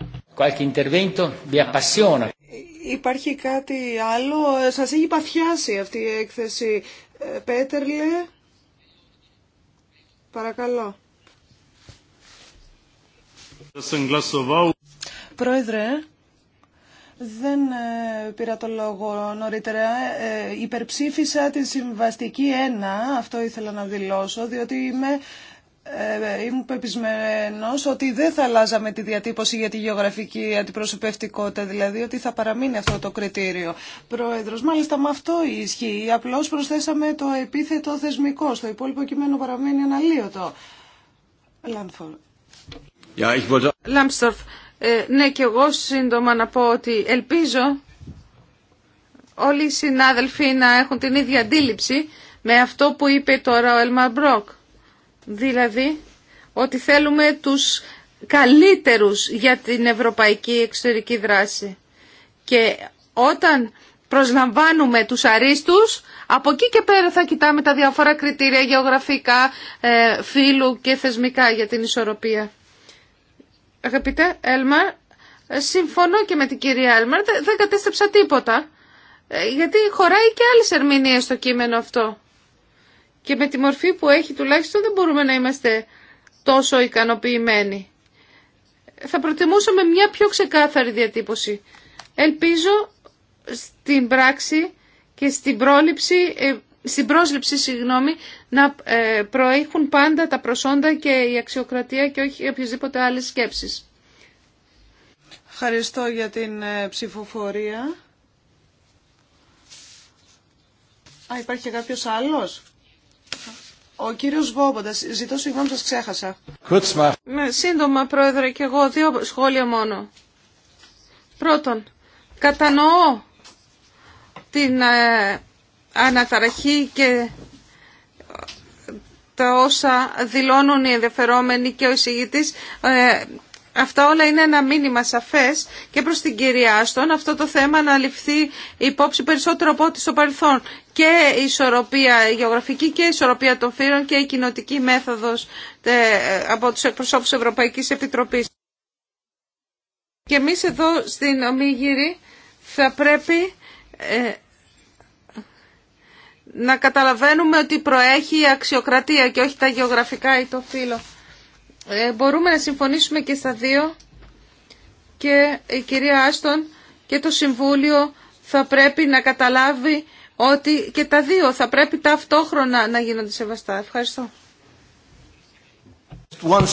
Υπάρχει κάτι άλλο, ε, σας έχει παθιάσει αυτή η έκθεση. Ε, Πέτερλε, παρακαλώ. Πρόεδρε, δεν ε, το λόγο νωρίτερα. Ε, υπερψήφισα τη συμβαστική 1, αυτό ήθελα να δηλώσω, διότι είμαι ε, ήμουν πεπισμένο ότι δεν θα αλλάζαμε τη διατύπωση για τη γεωγραφική αντιπροσωπευτικότητα, δηλαδή ότι θα παραμείνει αυτό το κριτήριο. Πρόεδρος, μάλιστα με αυτό ισχύει. Απλώς προσθέσαμε το επίθετο θεσμικό. Στο υπόλοιπο κείμενο παραμένει αναλύωτο. Ε, ναι, και εγώ σύντομα να πω ότι ελπίζω όλοι οι συνάδελφοι να έχουν την ίδια αντίληψη με αυτό που είπε τώρα ο Έλμαρ Μπρόκ. Δηλαδή ότι θέλουμε τους καλύτερους για την ευρωπαϊκή εξωτερική δράση. Και όταν προσλαμβάνουμε τους αρίστους, από εκεί και πέρα θα κοιτάμε τα διαφορά κριτήρια γεωγραφικά, ε, φύλου και θεσμικά για την ισορροπία. Αγαπητέ Έλμαρ, συμφωνώ και με την κυρία Έλμαρ, δεν κατέστρεψα τίποτα. Ε, γιατί χωράει και άλλες ερμηνείες στο κείμενο αυτό. Και με τη μορφή που έχει τουλάχιστον δεν μπορούμε να είμαστε τόσο ικανοποιημένοι. Θα προτιμούσαμε μια πιο ξεκάθαρη διατύπωση. Ελπίζω στην πράξη και στην πρόληψη ε, στην πρόσληψη συγγνώμη, να ε, προέχουν πάντα τα προσόντα και η αξιοκρατία και όχι οποιασδήποτε άλλες σκέψεις. Ευχαριστώ για την ε, ψηφοφορία. Α, υπάρχει και κάποιος άλλος. Ο κύριος Βόμποντας, ζητώ συγγνώμη σας ξέχασα. Ναι, σύντομα πρόεδρε και εγώ δύο σχόλια μόνο. Πρώτον, κατανοώ την ε, αναταραχή και τα όσα δηλώνουν οι ενδιαφερόμενοι και ο εισηγητής. Ε, αυτά όλα είναι ένα μήνυμα σαφές και προς την κυρία Άστον αυτό το θέμα να ληφθεί υπόψη περισσότερο από ό,τι στο παρελθόν. Και η ισορροπία γεωγραφική και η ισορροπία των φύρων και η κοινοτική μέθοδος ε, από τους εκπροσώπους Ευρωπαϊκής Επιτροπής. Και εμείς εδώ στην Ομίγυρη θα πρέπει ε, να καταλαβαίνουμε ότι προέχει η αξιοκρατία και όχι τα γεωγραφικά ή το φύλλο. Ε, μπορούμε να συμφωνήσουμε και στα δύο και η κυρία Άστον και το Συμβούλιο θα πρέπει να καταλάβει ότι και τα δύο θα πρέπει ταυτόχρονα να γίνονται σεβαστά. Ευχαριστώ. One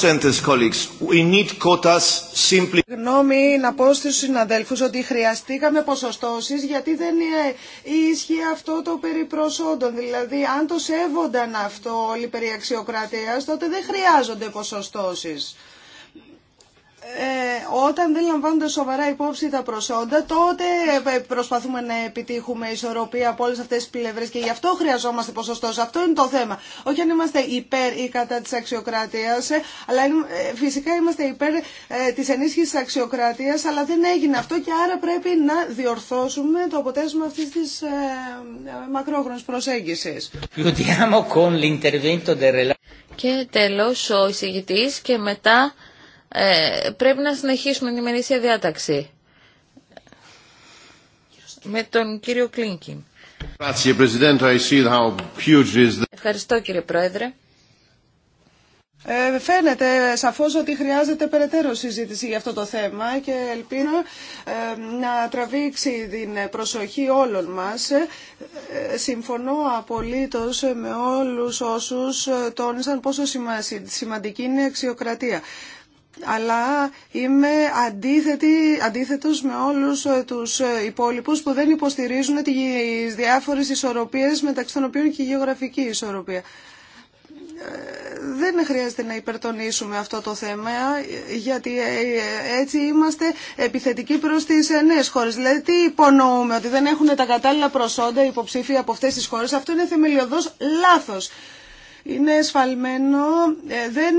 Γνώμη να πω στους συναδέλφους ότι χρειαστήκαμε ποσοστώσεις γιατί δεν ε, ίσχυε αυτό το περί προσόντων. Δηλαδή αν το σέβονταν αυτό όλοι περί αξιοκρατίας τότε δεν χρειάζονται ποσοστώσεις ε, όταν δεν λαμβάνονται σοβαρά υπόψη τα προσόντα, τότε ε, προσπαθούμε να επιτύχουμε ισορροπία από όλε αυτέ τι πλευρέ και γι' αυτό χρειαζόμαστε ποσοστό. Αυτό είναι το θέμα. Όχι αν είμαστε υπέρ ή κατά τη αξιοκρατία, ε, αλλά ε, φυσικά είμαστε υπέρ ε, τη ενίσχυση τη αξιοκρατία, αλλά δεν έγινε αυτό και άρα πρέπει να διορθώσουμε το αποτέλεσμα αυτή τη ε, μακρόχρονη προσέγγιση. Και τέλο ο εισηγητή και μετά ε, πρέπει να συνεχίσουμε την ημερήσια διάταξη. Με τον κύριο Κλίνκιν. Ευχαριστώ κύριε Πρόεδρε. Ε, φαίνεται σαφώς ότι χρειάζεται περαιτέρω συζήτηση για αυτό το θέμα και ελπίζω ε, να τραβήξει την προσοχή όλων μας. Ε, συμφωνώ απολύτως με όλους όσους τόνισαν πόσο σημαντική είναι η αξιοκρατία αλλά είμαι αντίθετη, αντίθετος με όλους ε, τους ε, υπόλοιπους που δεν υποστηρίζουν τις διάφορες ισορροπίες μεταξύ των οποίων και η γεωγραφική ισορροπία. Ε, δεν χρειάζεται να υπερτονίσουμε αυτό το θέμα, γιατί έτσι είμαστε επιθετικοί προς τις νέες χώρες. Δηλαδή, τι υπονοούμε, ότι δεν έχουν τα κατάλληλα προσόντα υποψήφια από αυτές τις χώρες. Αυτό είναι θεμελιωδώς λάθος. Είναι εσφαλμένο, δεν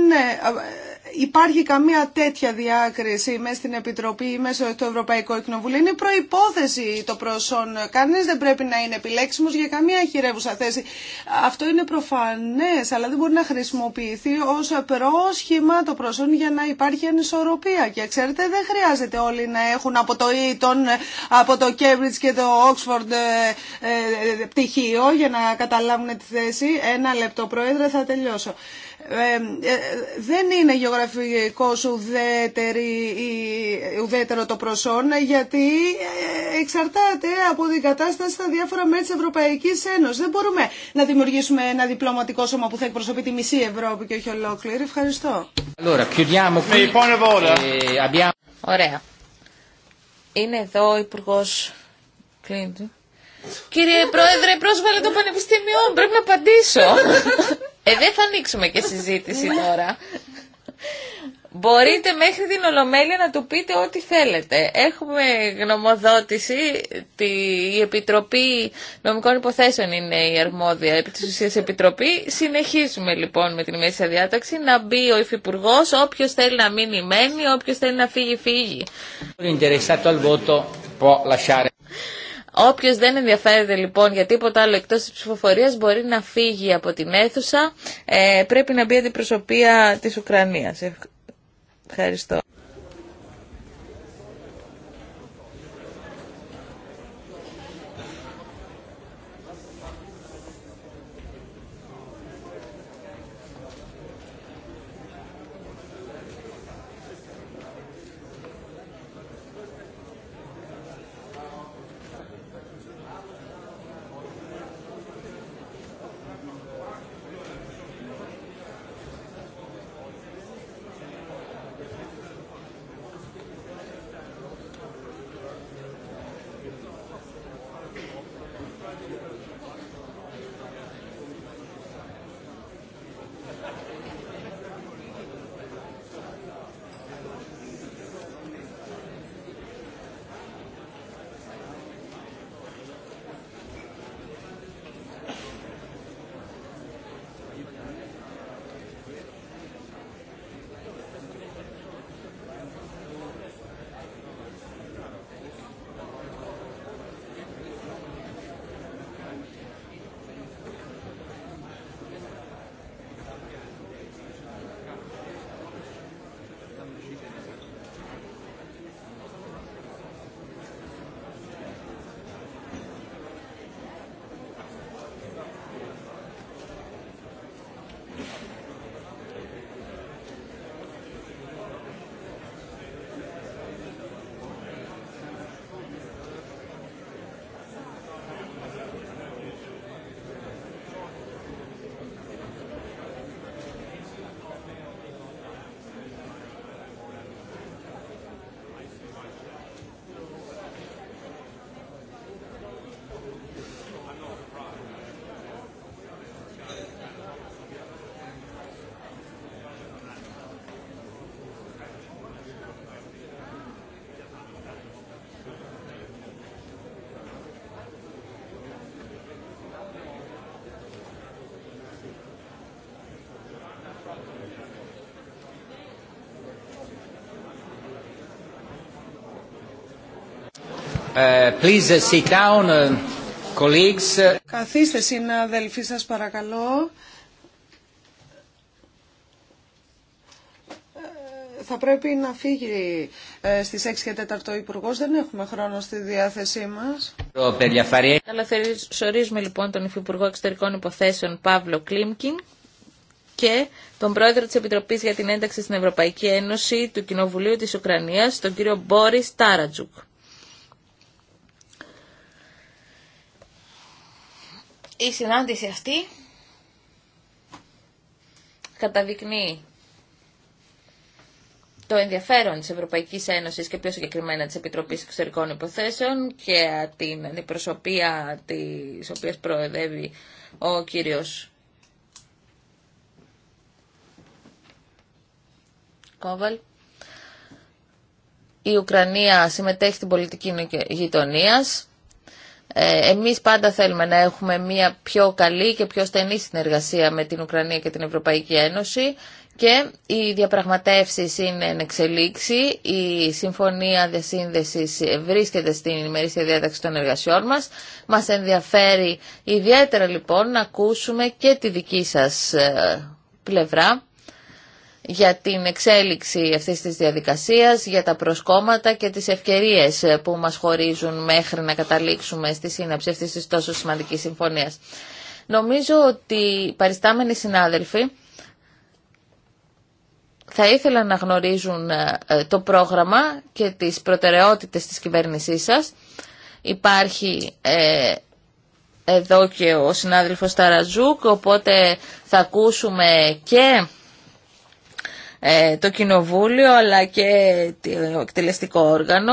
υπάρχει καμία τέτοια διάκριση μέσα στην Επιτροπή ή μέσα στο Ευρωπαϊκό Εκνοβούλιο. Είναι προϋπόθεση το προσόν. Κανείς δεν πρέπει να είναι επιλέξιμος για καμία χειρεύουσα θέση. Αυτό είναι προφανές, αλλά δεν μπορεί να χρησιμοποιηθεί ως πρόσχημα το προσόν για να υπάρχει ανισορροπία. Και ξέρετε, δεν χρειάζεται όλοι να έχουν από το Eton, από το Cambridge και το Oxford ε, ε, ε, πτυχίο για να καταλάβουν τη θέση. Ένα λεπτό, Πρόεδρε, θα τελειώσω. Ε, δεν είναι γεωγραφικό ουδέτερο το προσόν γιατί ε, εξαρτάται από την κατάσταση στα διάφορα μέρη της Ευρωπαϊκής Ένωσης. Δεν μπορούμε να δημιουργήσουμε ένα διπλωματικό σώμα που θα εκπροσωπεί τη μισή Ευρώπη και όχι ολόκληρη. Ευχαριστώ. Ε, Ωραία. Είναι εδώ ο Υπουργό Κλίντου. Κύριε Πρόεδρε, πρόσβαλε το Πανεπιστήμιο, πρέπει να απαντήσω. Ε, δεν θα ανοίξουμε και συζήτηση ναι. τώρα. Μπορείτε μέχρι την Ολομέλεια να του πείτε ό,τι θέλετε. Έχουμε γνωμοδότηση, τη, η Επιτροπή Νομικών Υποθέσεων είναι η αρμόδια επί της ουσίας Επιτροπή. Συνεχίζουμε λοιπόν με την μέση διάταξη να μπει ο Υφυπουργό, όποιος θέλει να μείνει μένει, όποιος θέλει να φύγει φύγει. Όποιο δεν ενδιαφέρεται λοιπόν για τίποτα άλλο εκτός τη ψηφοφορία μπορεί να φύγει από την αίθουσα. Ε, πρέπει να μπει αντιπροσωπεία της Ουκρανίας. Ευχαριστώ. Ε, ε, Καθίστε συναδελφοί σας παρακαλώ. Ε, θα πρέπει να φύγει στις 6 και 4 ο Υπουργό. Δεν έχουμε χρόνο στη διάθεσή μας. Καλαθερίζουμε λοιπόν τον Υφυπουργό Εξωτερικών Υποθέσεων Παύλο Κλίμκιν και τον πρόεδρο της Επιτροπής για την Ένταξη στην Ευρωπαϊκή Ένωση του Κοινοβουλίου της Ουκρανίας, τον κύριο Μπόρις Τάρατζουκ. Η συνάντηση αυτή καταδεικνύει το ενδιαφέρον της Ευρωπαϊκής Ένωσης και πιο συγκεκριμένα της Επιτροπής Εξωτερικών Υποθέσεων και την αντιπροσωπεία της οποίας προεδεύει ο κύριος Κόβαλ. Η Ουκρανία συμμετέχει στην πολιτική γειτονίας ε, εμείς πάντα θέλουμε να έχουμε μια πιο καλή και πιο στενή συνεργασία με την Ουκρανία και την Ευρωπαϊκή Ένωση και οι διαπραγματεύσεις είναι εν εξελίξη, η συμφωνία διασύνδεσης βρίσκεται στην ημερήσια διάταξη των εργασιών μας. Μας ενδιαφέρει ιδιαίτερα λοιπόν να ακούσουμε και τη δική σας ε, πλευρά για την εξέλιξη αυτής της διαδικασίας, για τα προσκόμματα και τις ευκαιρίες που μας χωρίζουν μέχρι να καταλήξουμε στη σύναψη αυτής της τόσο σημαντικής συμφωνίας. Νομίζω ότι οι παριστάμενοι συνάδελφοι θα ήθελαν να γνωρίζουν ε, το πρόγραμμα και τις προτεραιότητες της κυβέρνησής σας. Υπάρχει ε, εδώ και ο συνάδελφος Ταραζούκ, οπότε θα ακούσουμε και ε, το Κοινοβούλιο αλλά και το εκτελεστικό όργανο.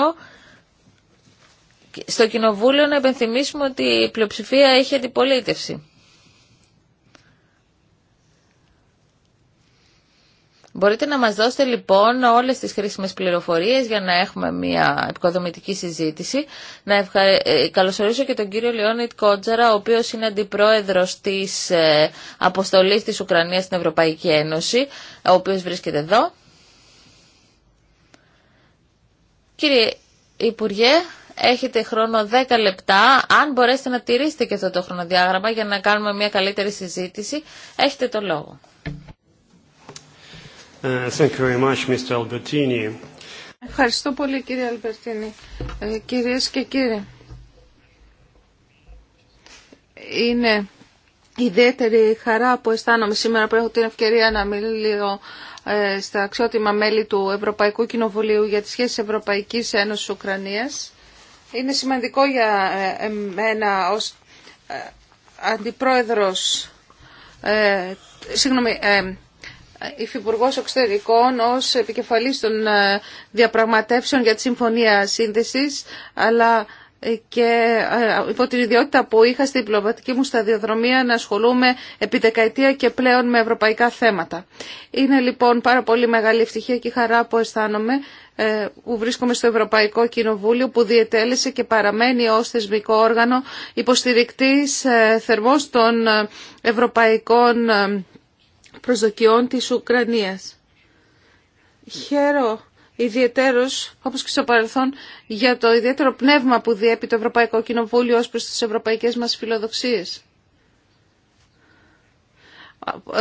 Στο Κοινοβούλιο να επενθυμίσουμε ότι η πλειοψηφία έχει αντιπολίτευση. Μπορείτε να μας δώσετε λοιπόν όλες τις χρήσιμες πληροφορίες για να έχουμε μια επικοδομητική συζήτηση. Να ευχα... Ε, καλωσορίσω και τον κύριο Λεόνιτ Κότζαρα, ο οποίος είναι αντιπρόεδρος της ε, αποστολής της Ουκρανίας στην Ευρωπαϊκή Ένωση, ο οποίος βρίσκεται εδώ. Κύριε Υπουργέ, έχετε χρόνο 10 λεπτά. Αν μπορέσετε να τηρήσετε και αυτό το χρονοδιάγραμμα για να κάνουμε μια καλύτερη συζήτηση, έχετε το λόγο. Uh, thank you very much, Ευχαριστώ πολύ κύριε Αλμπερτίνη. κύριε κυρίες και κύριοι, είναι ιδιαίτερη χαρά που αισθάνομαι σήμερα που έχω την ευκαιρία να μιλήσω ε, στα αξιότιμα μέλη του Ευρωπαϊκού Κοινοβουλίου για τις σχέσεις Ευρωπαϊκής Ένωσης Ουκρανίας. Είναι σημαντικό για ε, εμένα ως ε, αντιπρόεδρος, ε, συγγνώμη, ε, Υφυπουργό Εξωτερικών ως επικεφαλής των ε, διαπραγματεύσεων για τη Συμφωνία Σύνδεσης, αλλά ε, και ε, υπό την ιδιότητα που είχα στην διπλωματική μου σταδιοδρομία να ασχολούμαι επί δεκαετία και πλέον με ευρωπαϊκά θέματα. Είναι λοιπόν πάρα πολύ μεγάλη ευτυχία και χαρά που αισθάνομαι που βρίσκομαι στο Ευρωπαϊκό Κοινοβούλιο που διετέλεσε και παραμένει ως θεσμικό όργανο υποστηρικτής θερμός των ευρωπαϊκών προσδοκιών της Ουκρανίας. Χαίρο ιδιαίτερος, όπως και στο παρελθόν, για το ιδιαίτερο πνεύμα που διέπει το Ευρωπαϊκό Κοινοβούλιο ως προς τις ευρωπαϊκές μας φιλοδοξίες.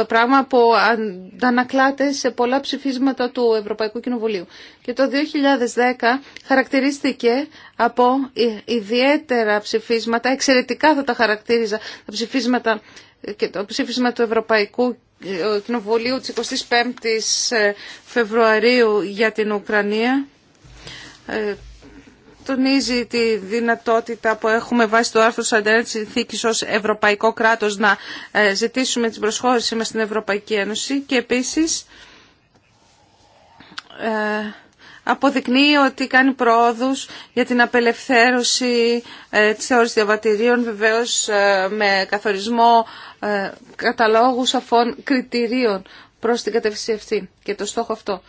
Πράγμα που αντανακλάται σε πολλά ψηφίσματα του Ευρωπαϊκού Κοινοβουλίου. Και το 2010 χαρακτηρίστηκε από ιδιαίτερα ψηφίσματα, εξαιρετικά θα τα χαρακτήριζα, τα ψηφίσματα και το ψήφισμα του Ευρωπαϊκού ε, Κοινοβουλίου της 25ης ε, Φεβρουαρίου για την Ουκρανία ε, τονίζει τη δυνατότητα που έχουμε βάσει το άρθρο 41 της συνθήκης ως ευρωπαϊκό κράτος να ζητήσουμε την προσχώρησή μας στην Ευρωπαϊκή Ένωση και επίσης αποδεικνύει ότι κάνει πρόοδους για την απελευθέρωση ε, της θεώρησης διαβατηρίων, βεβαίως ε, με καθορισμό ε, καταλόγου σαφών κριτηρίων προς την κατεύθυνση αυτή και το στόχο αυτό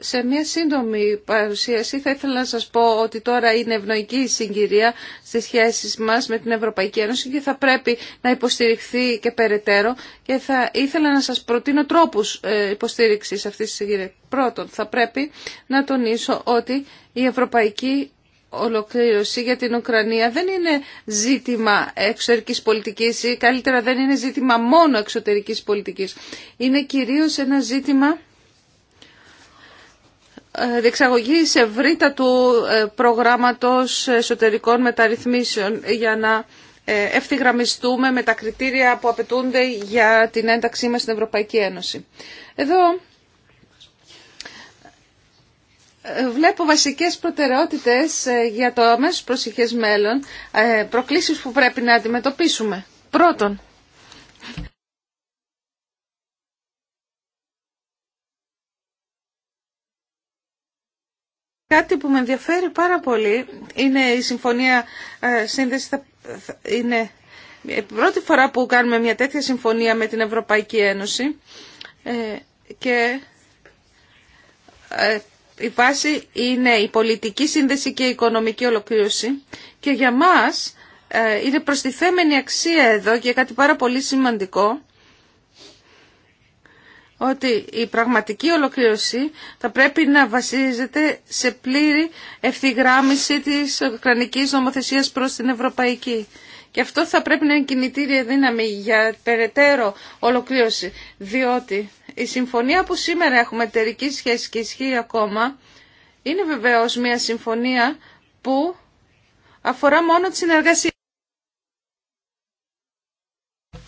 σε μια σύντομη παρουσίαση θα ήθελα να σας πω ότι τώρα είναι ευνοϊκή η συγκυρία στις σχέσεις μας με την Ευρωπαϊκή Ένωση και θα πρέπει να υποστηριχθεί και περαιτέρω και θα ήθελα να σας προτείνω τρόπους ε, υποστήριξης αυτής της συγκυρίας. Πρώτον, θα πρέπει να τονίσω ότι η Ευρωπαϊκή ολοκλήρωση για την Ουκρανία δεν είναι ζήτημα εξωτερικής πολιτικής ή καλύτερα δεν είναι ζήτημα μόνο εξωτερικής πολιτικής. Είναι κυρίως ένα ζήτημα ε, διεξαγωγή σε του ε, προγράμματος εσωτερικών μεταρρυθμίσεων για να ε, ευθυγραμμιστούμε με τα κριτήρια που απαιτούνται για την ένταξή μας στην Ευρωπαϊκή Ένωση. Εδώ βλέπω βασικές προτεραιότητες για το αμέσως προσεχές μέλλον, προκλήσεις που πρέπει να αντιμετωπίσουμε. Πρώτον, Κάτι που με ενδιαφέρει πάρα πολύ είναι η συμφωνία ε, σύνδεση. Είναι η πρώτη φορά που κάνουμε μια τέτοια συμφωνία με την Ευρωπαϊκή Ένωση ε, και ε, η βάση είναι η πολιτική σύνδεση και η οικονομική ολοκλήρωση και για μας είναι προστιθέμενη αξία εδώ και κάτι πάρα πολύ σημαντικό ότι η πραγματική ολοκλήρωση θα πρέπει να βασίζεται σε πλήρη ευθυγράμμιση της κρανικής νομοθεσίας προς την ευρωπαϊκή. Και αυτό θα πρέπει να είναι κινητήρια δύναμη για περαιτέρω ολοκλήρωση, διότι η συμφωνία που σήμερα έχουμε εταιρική σχέση και ισχύει ακόμα, είναι βεβαίως μια συμφωνία που αφορά μόνο τη συνεργασία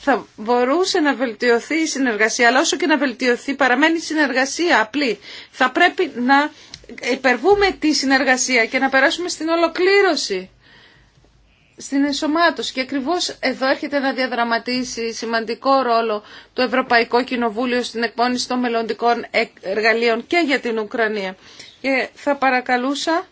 θα μπορούσε να βελτιωθεί η συνεργασία, αλλά όσο και να βελτιωθεί παραμένει η συνεργασία απλή. Θα πρέπει να υπερβούμε τη συνεργασία και να περάσουμε στην ολοκλήρωση, στην ενσωμάτωση. Και ακριβώ εδώ έρχεται να διαδραματίσει σημαντικό ρόλο το Ευρωπαϊκό Κοινοβούλιο στην εκπόνηση των μελλοντικών εργαλείων και για την Ουκρανία. Και θα παρακαλούσα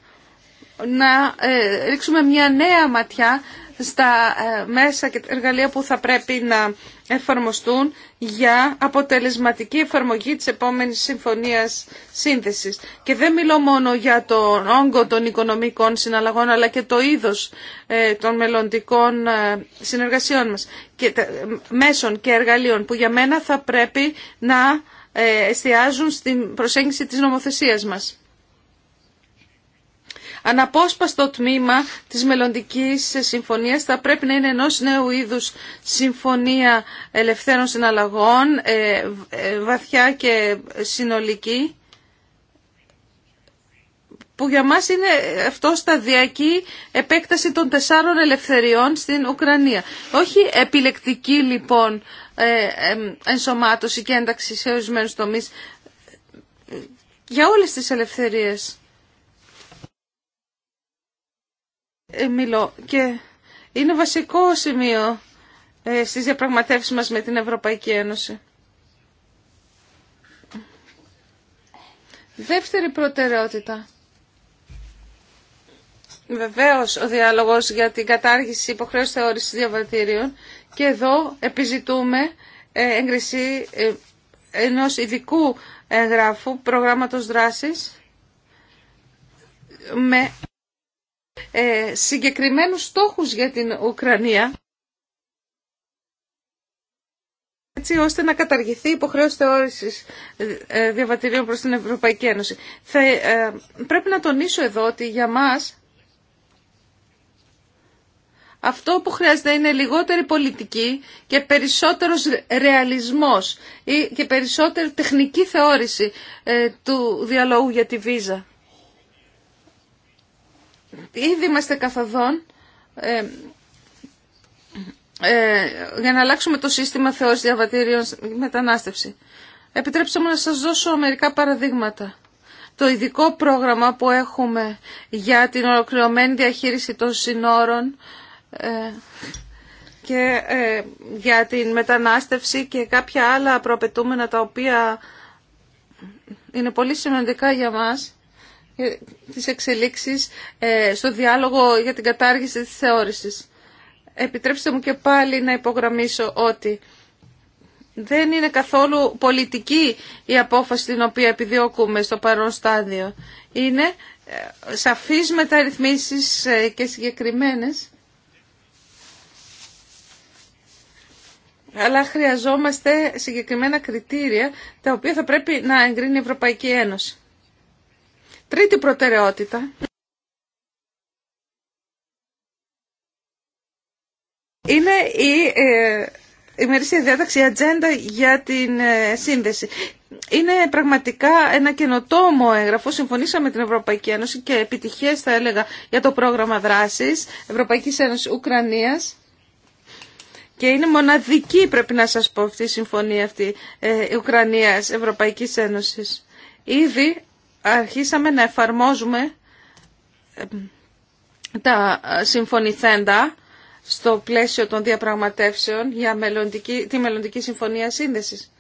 να ε, ρίξουμε μια νέα ματιά στα ε, μέσα και εργαλεία που θα πρέπει να εφαρμοστούν για αποτελεσματική εφαρμογή της επόμενης συμφωνίας σύνδεσης. Και δεν μιλώ μόνο για τον όγκο των οικονομικών συναλλαγών, αλλά και το είδος ε, των μελλοντικών ε, συνεργασιών μας, και, μέσων και εργαλείων, που για μένα θα πρέπει να εστιάζουν στην προσέγγιση της νομοθεσίας μας αναπόσπαστο τμήμα της μελλοντική συμφωνίας θα πρέπει να είναι ενός νέου είδους συμφωνία ελευθέρων συναλλαγών, ε, ε, βαθιά και συνολική, που για μας είναι αυτό σταδιακή επέκταση των τεσσάρων ελευθεριών στην Ουκρανία. Όχι επιλεκτική λοιπόν ε, ενσωμάτωση και ένταξη σε ορισμένου τομείς για όλες τις ελευθερίες. Ε, μιλώ και είναι βασικό σημείο ε, στις διαπραγματεύσεις μας με την Ευρωπαϊκή Ένωση. Δεύτερη προτεραιότητα. Βεβαίως ο διάλογος για την κατάργηση υποχρέωση θεώρησης διαβατήριων και εδώ επιζητούμε ε, έγκριση ενός ειδικού εγγράφου προγράμματος δράσης με ε, συγκεκριμένους στόχους για την Ουκρανία έτσι ώστε να καταργηθεί η υποχρέωση θεώρησης ε, διαβατηρίων προς την Ευρωπαϊκή Ένωση. Ε, πρέπει να τονίσω εδώ ότι για μας αυτό που χρειάζεται είναι λιγότερη πολιτική και περισσότερος ρεαλισμός και περισσότερη τεχνική θεώρηση ε, του διαλόγου για τη βίζα. Ήδη είμαστε καθοδόν ε, ε, για να αλλάξουμε το σύστημα θεός διαβατήριων μετανάστευση. Επιτρέψτε μου να σας δώσω μερικά παραδείγματα. Το ειδικό πρόγραμμα που έχουμε για την ολοκληρωμένη διαχείριση των συνόρων ε, και ε, για την μετανάστευση και κάποια άλλα προαπαιτούμενα τα οποία είναι πολύ σημαντικά για μας τις εξελίξεις ε, στο διάλογο για την κατάργηση της θεώρησης. Επιτρέψτε μου και πάλι να υπογραμμίσω ότι δεν είναι καθόλου πολιτική η απόφαση την οποία επιδιώκουμε στο παρόν στάδιο. Είναι ε, σαφείς μεταρρυθμίσεις ε, και συγκεκριμένες. Αλλά χρειαζόμαστε συγκεκριμένα κριτήρια τα οποία θα πρέπει να εγκρίνει η Ευρωπαϊκή Ένωση. Τρίτη προτεραιότητα. Είναι η ε, ημερήσια διάταξη, η ατζέντα για την ε, σύνδεση. Είναι πραγματικά ένα καινοτόμο έγγραφο. Συμφωνήσαμε με την Ευρωπαϊκή Ένωση και επιτυχίες θα έλεγα για το πρόγραμμα δράσης Ευρωπαϊκής Ένωσης Ουκρανίας. Και είναι μοναδική πρέπει να σας πω αυτή η συμφωνία αυτή ε, Ουκρανίας Ευρωπαϊκής Ένωσης. Ήδη αρχίσαμε να εφαρμόζουμε τα συμφωνηθέντα στο πλαίσιο των διαπραγματεύσεων για μελλοντική, τη μελλοντική συμφωνία σύνδεσης.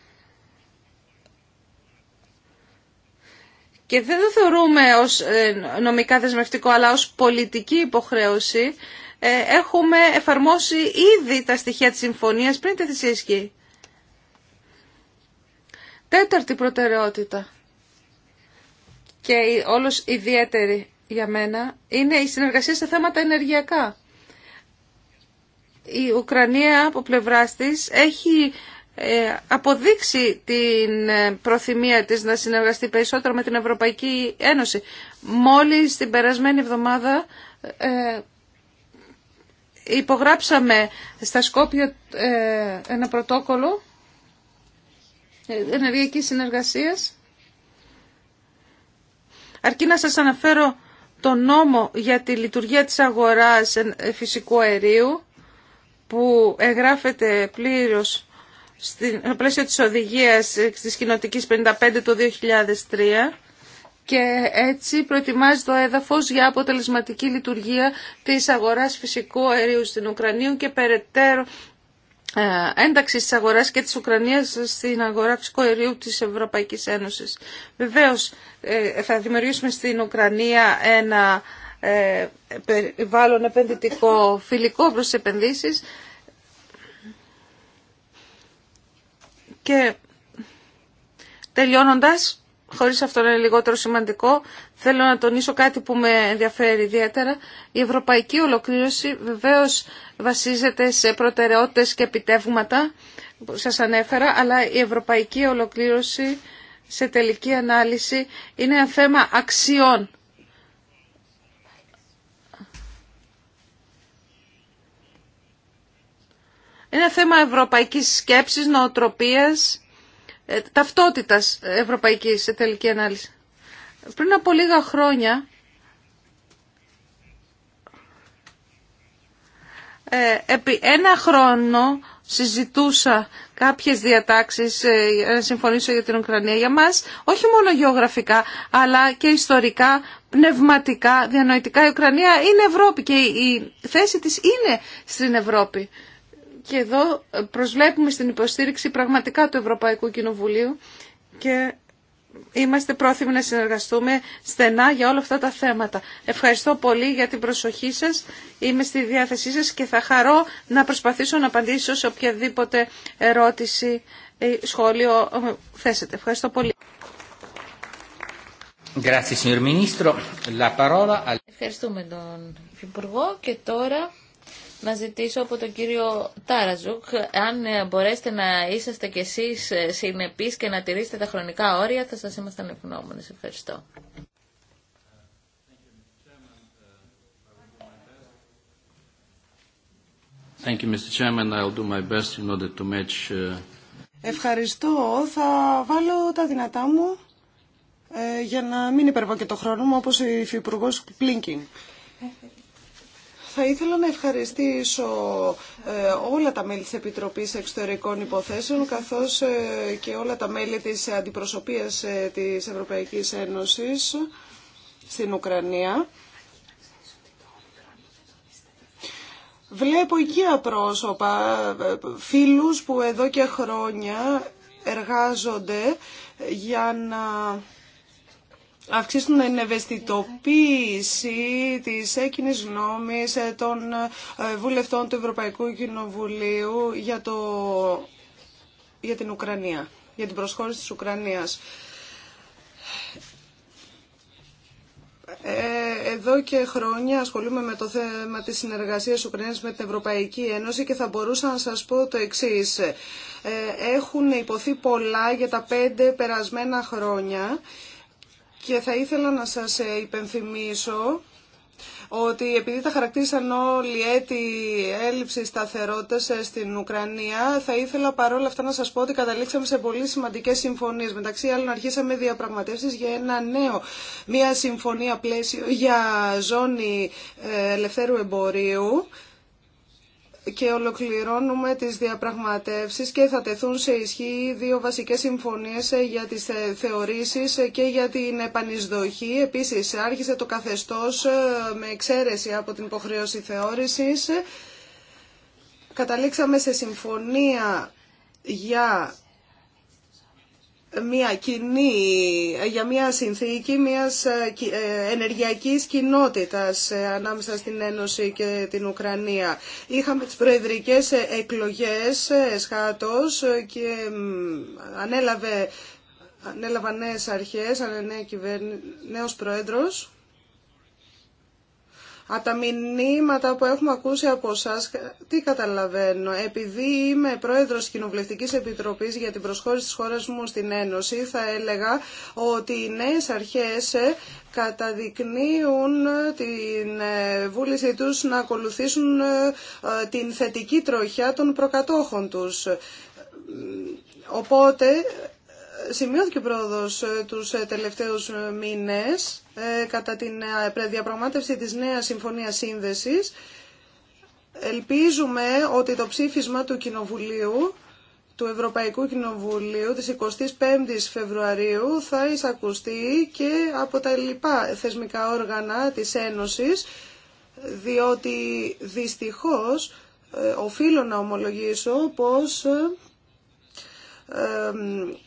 Και δεν το θεωρούμε ως ε, νομικά δεσμευτικό, αλλά ως πολιτική υποχρέωση. Ε, έχουμε εφαρμόσει ήδη τα στοιχεία της συμφωνίας πριν τη θυσία Τέταρτη προτεραιότητα και όλος ιδιαίτερη για μένα είναι η συνεργασία σε θέματα ενεργειακά. Η Ουκρανία από πλευράς της έχει ε, αποδείξει την ε, προθυμία της να συνεργαστεί περισσότερο με την Ευρωπαϊκή Ένωση. Μόλις την περασμένη εβδομάδα ε, υπογράψαμε στα Σκόπια ένα πρωτόκολλο ενεργειακής συνεργασίας Αρκεί να σας αναφέρω το νόμο για τη λειτουργία της αγοράς φυσικού αερίου που εγγράφεται πλήρως στο πλαίσιο της οδηγίας ε, της κοινοτικής 55 του 2003 και έτσι προετοιμάζει το έδαφος για αποτελεσματική λειτουργία της αγοράς φυσικού αερίου στην Ουκρανία και περαιτέρω ε, ένταξη της αγοράς και της Ουκρανίας στην αγορά φυσικού αερίου της Ευρωπαϊκής Ένωσης. Βεβαίως ε, θα δημιουργήσουμε στην Ουκρανία ένα ε, περιβάλλον επενδυτικό φιλικό προς τις επενδύσεις και τελειώνοντας χωρίς αυτό να είναι λιγότερο σημαντικό, θέλω να τονίσω κάτι που με ενδιαφέρει ιδιαίτερα. Η ευρωπαϊκή ολοκλήρωση βεβαίως βασίζεται σε προτεραιότητες και επιτεύγματα που σας ανέφερα, αλλά η ευρωπαϊκή ολοκλήρωση σε τελική ανάλυση είναι ένα θέμα αξιών. Είναι θέμα ευρωπαϊκής σκέψης, νοοτροπίας, ε, ταυτότητας ευρωπαϊκής σε τελική ανάλυση. Πριν από λίγα χρόνια ε, επί ένα χρόνο συζητούσα κάποιες διατάξεις ε, να συμφωνήσω για την Ουκρανία. Για μας όχι μόνο γεωγραφικά αλλά και ιστορικά, πνευματικά, διανοητικά η Ουκρανία είναι Ευρώπη και η θέση της είναι στην Ευρώπη. Και εδώ προσβλέπουμε στην υποστήριξη πραγματικά του Ευρωπαϊκού Κοινοβουλίου και είμαστε πρόθυμοι να συνεργαστούμε στενά για όλα αυτά τα θέματα. Ευχαριστώ πολύ για την προσοχή σας. Είμαι στη διάθεσή σας και θα χαρώ να προσπαθήσω να απαντήσω σε οποιαδήποτε ερώτηση ή σχόλιο θέσετε. Ευχαριστώ πολύ. Ευχαριστούμε τον Υπουργό και τώρα να ζητήσω από τον κύριο Τάραζουκ αν ε, μπορέσετε να είσαστε κι εσείς ε, συνεπείς και να τηρήσετε τα χρονικά όρια θα σας ήμασταν ευγνώμονες. Ευχαριστώ. Ευχαριστώ. Θα βάλω τα δυνατά μου ε, για να μην υπερβώ και το χρόνο μου όπως η Υφυπουργός Πλίνκιν. Θα ήθελα να ευχαριστήσω ε, όλα τα μέλη της Επιτροπής Εξωτερικών Υποθέσεων καθώς ε, και όλα τα μέλη της Αντιπροσωπείας ε, της Ευρωπαϊκής Ένωσης στην Ουκρανία. Βλέπω οικία πρόσωπα, φίλους που εδώ και χρόνια εργάζονται για να αυξήσουν την ευαισθητοποίηση της έκοινη γνώμης ε, των ε, βουλευτών του Ευρωπαϊκού Κοινοβουλίου για, το, για την Ουκρανία, για την προσχώρηση της Ουκρανίας. Ε, εδώ και χρόνια ασχολούμαι με το θέμα της συνεργασίας Ουκρανίας με την Ευρωπαϊκή Ένωση και θα μπορούσα να σας πω το εξής. Έχουν υποθεί πολλά για τα πέντε περασμένα χρόνια και θα ήθελα να σας ε, υπενθυμίσω ότι επειδή τα χαρακτήρισαν όλοι έτη έλλειψη σταθερότητας ε, στην Ουκρανία, θα ήθελα παρόλα αυτά να σας πω ότι καταλήξαμε σε πολύ σημαντικές συμφωνίες. Μεταξύ άλλων αρχίσαμε διαπραγματεύσεις για ένα νέο, μια συμφωνία πλαίσιο για ζώνη ε, ελευθέρου εμπορίου, και ολοκληρώνουμε τις διαπραγματεύσεις και θα τεθούν σε ισχύ δύο βασικές συμφωνίες για τις θεωρήσεις και για την επανεισδοχή. Επίσης άρχισε το καθεστώς ε, με εξαίρεση από την υποχρέωση θεώρησης. Καταλήξαμε σε συμφωνία για μια κοινή, για μια συνθήκη μιας ε, ε, ενεργειακής κοινότητας ε, ανάμεσα στην Ένωση και την Ουκρανία. Είχαμε τις προεδρικές εκλογές σχάτως και ανέλαβε, ανέλαβαν νέες αρχές, νέα νέος πρόεδρος από τα μηνύματα που έχουμε ακούσει από εσά, τι καταλαβαίνω. Επειδή είμαι πρόεδρος τη κοινοβουλευτική Επιτροπής για την προσχώρηση τη χώρα μου στην Ένωση, θα έλεγα ότι οι νέε αρχές ε, καταδεικνύουν ε, την ε, βούλησή τους να ακολουθήσουν την θετική τροχιά των προκατόχων τους. Οπότε σημειώθηκε πρόοδος ε, τους ε, τελευταίους ε, μήνες κατά την διαπραγμάτευση της νέας Συμφωνίας Σύνδεσης. Ελπίζουμε ότι το ψήφισμα του Κοινοβουλίου, του Ευρωπαϊκού Κοινοβουλίου της 25ης Φεβρουαρίου θα εισακουστεί και από τα λοιπά θεσμικά όργανα της Ένωσης, διότι δυστυχώς οφείλω να ομολογήσω πως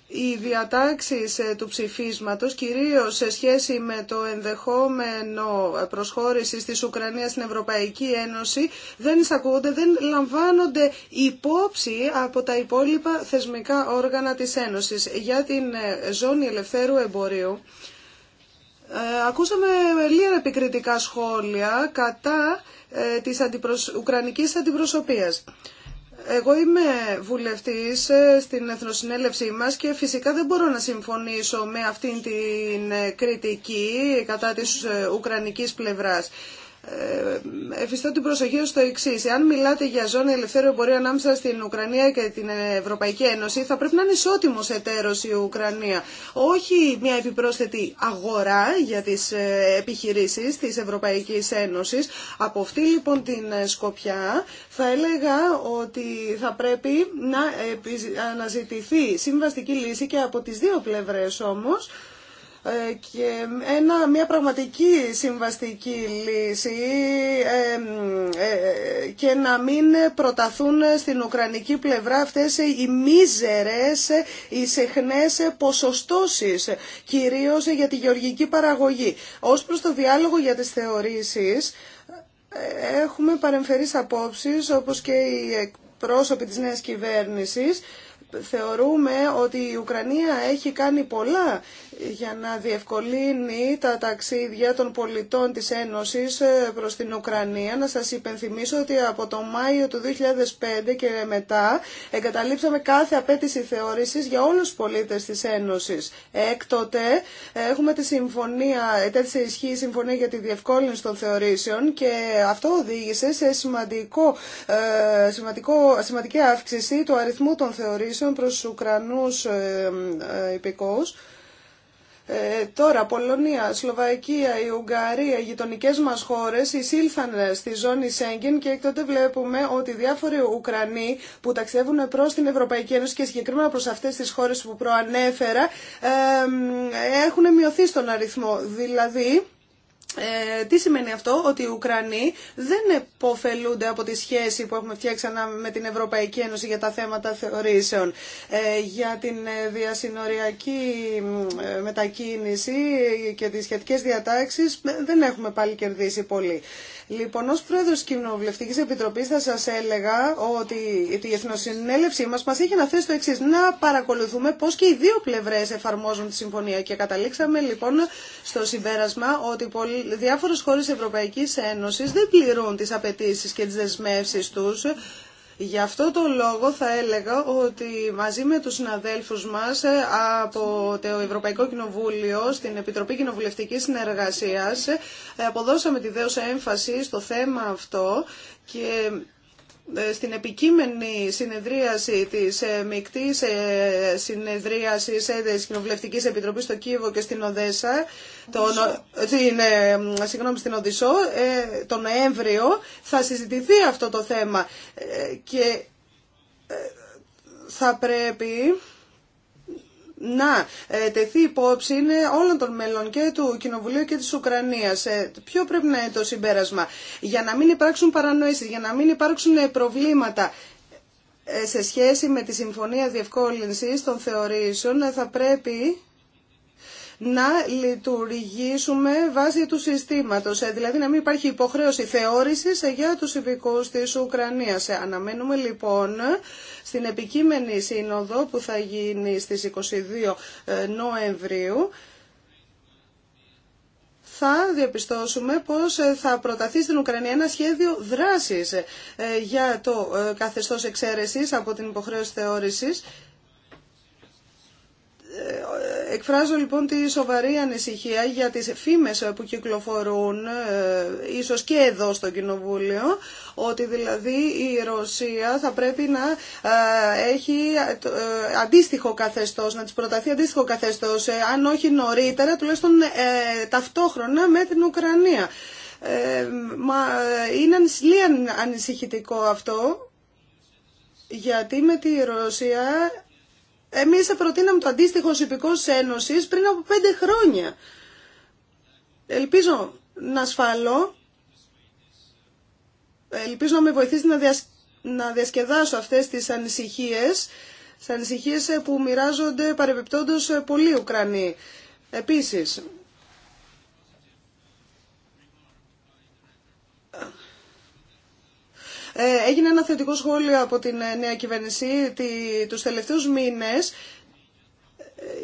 οι διατάξεις ε, του ψηφίσματος, κυρίως σε σχέση με το ενδεχόμενο προσχώρηση της Ουκρανίας στην Ευρωπαϊκή Ένωση, δεν εισακούνται, δεν λαμβάνονται υπόψη από τα υπόλοιπα θεσμικά όργανα της Ένωσης. Για την ε, ζώνη ελευθέρου εμπορίου, ε, ακούσαμε λίγα επικριτικά σχόλια κατά της αντιπροσ... ουκρανικής αντιπροσωπείας. Εγώ είμαι βουλευτής ε, στην Εθνοσυνέλευσή μας και φυσικά δεν μπορώ να συμφωνήσω με αυτήν την ε, κριτική κατά της ε, Ουκρανικής πλευράς. Ε, εφιστώ την προσοχή στο εξή. Εάν μιλάτε για ζώνη ελευθέρου εμπορίου ανάμεσα στην Ουκρανία και την Ευρωπαϊκή Ένωση, θα πρέπει να είναι ισότιμο εταίρο η Ουκρανία. Όχι μια επιπρόσθετη αγορά για τι ε, επιχειρήσει τη Ευρωπαϊκή Ένωση. Από αυτή λοιπόν την ε, σκοπιά θα έλεγα ότι θα πρέπει να αναζητηθεί συμβαστική λύση και από τι δύο πλευρέ όμω. Ε, και ένα, μια πραγματική συμβαστική λύση ε, ε, και να μην προταθούν στην Ουκρανική πλευρά αυτές οι μίζερες, οι σεχνές ποσοστώσεις, κυρίως για τη γεωργική παραγωγή. Ως προς το διάλογο για τις θεωρήσεις, έχουμε παρεμφερείς απόψεις, όπως και οι πρόσωποι της νέας κυβέρνησης, θεωρούμε ότι η Ουκρανία έχει κάνει πολλά για να διευκολύνει τα ταξίδια των πολιτών της Ένωσης ε, προς την Ουκρανία. Να σας υπενθυμίσω ότι από το Μάιο του 2005 και μετά εγκαταλείψαμε κάθε απέτηση θεώρησης για όλους τους πολίτες της Ένωσης. Έκτοτε ε, έχουμε τη συμφωνία, τέτοια ισχύ η συμφωνία για τη διευκόλυνση των θεωρήσεων και αυτό οδήγησε σε ε, σημαντική αύξηση του αριθμού των θεωρήσεων Προ προς Ουκρανούς ε, ε, υπηκόους. Ε, τώρα, Πολωνία, Σλοβακία, η Ουγγαρία, οι γειτονικέ μα χώρε εισήλθαν ε, στη ζώνη Σέγγεν και τότε βλέπουμε ότι διάφοροι Ουκρανοί που ταξιδεύουν προ την Ευρωπαϊκή Ένωση και συγκεκριμένα προ αυτέ τι χώρε που προανέφερα ε, έχουν μειωθεί στον αριθμό. Δηλαδή, ε, τι σημαίνει αυτό, ότι οι Ουκρανοί δεν επωφελούνται από τη σχέση που έχουμε φτιάξει με την Ευρωπαϊκή Ένωση για τα θέματα θεωρήσεων. Ε, για την ε, διασυνοριακή μετακίνηση και τις σχετικές διατάξεις δεν έχουμε πάλι κερδίσει πολύ. Λοιπόν, ως πρόεδρος κοινοβουλευτική Επιτροπής θα σας έλεγα ότι η Εθνοσυνέλευσή μας μας είχε θέσει το εξή. να παρακολουθούμε πώς και οι δύο πλευρές εφαρμόζουν τη συμφωνία και καταλήξαμε λοιπόν στο συμπέρασμα ότι διάφορε χώρε Ευρωπαϊκής Ένωση δεν πληρούν τις απαιτήσει και τις δεσμεύσει του. Γι' αυτό το λόγο θα έλεγα ότι μαζί με τους συναδέλφους μας ε, από το Ευρωπαϊκό Κοινοβούλιο στην Επιτροπή Κοινοβουλευτικής Συνεργασίας ε, αποδώσαμε τη δέωσα έμφαση στο θέμα αυτό και ε, στην επικείμενη συνεδρίαση της ε, μεικτής ε, συνεδρίασης της Κοινοβουλευτικής Επιτροπής στο Κίβο και στην Οδέσα, τον, στην, συγγνώμη, στην Οδυσσό, τον Νοέμβριο, θα συζητηθεί αυτό το θέμα και θα πρέπει να ε, τεθεί υπόψη είναι όλων των μέλων και του Κοινοβουλίου και της Ουκρανίας. Ε, ποιο πρέπει να είναι το συμπέρασμα. Για να μην υπάρξουν παρανοήσεις, για να μην υπάρξουν προβλήματα ε, σε σχέση με τη Συμφωνία Διευκόλυνσης των Θεωρήσεων θα πρέπει να λειτουργήσουμε βάσει του συστήματος, δηλαδή να μην υπάρχει υποχρέωση θεώρησης για τους υπηκούς της Ουκρανίας. Αναμένουμε λοιπόν στην επικείμενη σύνοδο που θα γίνει στις 22 ε, Νοεμβρίου θα διαπιστώσουμε πώς ε, θα προταθεί στην Ουκρανία ένα σχέδιο δράσης ε, για το καθεστώς εξαίρεσης από την υποχρέωση θεώρησης ε, εκφράζω λοιπόν τη σοβαρή ανησυχία για τις φήμες που κυκλοφορούν, ε, ίσως και εδώ στο Κοινοβούλιο, ότι δηλαδή η Ρωσία θα πρέπει να ε, έχει αντίστοιχο καθεστώς, να της προταθεί αντίστοιχο καθεστώς, αν όχι νωρίτερα, τουλάχιστον ταυτόχρονα με την Ουκρανία. μα, είναι ανησυχητικό αυτό, γιατί με τη Ρωσία εμείς θα προτείναμε το αντίστοιχο σιπικός ένωσης πριν από πέντε χρόνια. Ελπίζω να ασφαλώ, ελπίζω να με βοηθήσει να, να διασκεδάσω αυτές τις ανησυχίες, τις ανησυχίες που μοιράζονται παρεμπιπτόντως πολλοί Ουκρανοί. Επίσης, Ε, έγινε ένα θετικό σχόλιο από την ε, νέα κυβέρνηση τους τελευταίους μήνες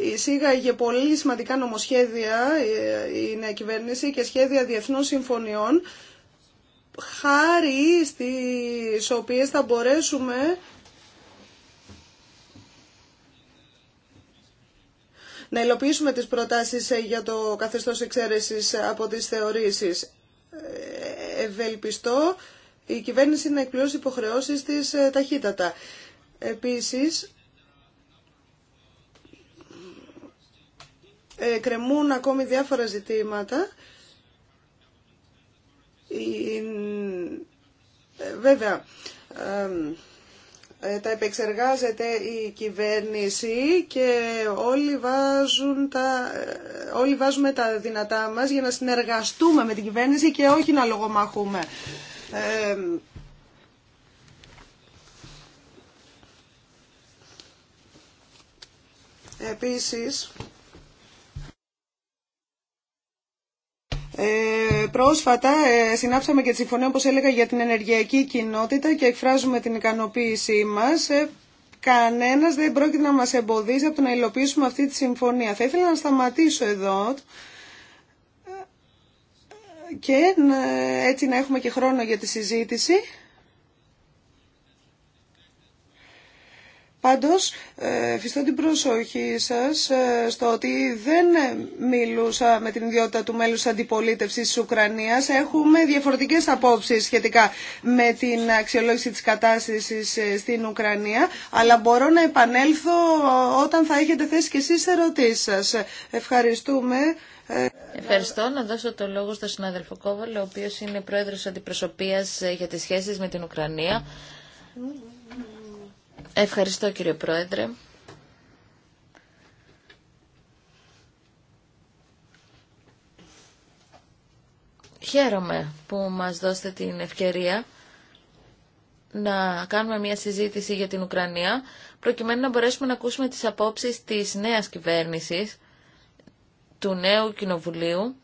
ε, εισήγαγε πολύ σημαντικά νομοσχέδια η νέα κυβέρνηση και σχέδια διεθνών συμφωνιών χάρη στις οποίες θα μπορέσουμε να υλοποιήσουμε τις προτάσεις για το καθεστώς εξαίρεσης από τις θεωρήσεις. Ευελπιστώ η κυβέρνηση να εκπληρώσει υποχρεώσεις της ε, ταχύτατα. Επίσης, ε, κρεμούν ακόμη διάφορα ζητήματα. Ε, βέβαια, τα επεξεργάζεται η κυβέρνηση και όλοι, βάζουν τα, όλοι βάζουμε τα δυνατά μας για να συνεργαστούμε με την κυβέρνηση και όχι να λογομαχούμε. Επίσης, ε, πρόσφατα ε, συνάψαμε και τη συμφωνία, όπως έλεγα, για την ενεργειακή κοινότητα και εκφράζουμε την ικανοποίησή μας. Ε, κανένας δεν πρόκειται να μας εμποδίσει από το να υλοποιήσουμε αυτή τη συμφωνία. Θα ήθελα να σταματήσω εδώ και έτσι να έχουμε και χρόνο για τη συζήτηση. Πάντως, ε, φυστώ την προσοχή σας ε, στο ότι δεν μιλούσα με την ιδιότητα του μέλους αντιπολίτευσης της Ουκρανίας. Έχουμε διαφορετικές απόψεις σχετικά με την αξιολόγηση της κατάστασης ε, στην Ουκρανία, αλλά μπορώ να επανέλθω όταν θα έχετε θέσει και εσείς ερωτήσεις σας. Ευχαριστούμε. Ευχαριστώ. Να δώσω το λόγο στον συνάδελφο Κόβολο, ο οποίο είναι για με την Ουκρανία. Ευχαριστώ κύριε Πρόεδρε. Χαίρομαι που μας δώσετε την ευκαιρία να κάνουμε μια συζήτηση για την Ουκρανία, προκειμένου να μπορέσουμε να ακούσουμε τις απόψεις της νέας κυβέρνησης, του νέου κοινοβουλίου.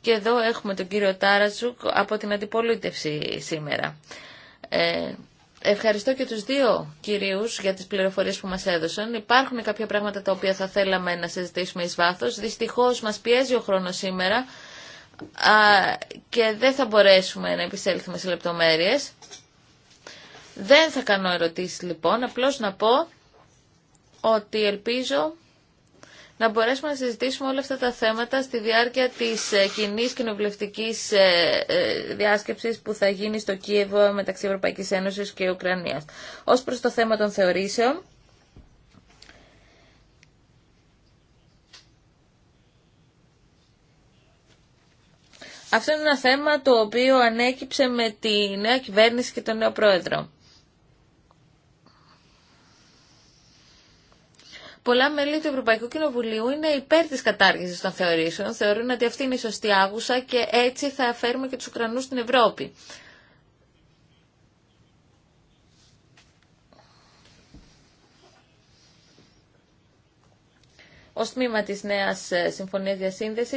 Και εδώ έχουμε τον κύριο Τάρατσουκ από την αντιπολίτευση σήμερα. Ε, Ευχαριστώ και τους δύο κυρίους για τις πληροφορίες που μας έδωσαν. Υπάρχουν κάποια πράγματα τα οποία θα θέλαμε να συζητήσουμε εις βάθος. Δυστυχώς μας πιέζει ο χρόνος σήμερα και δεν θα μπορέσουμε να επισέλθουμε σε λεπτομέρειες. Δεν θα κάνω ερωτήσεις λοιπόν, απλώς να πω ότι ελπίζω να μπορέσουμε να συζητήσουμε όλα αυτά τα θέματα στη διάρκεια της ε, κοινή κοινοβουλευτική ε, ε, διάσκεψης που θα γίνει στο Κίεβο μεταξύ Ευρωπαϊκής Ένωσης και Ουκρανίας. Ως προς το θέμα των θεωρήσεων, Αυτό είναι ένα θέμα το οποίο ανέκυψε με τη νέα κυβέρνηση και τον νέο πρόεδρο. πολλά μέλη του Ευρωπαϊκού Κοινοβουλίου είναι υπέρ της κατάργησης των θεωρήσεων, θεωρούν ότι αυτή είναι η σωστή άγουσα και έτσι θα φέρουμε και του Ουκρανού στην Ευρώπη. Ω τμήμα τη νέα ε, συμφωνία διασύνδεση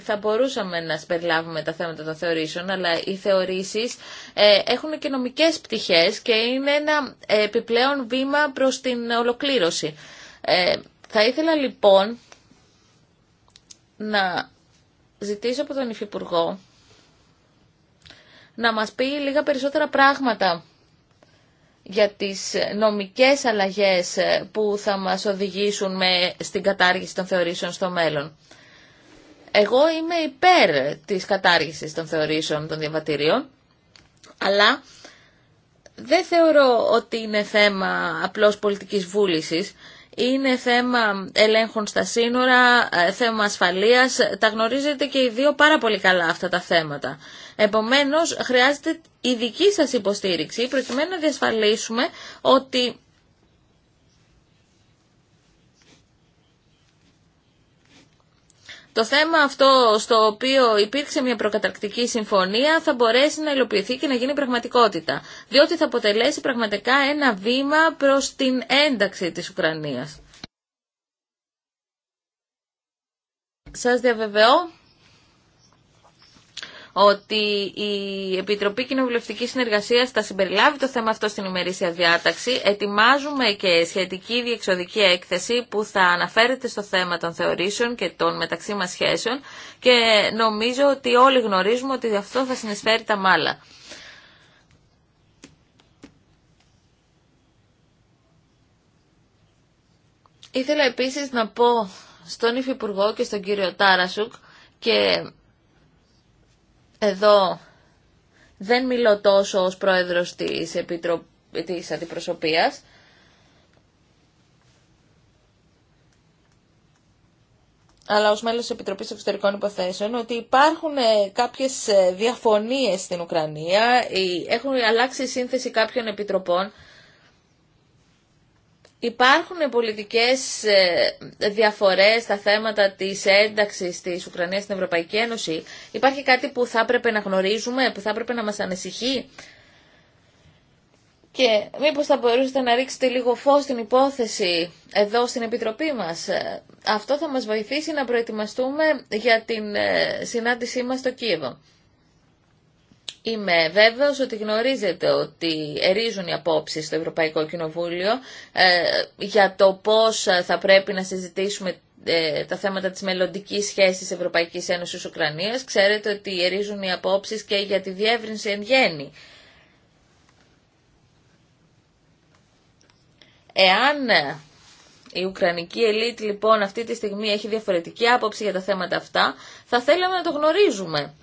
θα μπορούσαμε να συμπεριλάβουμε τα θέματα των θεωρήσεων, αλλά οι θεωρήσει ε, έχουν και νομικέ πτυχέ και είναι ένα ε, επιπλέον βήμα προ την ολοκλήρωση. Ε, θα ήθελα λοιπόν να ζητήσω από τον Υφυπουργό να μας πει λίγα περισσότερα πράγματα για τις νομικές αλλαγές που θα μας οδηγήσουν με, στην κατάργηση των θεωρήσεων στο μέλλον. Εγώ είμαι υπέρ της κατάργησης των θεωρήσεων των διαβατηρίων, αλλά δεν θεωρώ ότι είναι θέμα απλώς πολιτικής βούλησης είναι θέμα ελέγχων στα σύνορα, ε, θέμα ασφαλείας. Τα γνωρίζετε και οι δύο πάρα πολύ καλά αυτά τα θέματα. Επομένως, χρειάζεται η δική σας υποστήριξη προκειμένου να διασφαλίσουμε ότι Το θέμα αυτό στο οποίο υπήρξε μια προκαταρκτική συμφωνία θα μπορέσει να υλοποιηθεί και να γίνει πραγματικότητα, διότι θα αποτελέσει πραγματικά ένα βήμα προς την ένταξη της Ουκρανίας. Σας διαβεβαιώ ότι η Επιτροπή Κοινοβουλευτικής Συνεργασίας θα συμπεριλάβει το θέμα αυτό στην ημερήσια διάταξη. Ετοιμάζουμε και σχετική διεξοδική έκθεση που θα αναφέρεται στο θέμα των θεωρήσεων και των μεταξύ μας σχέσεων και νομίζω ότι όλοι γνωρίζουμε ότι αυτό θα συνεισφέρει τα μάλα. Ήθελα επίσης να πω στον Υφυπουργό και στον κύριο Τάρασουκ και εδώ δεν μιλώ τόσο ως πρόεδρος της, Επιτρο... της αντιπροσωπείας. αλλά ως μέλος της Επιτροπής Εξωτερικών Υποθέσεων, ότι υπάρχουν ε, κάποιες ε, διαφωνίες στην Ουκρανία, έχουν αλλάξει η σύνθεση κάποιων επιτροπών Υπάρχουν πολιτικές ε, διαφορές στα θέματα της ένταξης της Ουκρανίας στην Ευρωπαϊκή Ένωση. Υπάρχει κάτι που θα έπρεπε να γνωρίζουμε, που θα έπρεπε να μας ανησυχεί. Και μήπως θα μπορούσατε να ρίξετε λίγο φως στην υπόθεση εδώ στην Επιτροπή μας. Ε, αυτό θα μας βοηθήσει να προετοιμαστούμε για την ε, συνάντησή μας στο Κίεβο. Είμαι βέβαιος ότι γνωρίζετε ότι ερίζουν οι απόψει στο Ευρωπαϊκό Κοινοβούλιο ε, για το πώς θα πρέπει να συζητήσουμε ε, τα θέματα της μελλοντική σχέσης Ευρωπαϊκής Ένωσης Ένωση-Ουκρανία. Ξέρετε ότι ερίζουν οι απόψει και για τη διεύρυνση εν γέννη. Εάν η Ουκρανική ελίτ λοιπόν αυτή τη στιγμή έχει διαφορετική άποψη για τα θέματα αυτά, θα θέλαμε να το γνωρίζουμε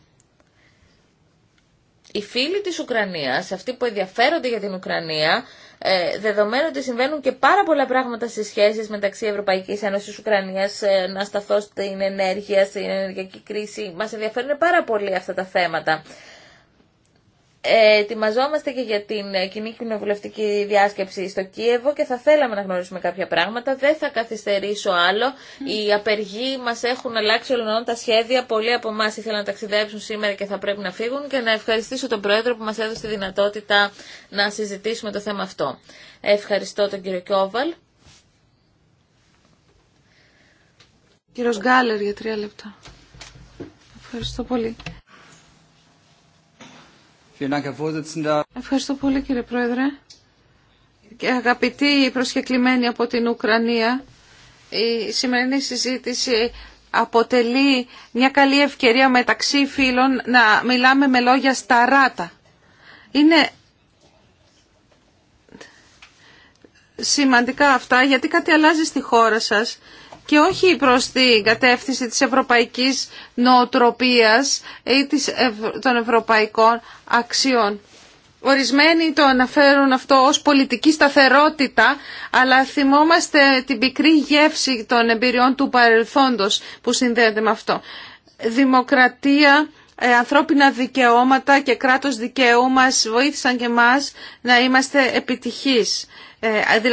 οι φίλοι της Ουκρανίας, αυτοί που ενδιαφέρονται για την Ουκρανία, ε, δεδομένου ότι συμβαίνουν και πάρα πολλά πράγματα στις σχέσεις μεταξύ Ευρωπαϊκής Ένωσης Ουκρανίας, ε, να σταθώ στην ενέργεια, στην ενεργειακή κρίση, μας ενδιαφέρουν πάρα πολύ αυτά τα θέματα ετοιμαζόμαστε και για την ε, κοινή κοινοβουλευτική διάσκεψη στο Κίεβο και θα θέλαμε να γνωρίσουμε κάποια πράγματα. Δεν θα καθυστερήσω άλλο. Οι απεργοί μα έχουν αλλάξει ολονών τα σχέδια. Πολλοί από εμά ήθελαν να ταξιδέψουν σήμερα και θα πρέπει να φύγουν. Και να ευχαριστήσω τον Πρόεδρο που μα έδωσε τη δυνατότητα να συζητήσουμε το θέμα αυτό. Ευχαριστώ τον κύριο Κιόβαλ. Κύριο Γκάλερ για τρία λεπτά. Ευχαριστώ πολύ. Ευχαριστώ πολύ κύριε Πρόεδρε. Και αγαπητοί προσκεκλημένοι από την Ουκρανία, η σημερινή συζήτηση αποτελεί μια καλή ευκαιρία μεταξύ φίλων να μιλάμε με λόγια σταράτα. Είναι σημαντικά αυτά γιατί κάτι αλλάζει στη χώρα σας και όχι προς την κατεύθυνση της ευρωπαϊκής νοοτροπίας ή των ευρωπαϊκών αξιών. Ορισμένοι το αναφέρουν αυτό ως πολιτική σταθερότητα, αλλά θυμόμαστε την πικρή γεύση των εμπειριών του παρελθόντος που συνδέεται με αυτό. Δημοκρατία, ε, ανθρώπινα δικαιώματα και κράτος δικαίου μας βοήθησαν και μας να είμαστε επιτυχείς. Ε,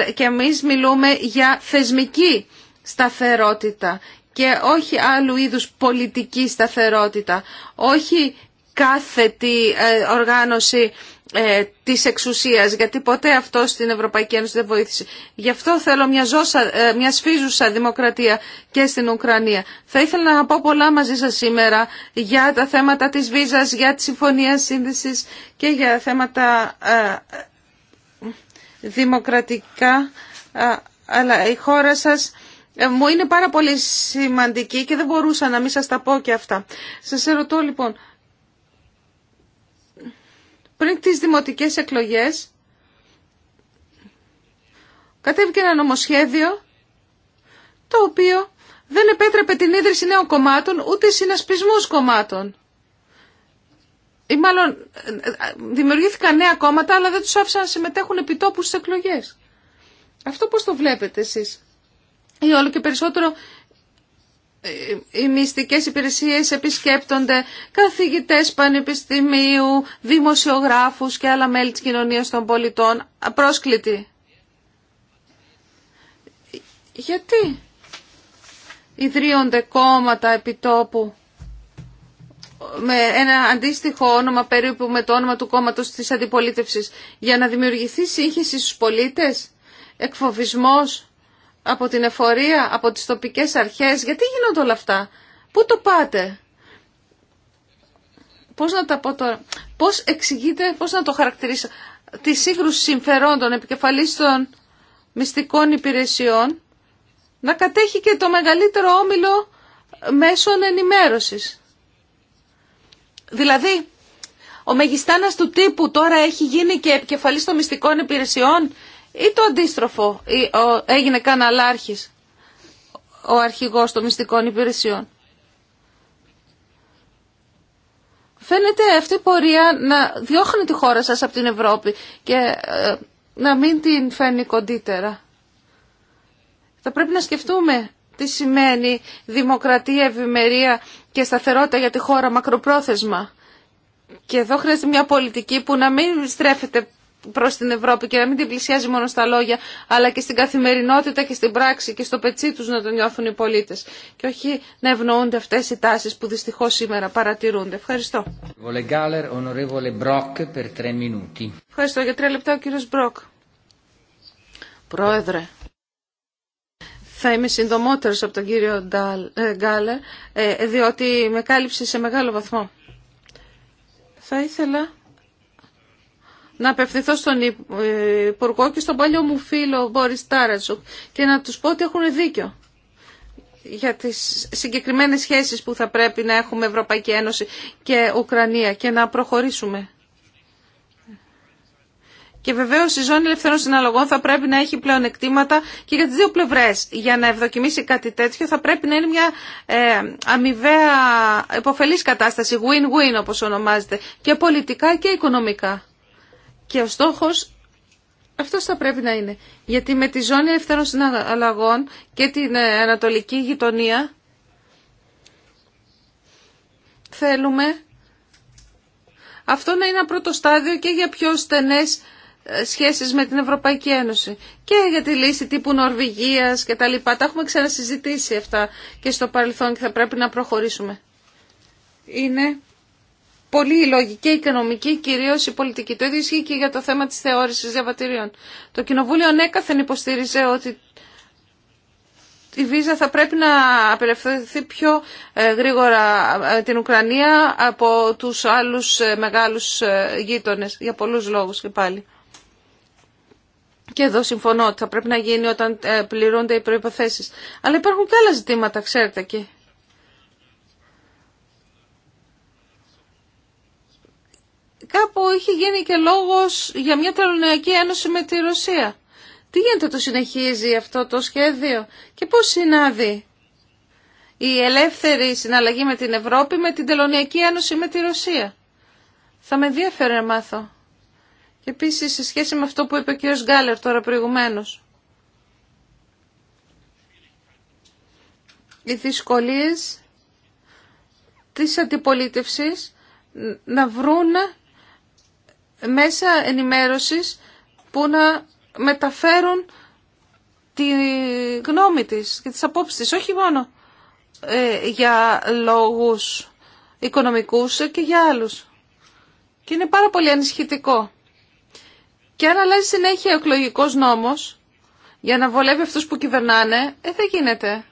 ε, και εμείς μιλούμε για θεσμική σταθερότητα και όχι άλλου είδους πολιτική σταθερότητα, όχι κάθετη ε, οργάνωση ε, της εξουσίας, γιατί ποτέ αυτό στην Ευρωπαϊκή Ένωση δεν βοήθησε. Γι' αυτό θέλω μια, ζώσα, ε, μια σφίζουσα δημοκρατία και στην Ουκρανία. Θα ήθελα να πω πολλά μαζί σας σήμερα για τα θέματα της Βίζας, για τη Συμφωνία Σύνδεσης και για θέματα δημοκρατικά, αλλά η χώρα σας ε, μου είναι πάρα πολύ σημαντική και δεν μπορούσα να μην σας τα πω και αυτά. Σας ερωτώ λοιπόν, πριν τις δημοτικές εκλογές κατέβηκε ένα νομοσχέδιο το οποίο δεν επέτρεπε την ίδρυση νέων κομμάτων ούτε συνασπισμούς κομμάτων. Ή μάλλον ε, δημιουργήθηκαν νέα κόμματα αλλά δεν τους άφησαν να συμμετέχουν επιτόπου στις εκλογές. Αυτό πώς το βλέπετε εσείς ή όλο και περισσότερο ε, οι μυστικές υπηρεσίες επισκέπτονται καθηγητές πανεπιστημίου, δημοσιογράφους και άλλα μέλη της κοινωνίας των πολιτών απρόσκλητοι. Γιατί ιδρύονται κόμματα επιτόπου με ένα αντίστοιχο όνομα περίπου με το όνομα του κόμματος της αντιπολίτευσης για να δημιουργηθεί σύγχυση στους πολίτες, εκφοβισμός από την εφορία, από τις τοπικές αρχές. Γιατί γίνονται όλα αυτά. Πού το πάτε. Πώς να τα πω τώρα. Πώς εξηγείτε, πώς να το χαρακτηρίσω. Τη σύγκρουση συμφερόντων επικεφαλής των μυστικών υπηρεσιών να κατέχει και το μεγαλύτερο όμιλο μέσων ενημέρωσης. Δηλαδή, ο μεγιστάνας του τύπου τώρα έχει γίνει και επικεφαλής των μυστικών υπηρεσιών ή το αντίστροφο, έγινε καναλάρχης ο αρχηγός των μυστικών υπηρεσιών. Φαίνεται αυτή η το αντιστροφο εγινε αλαρχης ο αρχηγος των μυστικων υπηρεσιων φαινεται αυτη η πορεια να διώχνει τη χώρα σας από την Ευρώπη και ε, να μην την φαίνει κοντύτερα. Θα πρέπει να σκεφτούμε τι σημαίνει δημοκρατία, ευημερία και σταθερότητα για τη χώρα μακροπρόθεσμα. Και εδώ χρειάζεται μια πολιτική που να μην στρέφεται Προ την Ευρώπη και να μην την πλησιάζει μόνο στα λόγια, αλλά και στην καθημερινότητα και στην πράξη και στο πετσί του να τον νιώθουν οι πολίτε Και όχι να ευνοούνται αυτέ οι τάσει που δυστυχώ σήμερα παρατηρούνται. Ευχαριστώ. Ευχαριστώ για τρία λεπτά ο κύριο Μπροκ. Πρόεδρε. Θα είμαι συντομότερο από τον κύριο ε, Γκάλερ ε, διότι με κάλυψε σε μεγάλο βαθμό. Θα ήθελα να απευθυνθώ στον Υπουργό και στον παλιό μου φίλο Μπόρις Τάρατσουκ και να τους πω ότι έχουν δίκιο για τις συγκεκριμένες σχέσεις που θα πρέπει να έχουμε Ευρωπαϊκή Ένωση και Ουκρανία και να προχωρήσουμε. Και βεβαίω η ζώνη ελευθερών συναλλαγών θα πρέπει να έχει πλεονεκτήματα και για τι δύο πλευρέ. Για να ευδοκιμήσει κάτι τέτοιο θα πρέπει να είναι μια ε, αμοιβαία υποφελή κατάσταση, win-win όπω ονομάζεται, και πολιτικά και οικονομικά. Και ο στόχος αυτός θα πρέπει να είναι. Γιατί με τη ζώνη ελευθερών συναλλαγών και την ε, ανατολική γειτονία θέλουμε αυτό να είναι ένα πρώτο στάδιο και για πιο στενές ε, σχέσεις με την Ευρωπαϊκή Ένωση και για τη λύση τύπου Νορβηγίας και τα λοιπά. Τα έχουμε ξανασυζητήσει αυτά και στο παρελθόν και θα πρέπει να προχωρήσουμε. Είναι Πολύ λογική, και οικονομική, κυρίω η πολιτική. Το ίδιο ισχύει και για το θέμα τη θεώρηση διαβατηρίων. Το Κοινοβούλιο ανέκαθεν ναι, υποστήριζε ότι η Βίζα θα πρέπει να απελευθερωθεί πιο ε, γρήγορα ε, την Ουκρανία από τους άλλους ε, μεγάλους γείτονες, για πολλούς λόγους και πάλι. Και εδώ συμφωνώ ότι θα πρέπει να γίνει όταν πληρούνται οι προϋποθέσεις. Αλλά υπάρχουν και άλλα ζητήματα, ξέρετε και... κάπου είχε γίνει και λόγος για μια τελωνιακή ένωση με τη Ρωσία. Τι γίνεται το συνεχίζει αυτό το σχέδιο και πώς συνάδει η ελεύθερη συναλλαγή με την Ευρώπη με την τελωνιακή ένωση με τη Ρωσία. Θα με ενδιαφέρει να μάθω. Και επίσης σε σχέση με αυτό που είπε ο κ. Γκάλερ τώρα προηγουμένως. Οι δυσκολίες της αντιπολίτευσης να βρούνε μέσα ενημέρωσης που να μεταφέρουν τη γνώμη της και τις απόψεις της, όχι μόνο ε, για λόγους οικονομικούς ε, και για άλλους. Και είναι πάρα πολύ ανησυχητικό. Και αν αλλάζει συνέχεια ο εκλογικό νόμος για να βολεύει αυτούς που κυβερνάνε, ε, δεν γίνεται.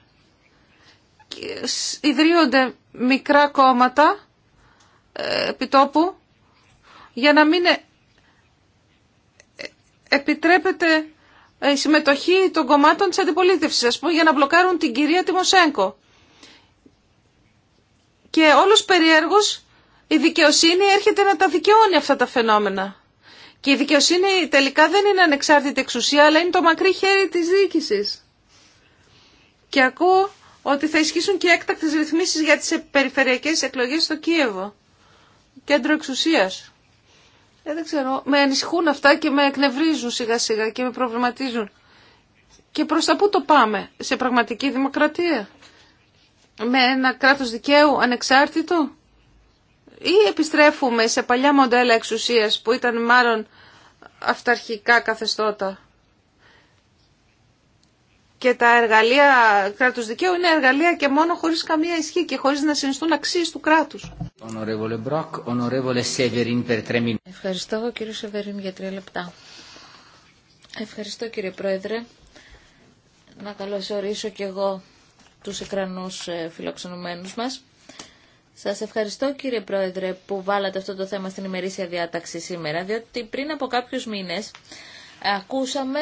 Ιδρύονται μικρά κόμματα ε, επιτόπου για να μην ε, επιτρέπεται η συμμετοχή των κομμάτων της αντιπολίτευσης, ας πούμε, για να μπλοκάρουν την κυρία Τιμοσέγκο. Και όλος περίεργος η δικαιοσύνη έρχεται να τα δικαιώνει αυτά τα φαινόμενα. Και η δικαιοσύνη τελικά δεν είναι ανεξάρτητη εξουσία, αλλά είναι το μακρύ χέρι της διοίκησης. Και ακούω ότι θα ισχύσουν και έκτακτες ρυθμίσεις για τις περιφερειακές εκλογές στο Κίεβο, κέντρο εξουσίας. Ε, δεν ξέρω, με ανησυχούν αυτά και με εκνευρίζουν σιγά σιγά και με προβληματίζουν. Και προς τα πού το πάμε, σε πραγματική δημοκρατία, με ένα κράτος δικαίου ανεξάρτητο ή επιστρέφουμε σε παλιά μοντέλα εξουσίας που ήταν μάλλον αυταρχικά καθεστώτα και τα εργαλεία κράτου δικαίου είναι εργαλεία και μόνο χωρί καμία ισχύ και χωρί να συνιστούν αξίε του κράτου. Ευχαριστώ κύριε Σεβερίν για τρία λεπτά. Ευχαριστώ κύριε Πρόεδρε. Να καλωσορίσω και εγώ τους εκρανούς ε, φιλοξενουμένους μας. Σας ευχαριστώ κύριε Πρόεδρε που βάλατε αυτό το θέμα στην ημερήσια διάταξη σήμερα, διότι πριν από κάποιους μήνες ε, ακούσαμε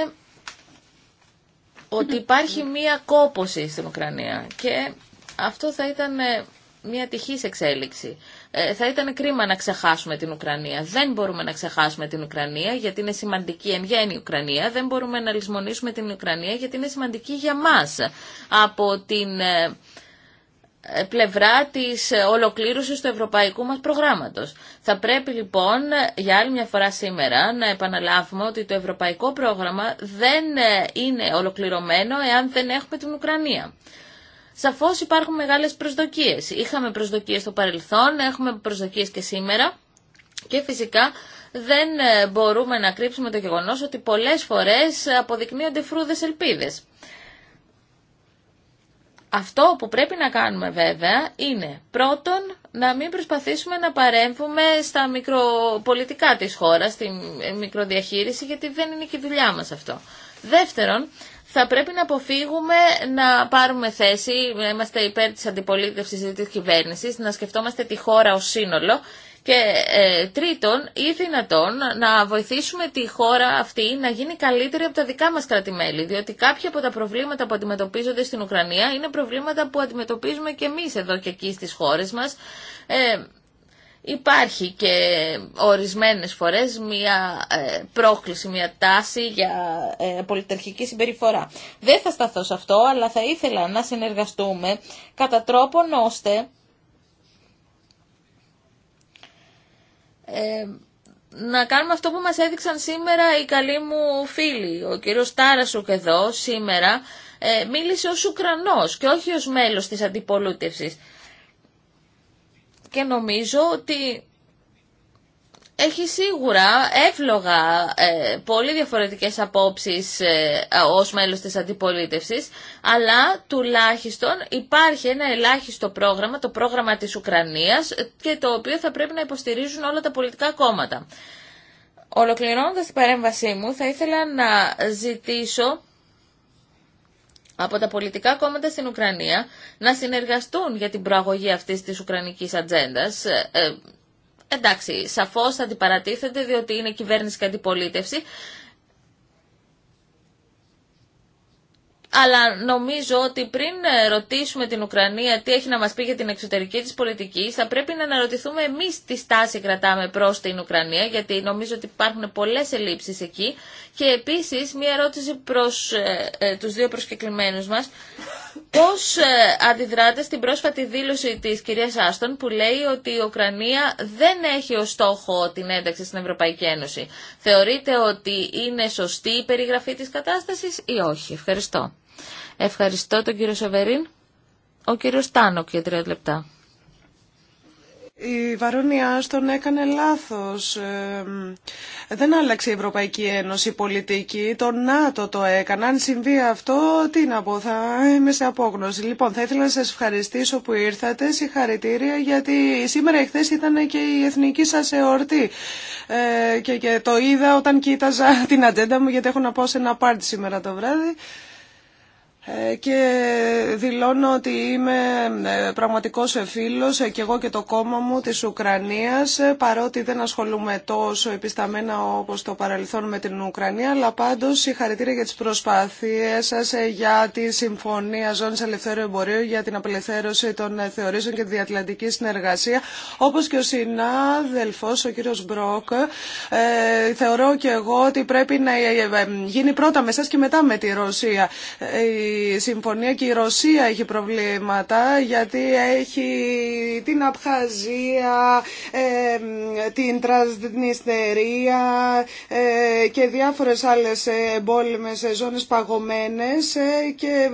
ότι υπάρχει μία κόποση στην Ουκρανία και αυτό θα ήταν ε, μια τυχής εξέλιξη. Ε, θα ήταν κρίμα να ξεχάσουμε την Ουκρανία. Δεν μπορούμε να ξεχάσουμε την Ουκρανία γιατί είναι σημαντική εν γέννη η Ουκρανία. Δεν μπορούμε να λησμονήσουμε την Ουκρανία γιατί είναι σημαντική για μας. Από την ε, πλευρά της ολοκλήρωσης του ευρωπαϊκού μας προγράμματος. Θα πρέπει λοιπόν για άλλη μια φορά σήμερα να επαναλάβουμε ότι το ευρωπαϊκό πρόγραμμα δεν είναι ολοκληρωμένο εάν δεν έχουμε την Ουκρανία. Σαφώς υπάρχουν μεγάλες προσδοκίες. Είχαμε προσδοκίες στο παρελθόν, έχουμε προσδοκίες και σήμερα και φυσικά δεν μπορούμε να κρύψουμε το γεγονός ότι πολλές φορές αποδεικνύονται φρούδες ελπίδες. Αυτό που πρέπει να κάνουμε βέβαια είναι πρώτον να μην προσπαθήσουμε να παρέμβουμε στα μικροπολιτικά της χώρας, στη μικροδιαχείριση, γιατί δεν είναι και η δουλειά μας αυτό. Δεύτερον, θα πρέπει να αποφύγουμε να πάρουμε θέση, είμαστε υπέρ της αντιπολίτευσης της κυβέρνησης, να σκεφτόμαστε τη χώρα ως σύνολο και ε, τρίτον, ή δυνατόν να βοηθήσουμε τη χώρα αυτή να γίνει καλύτερη από τα δικά μας κράτη-μέλη, διότι κάποια από τα προβλήματα που αντιμετωπίζονται στην Ουκρανία είναι προβλήματα που αντιμετωπίζουμε και εμείς εδώ και εκεί στις χώρες μας. Ε, Υπάρχει και ορισμένες φορές μία ε, πρόκληση, μία τάση για ε, πολιτερχική συμπεριφορά. Δεν θα σταθώ σε αυτό, αλλά θα ήθελα να συνεργαστούμε κατά τρόπον ώστε Ε, να κάνουμε αυτό που μας έδειξαν σήμερα οι καλοί μου φίλοι. Ο κύριος Τάρασουκ εδώ σήμερα ε, μίλησε ως Ουκρανός και όχι ως μέλος της αντιπολίτευσης. Και νομίζω ότι έχει σίγουρα εύλογα ε, πολύ διαφορετικές απόψεις ε, ως μέλος της αντιπολίτευσης, αλλά τουλάχιστον υπάρχει ένα ελάχιστο πρόγραμμα, το πρόγραμμα της Ουκρανίας, και το οποίο θα πρέπει να υποστηρίζουν όλα τα πολιτικά κόμματα. Ολοκληρώνοντας την παρέμβασή μου, θα ήθελα να ζητήσω από τα πολιτικά κόμματα στην Ουκρανία να συνεργαστούν για την προαγωγή αυτής της Ουκρανικής ατζέντα. Ε, ε, εντάξει, σαφώς θα αντιπαρατίθεται διότι είναι κυβέρνηση και αντιπολίτευση. αλλά νομίζω ότι πριν ε, ρωτήσουμε την Ουκρανία τι έχει να μας πει για την εξωτερική της πολιτική, θα πρέπει να αναρωτηθούμε εμείς τι στάση κρατάμε προς την Ουκρανία, γιατί νομίζω ότι υπάρχουν πολλές ελλείψεις εκεί. Και επίσης, μια ερώτηση προς ε, ε, τους δύο προσκεκλημένους μας πώς ε, αντιδράτε στην πρόσφατη δήλωση της κυρίας Άστον που λέει ότι η Ουκρανία δεν έχει ως στόχο την ένταξη στην Ευρωπαϊκή Ένωση. Θεωρείτε ότι είναι σωστή η περιγραφή της κατάστασης ή όχι. Ευχαριστώ. Ευχαριστώ τον κύριο Σεβερίν. Ο κύριος Τάνοκ για τρία λεπτά. Η Βαρόνια τον έκανε λάθος. δεν άλλαξε η Ευρωπαϊκή Ένωση πολιτική. Το ΝΑΤΟ το έκανε. Αν συμβεί αυτό, τι να πω, θα είμαι σε απόγνωση. Λοιπόν, θα ήθελα να σας ευχαριστήσω που ήρθατε. Συγχαρητήρια, γιατί σήμερα χθε ήταν και η εθνική σας εορτή. Ε, και, και το είδα όταν κοίταζα την ατζέντα μου, γιατί έχω να πάω σε ένα πάρτι σήμερα το βράδυ. Ε, και δηλώνω ότι είμαι ε, πραγματικός φίλος ε, και εγώ και το κόμμα μου της Ουκρανίας παρότι δεν ασχολούμαι τόσο επισταμένα όπως το παρελθόν με την Ουκρανία αλλά πάντως συγχαρητήρια για τις προσπάθειές σας για τη Συμφωνία Ζώνης Ελευθέρου Εμπορίου για την απελευθέρωση των θεωρήσεων και τη διατλαντική συνεργασία όπως και ο συνάδελφος ο κύριος Μπρόκ θεωρώ και εγώ ότι πρέπει να γίνει πρώτα με και μετά με τη Ρωσία συμφωνία και η Ρωσία έχει προβλήματα γιατί έχει την Απχαζία, ε, την Τρασνιστερία ε, και διάφορες άλλες εμπόλεμες ζώνες παγωμένες ε, και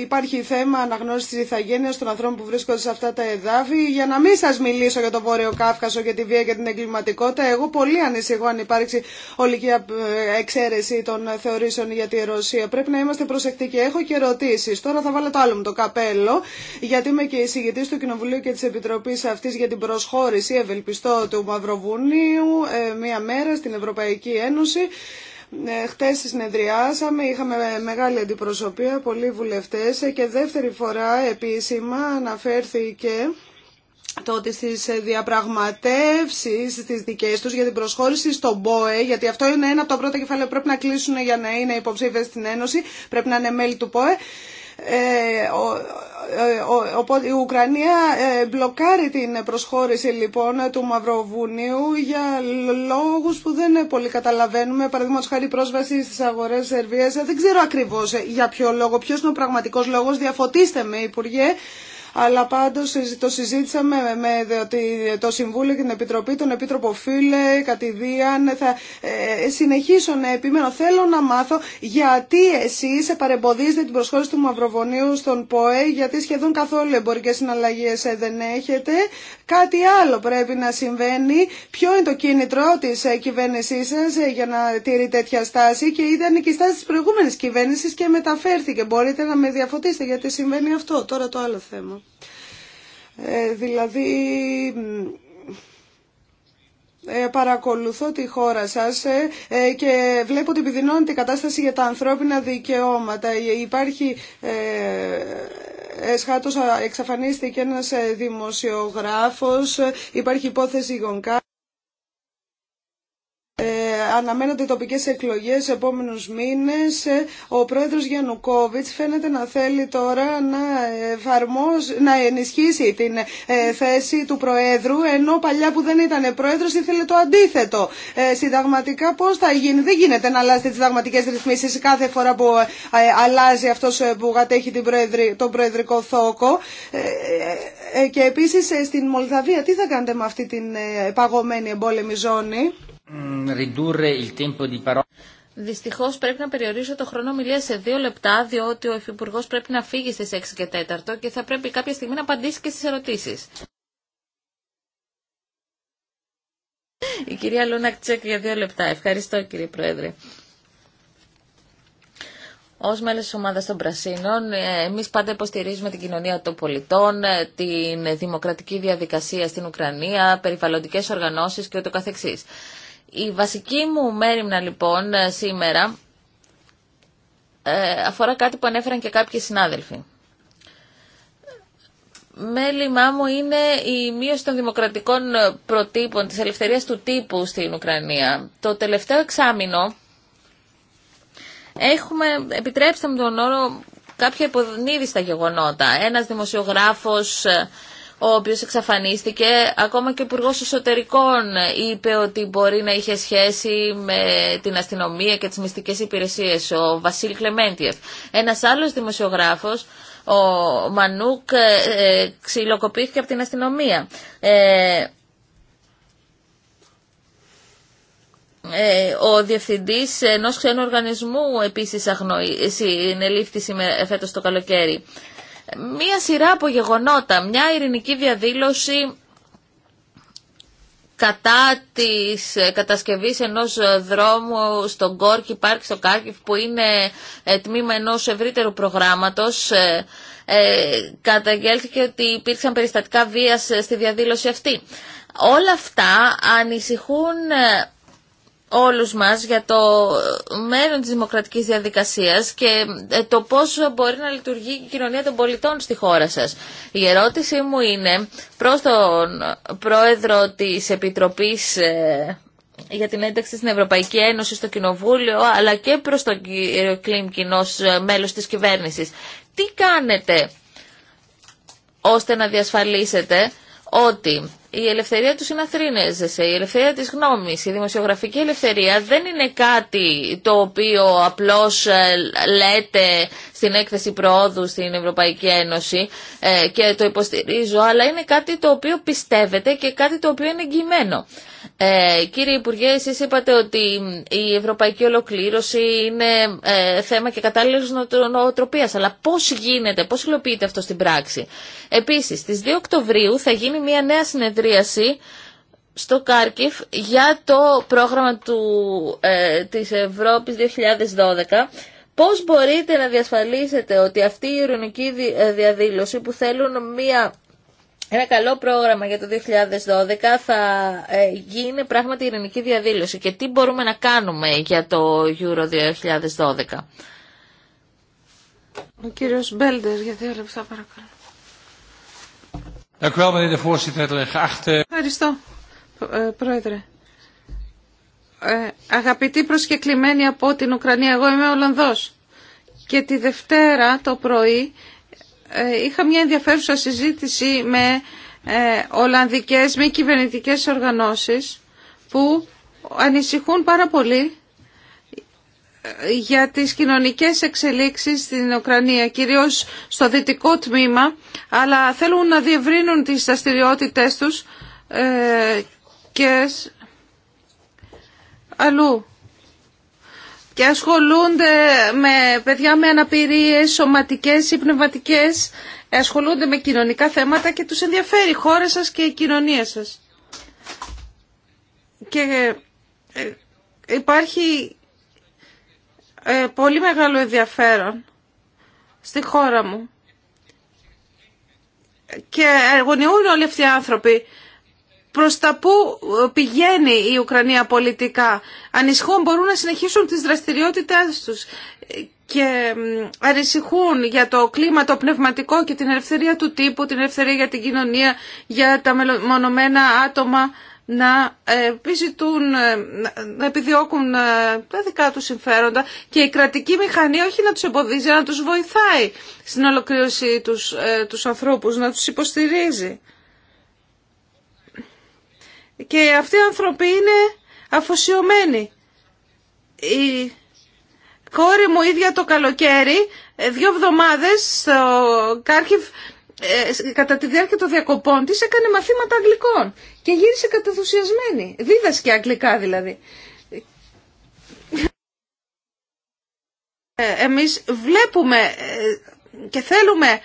υπάρχει θέμα αναγνώρισης της ηθαγένειας των ανθρώπων που βρίσκονται σε αυτά τα εδάφη για να μην σας μιλήσω για το Βόρειο Κάφκασο και τη βία και την εγκληματικότητα εγώ πολύ ανησυχώ αν υπάρξει ολική εξαίρεση των θεωρήσεων για τη Ρωσία. Πρέπει να είμαστε προσεκτικοί. Έχω και Τώρα θα βάλω το άλλο μου το καπέλο, γιατί είμαι και εισηγητής του Κοινοβουλίου και τη Επιτροπή αυτή για την προσχώρηση, ευελπιστώ, του Μαυροβουνίου, ε, μία μέρα στην Ευρωπαϊκή Ένωση. Ε, χτες συνεδριάσαμε, είχαμε μεγάλη αντιπροσωπεία, πολλοί βουλευτές ε, και δεύτερη φορά επίσημα αναφέρθηκε το ότι στις διαπραγματεύσεις στις δικές τους για την προσχώρηση στον ΠΟΕ, γιατί αυτό είναι ένα από τα πρώτα κεφάλαια που πρέπει να κλείσουν για να είναι υποψήφιες στην Ένωση, πρέπει να είναι μέλη του ΠΟΕ, ε, ο, ε, ο, η Ουκρανία ε, μπλοκάρει την προσχώρηση λοιπόν του Μαυροβουνίου για λόγους που δεν πολύ καταλαβαίνουμε παραδείγματος χάρη πρόσβαση στις αγορές Σερβίας δεν ξέρω ακριβώς για ποιο λόγο ποιος είναι ο πραγματικός λόγος διαφωτίστε με Υπουργέ αλλά πάντω το συζήτησαμε με, το Συμβούλιο και την Επιτροπή, τον Επίτροπο Φίλε, κατηδίαν. Θα ε, ε, συνεχίσω να ε, επιμένω. Θέλω να μάθω γιατί εσεί παρεμποδίζετε την προσχώρηση του Μαυροβονίου στον ΠΟΕ, γιατί σχεδόν καθόλου εμπορικέ συναλλαγέ δεν έχετε. Κάτι άλλο πρέπει να συμβαίνει. Ποιο είναι το κίνητρο τη κυβέρνησή σα για να τηρεί τέτοια στάση και ήταν και η στάση τη προηγούμενη κυβέρνηση και μεταφέρθηκε. Μπορείτε να με διαφωτίσετε γιατί συμβαίνει αυτό. Τώρα το άλλο θέμα. Ε, δηλαδή ε, παρακολουθώ τη χώρα σας ε, και βλέπω ότι επιδεινώνεται η κατάσταση για τα ανθρώπινα δικαιώματα. Υπάρχει εσχάτως εξαφανίστηκε ένας δημοσιογράφος, υπάρχει υπόθεση γονκά αναμένονται τοπικές εκλογές επόμενους μήνες. Ο πρόεδρος γιανουκόβιτς φαίνεται να θέλει τώρα να, εφαρμόσει, να ενισχύσει την ε, θέση του προέδρου, ενώ παλιά που δεν ήταν πρόεδρος ήθελε το αντίθετο. Ε, συνταγματικά πώς θα γίνει. Δεν γίνεται να αλλάζετε τις συνταγματικές ρυθμίσεις κάθε φορά που ε, αλλάζει αυτός που κατέχει την τον προεδρικό θόκο. και επίσης στην Μολδαβία τι θα κάνετε με αυτή την παγωμένη εμπόλεμη ζώνη. Δυστυχώ πρέπει να περιορίσω το χρόνο μιλία σε δύο λεπτά, διότι ο Υφυπουργό πρέπει να φύγει στι 6 και 4 και θα πρέπει κάποια στιγμή να απαντήσει και στι ερωτήσει. Η κυρία Λούνα Τσέκ για δύο λεπτά. Ευχαριστώ κύριε Πρόεδρε. Ω μέλο τη ομάδα των Πρασίνων, ε, εμεί πάντα υποστηρίζουμε την κοινωνία των πολιτών, ε, την δημοκρατική διαδικασία στην Ουκρανία, περιβαλλοντικέ οργανώσει και ούτω καθεξής. Η βασική μου μέρημνα λοιπόν ε, σήμερα ε, αφορά κάτι που ανέφεραν και κάποιοι συνάδελφοι. Μέλημά μου είναι η μείωση των δημοκρατικών ε, προτύπων της ελευθερίας του τύπου στην Ουκρανία. Το τελευταίο εξάμεινο έχουμε, επιτρέψτε μου τον όρο, κάποια υποδνίδιστα στα γεγονότα. Ένας δημοσιογράφος ο οποίος εξαφανίστηκε. Ακόμα και ο υπουργό Εσωτερικών είπε ότι μπορεί να είχε σχέση με την αστυνομία και τις μυστικές υπηρεσίες, ο Βασίλ Κλεμέντιεφ. Ένας άλλος δημοσιογράφος, ο Μανούκ, ε, ε, ξυλοκοπήθηκε από την αστυνομία. Ε, ο διευθυντής ενό ξένου οργανισμού επίση αγνοεί, συνελήφθη φέτο το καλοκαίρι μία σειρά από γεγονότα, μια ειρηνική διαδήλωση κατά της κατασκευής ενός δρόμου στον Κόρκι Πάρκ στο Κάρκιφ που είναι ε, τμήμα ενός ευρύτερου προγράμματος ε, ε, καταγγέλθηκε ότι υπήρξαν περιστατικά βίας ε, στη διαδήλωση αυτή. Όλα αυτά ανησυχούν όλους μας για το μέλλον της δημοκρατικής διαδικασίας και ε, το πώς μπορεί να λειτουργεί η κοινωνία των πολιτών στη χώρα σας. Η ερώτησή μου είναι προς τον πρόεδρο της Επιτροπής ε, για την ένταξη στην Ευρωπαϊκή Ένωση, στο Κοινοβούλιο, αλλά και προς τον κύριο Κλίμκιν ε, μέλος της κυβέρνησης. Τι κάνετε ώστε να διασφαλίσετε ότι η ελευθερία του συναθρίνεζεσαι, η ελευθερία της γνώμης, η δημοσιογραφική ελευθερία δεν είναι κάτι το οποίο απλώς ε, λέτε στην έκθεση προόδου στην Ευρωπαϊκή Ένωση ε, και το υποστηρίζω, αλλά είναι κάτι το οποίο πιστεύετε και κάτι το οποίο είναι εγγυημένο. Ε, κύριε Υπουργέ, εσείς είπατε ότι η ευρωπαϊκή ολοκλήρωση είναι ε, θέμα και κατάλληλης νοοτροπίας, αλλά πώς γίνεται, πώς υλοποιείται αυτό στην πράξη. Επίσης, στις 2 Οκτωβρίου θα γίνει μια νέα συνεδρίαση στο Κάρκιφ για το πρόγραμμα του, ε, της Ευρώπης 2012 Πώς μπορείτε να διασφαλίσετε ότι αυτή η ειρωνική ε, διαδήλωση που θέλουν μια ένα καλό πρόγραμμα για το 2012 θα ε, γίνει πράγματι ειρηνική διαδήλωση. Και τι μπορούμε να κάνουμε για το Euro 2012. Ο κύριος Μπέλντερ για δύο λεπτά παρακαλώ. Ευχαριστώ, Πρόεδρε. Ε, αγαπητοί προσκεκλημένοι από την Ουκρανία, εγώ είμαι Ολλανδός. Και τη Δευτέρα το πρωί ε, είχα μια ενδιαφέρουσα συζήτηση με ε, Ολλανδικές μη κυβερνητικές οργανώσεις που ανησυχούν πάρα πολύ ε, για τις κοινωνικές εξελίξεις στην Ουκρανία, κυρίως στο δυτικό τμήμα, αλλά θέλουν να διευρύνουν τις δραστηριότητε τους και αλλού και ασχολούνται με παιδιά με αναπηρίες σωματικές ή πνευματικές, ασχολούνται με κοινωνικά θέματα και τους ενδιαφέρει η χώρα σας και η κοινωνία σας. Και ε, υπάρχει ε, πολύ μεγάλο ενδιαφέρον στη χώρα μου. Και εργονιούν όλοι αυτοί οι άνθρωποι προς τα που ε, πηγαίνει η Ουκρανία πολιτικά. Ανησυχούν μπορούν να συνεχίσουν τις δραστηριότητες τους και ανησυχούν για το κλίμα το πνευματικό και την ελευθερία του τύπου, την ελευθερία για την κοινωνία, για τα μονομένα άτομα να ε, επιζητούν, ε, να επιδιώκουν τα δικά τους συμφέροντα και η κρατική μηχανή όχι να τους εμποδίζει, να τους βοηθάει στην ολοκλήρωση τους, τους ανθρώπους, να τους υποστηρίζει. Και αυτοί οι άνθρωποι είναι αφοσιωμένοι. Η κόρη μου ίδια το καλοκαίρι, ε, δύο εβδομάδες στο Κάρχιβ, ε, κατά τη διάρκεια των διακοπών της έκανε μαθήματα αγγλικών και γύρισε κατεθουσιασμένη. δίδασκε αγγλικά δηλαδή. Ε, εμείς βλέπουμε και θέλουμε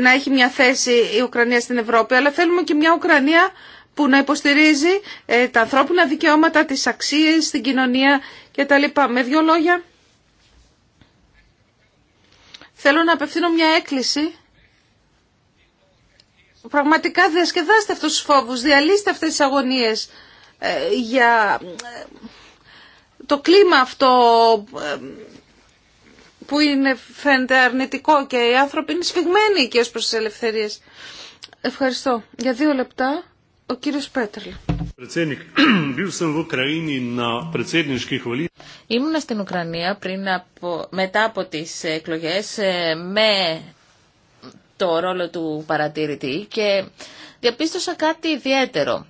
να έχει μια θέση η Ουκρανία στην Ευρώπη, αλλά θέλουμε και μια Ουκρανία που να υποστηρίζει ε, τα ανθρώπινα δικαιώματα, τις αξίες στην κοινωνία κτλ. Με δύο λόγια, θέλω να απευθύνω μια έκκληση. Πραγματικά διασκεδάστε αυτούς τους φόβους, διαλύστε αυτές τις αγωνίες ε, για ε, το κλίμα αυτό που είναι, φαίνεται αρνητικό και οι άνθρωποι είναι σφιγμένοι και ως προς τις ελευθερίες. Ευχαριστώ. Για δύο λεπτά ο κύριος Πέτρελ. Ήμουνα στην Ουκρανία πριν μετά από τις εκλογές ε, με το ρόλο του παρατηρητή και διαπίστωσα κάτι ιδιαίτερο.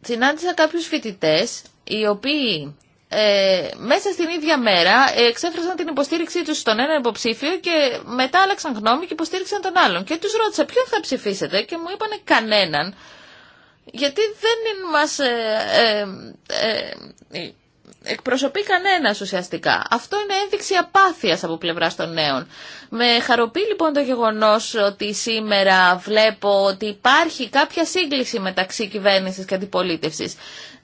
Συνάντησα κάποιους φοιτητές οι οποίοι ε, μέσα στην ίδια μέρα ε, εξέφρασαν την υποστήριξή τους στον ένα υποψήφιο και μετά άλλαξαν γνώμη και υποστήριξαν τον άλλον. Και τους ρώτησα ποιον θα ψηφίσετε και μου είπανε κανέναν. Γιατί δεν μας ε, ε, ε εκπροσωπεί κανένα ουσιαστικά. Αυτό είναι ένδειξη απάθειας από πλευράς των νέων. Με χαροποιεί λοιπόν το γεγονός ότι σήμερα βλέπω ότι υπάρχει κάποια σύγκληση μεταξύ κυβέρνησης και αντιπολίτευσης.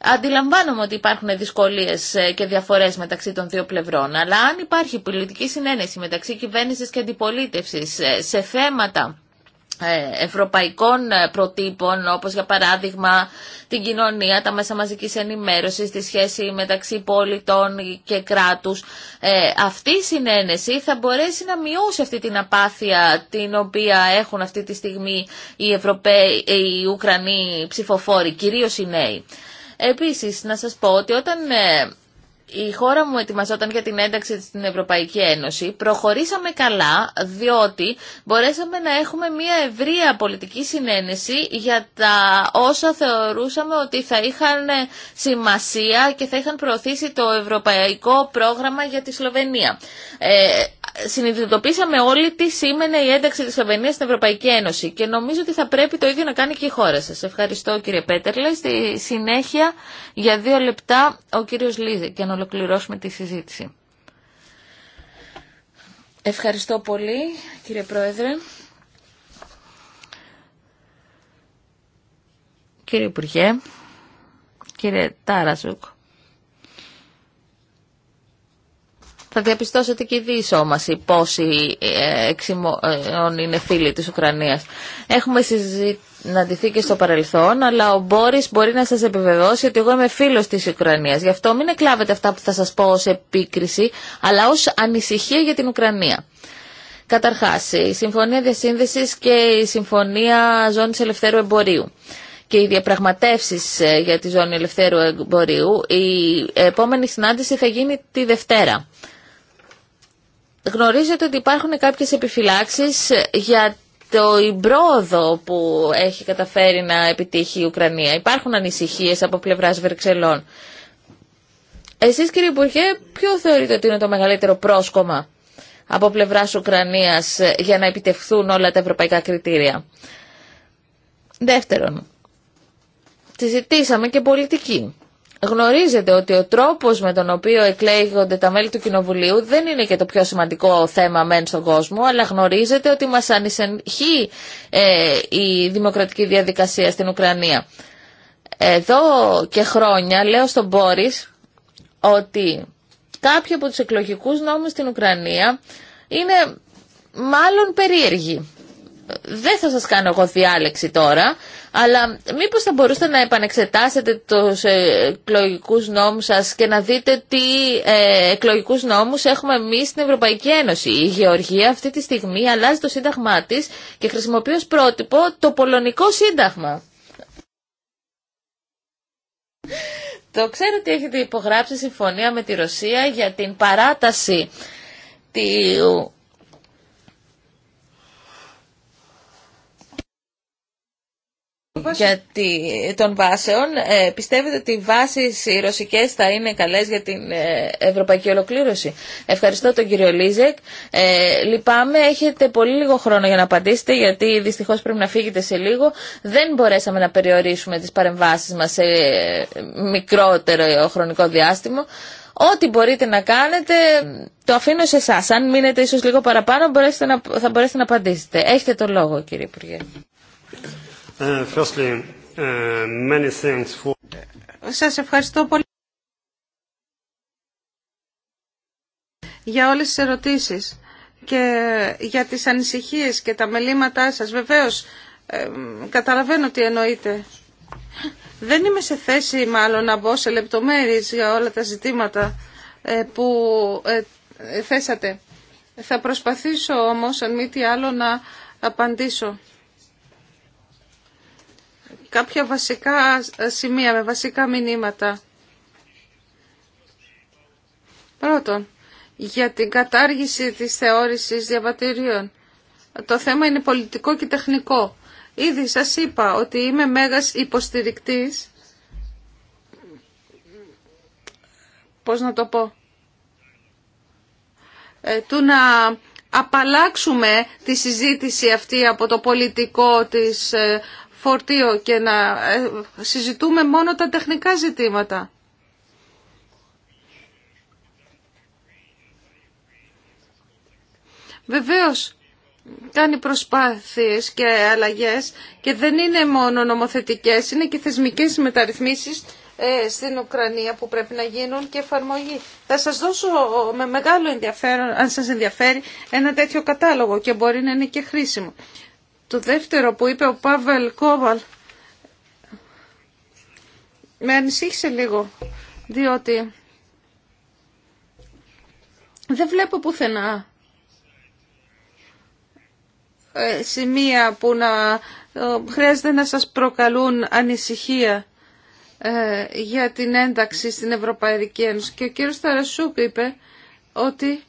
Αντιλαμβάνομαι ότι υπάρχουν δυσκολίες ε, και διαφορές μεταξύ των δύο πλευρών, αλλά αν υπάρχει πολιτική συνένεση μεταξύ κυβέρνησης και αντιπολίτευσης ε, σε θέματα ε, ευρωπαϊκών ε, προτύπων, όπως για παράδειγμα την κοινωνία, τα μέσα μαζικής ενημέρωσης, τη σχέση μεταξύ πολιτών και κράτους. Ε, αυτή η συνένεση θα μπορέσει να μειώσει αυτή την απάθεια την οποία έχουν αυτή τη στιγμή οι, Ευρωπαίοι, οι Ουκρανοί ψηφοφόροι, κυρίως οι νέοι. Επίσης, να σας πω ότι όταν η χώρα μου ετοιμαζόταν για την ένταξη στην Ευρωπαϊκή Ένωση, προχωρήσαμε καλά διότι μπορέσαμε να έχουμε μια ευρεία πολιτική συνένεση για τα όσα θεωρούσαμε ότι θα είχαν σημασία και θα είχαν προωθήσει το ευρωπαϊκό πρόγραμμα για τη Σλοβενία. Ε, συνειδητοποίησαμε όλοι τι σήμαινε η ένταξη της Ευρωπαϊκής στην Ευρωπαϊκή Ένωση και νομίζω ότι θα πρέπει το ίδιο να κάνει και η χώρα σας. Ευχαριστώ κύριε Πέτερλε. Στη συνέχεια για δύο λεπτά ο κύριος λίδη και να ολοκληρώσουμε τη συζήτηση. Ευχαριστώ πολύ κύριε Πρόεδρε. Κύριε Υπουργέ, κύριε Τάραζουκ. Θα διαπιστώσετε και οι δύο σώμασοι πόσοι ε, εξημών είναι φίλοι της Ουκρανίας. Έχουμε συζητηθεί και στο παρελθόν, αλλά ο Μπόρις μπορεί να σας επιβεβαιώσει ότι εγώ είμαι φίλος της Ουκρανίας. Γι' αυτό μην εκλάβετε αυτά που θα σας πω ως επίκριση, αλλά ως ανησυχία για την Ουκρανία. Καταρχάς, η Συμφωνία Διασύνδεσης και η Συμφωνία Ζώνης Ελευθέρου Εμπορίου και οι διαπραγματεύσεις ε, για τη Ζώνη Ελευθέρου Εμπορίου. Η επόμενη συνάντηση θα γίνει τη Δευτέρα γνωρίζετε ότι υπάρχουν κάποιες επιφυλάξεις για το πρόοδο που έχει καταφέρει να επιτύχει η Ουκρανία. Υπάρχουν ανησυχίες από πλευράς Βερξελών. Εσείς κύριε Υπουργέ, ποιο θεωρείτε ότι είναι το μεγαλύτερο πρόσκομα από πλευράς Ουκρανίας για να επιτευχθούν όλα τα ευρωπαϊκά κριτήρια. Δεύτερον, συζητήσαμε και πολιτική γνωρίζετε ότι ο τρόπος με τον οποίο εκλέγονται τα μέλη του Κοινοβουλίου δεν είναι και το πιο σημαντικό θέμα μεν στον κόσμο, αλλά γνωρίζετε ότι μας ανησυχεί ε, η δημοκρατική διαδικασία στην Ουκρανία. Εδώ και χρόνια λέω στον Μπόρις ότι κάποιοι από τους εκλογικούς νόμους στην Ουκρανία είναι μάλλον περίεργοι δεν θα σας κάνω εγώ διάλεξη τώρα, αλλά μήπως θα μπορούσατε να επανεξετάσετε τους εκλογικούς νόμους σας και να δείτε τι ε, εκλογικούς νόμους έχουμε εμείς στην Ευρωπαϊκή Ένωση. Η Γεωργία αυτή τη στιγμή αλλάζει το σύνταγμά της και χρησιμοποιεί ως πρότυπο το πολωνικό σύνταγμα. Το ξέρω ότι έχετε υπογράψει συμφωνία με τη Ρωσία για την παράταση του γιατί, των βάσεων. Ε, πιστεύετε ότι οι βάσεις οι ρωσικές θα είναι καλές για την ε, ευρωπαϊκή ολοκλήρωση. Ευχαριστώ τον κύριο Λίζεκ. Ε, λυπάμαι, έχετε πολύ λίγο χρόνο για να απαντήσετε γιατί δυστυχώς πρέπει να φύγετε σε λίγο. Δεν μπορέσαμε να περιορίσουμε τις παρεμβάσεις μας σε μικρότερο χρονικό διάστημα. Ό,τι μπορείτε να κάνετε, το αφήνω σε εσά. Αν μείνετε ίσως λίγο παραπάνω, να, θα μπορέσετε να απαντήσετε. Έχετε το λόγο, κύριε Υπουργέ. Uh, firstly, uh, ευχαριστώ πολύ για όλες τις ερωτήσεις και για τις ανησυχίες και τα μελήματά σας. Βεβαίως, καταλαβαίνω τι εννοείτε. Δεν είμαι σε θέση μάλλον να μπω σε λεπτομέρειες για όλα τα ζητήματα ε, που ε, θέσατε. Θα προσπαθήσω όμως, αν μη τι άλλο, να απαντήσω κάποια βασικά σημεία με βασικά μηνύματα. Πρώτον, για την κατάργηση της θεώρησης διαβατηρίων. Το θέμα είναι πολιτικό και τεχνικό. Ήδη σας είπα ότι είμαι μέγας υποστηρικτής. Πώς να το πω. Ε, του να απαλλάξουμε τη συζήτηση αυτή από το πολιτικό της ε, φορτίο και να ε, συζητούμε μόνο τα τεχνικά ζητήματα. Βεβαίως, κάνει προσπάθειες και αλλαγές και δεν είναι μόνο νομοθετικές, είναι και θεσμικές μεταρρυθμίσεις ε, στην Ουκρανία που πρέπει να γίνουν και εφαρμογή. Θα σας δώσω με μεγάλο ενδιαφέρον, αν σας ενδιαφέρει, ένα τέτοιο κατάλογο και μπορεί να είναι και χρήσιμο. Το δεύτερο που είπε ο Πάβελ Κόβαλ με ανησύχησε λίγο, διότι δεν βλέπω πουθενά ε, σημεία που να ε, χρειάζεται να σας προκαλούν ανησυχία ε, για την ένταξη στην Ευρωπαϊκή Ένωση. Και ο κύριος Ταρασούπ είπε ότι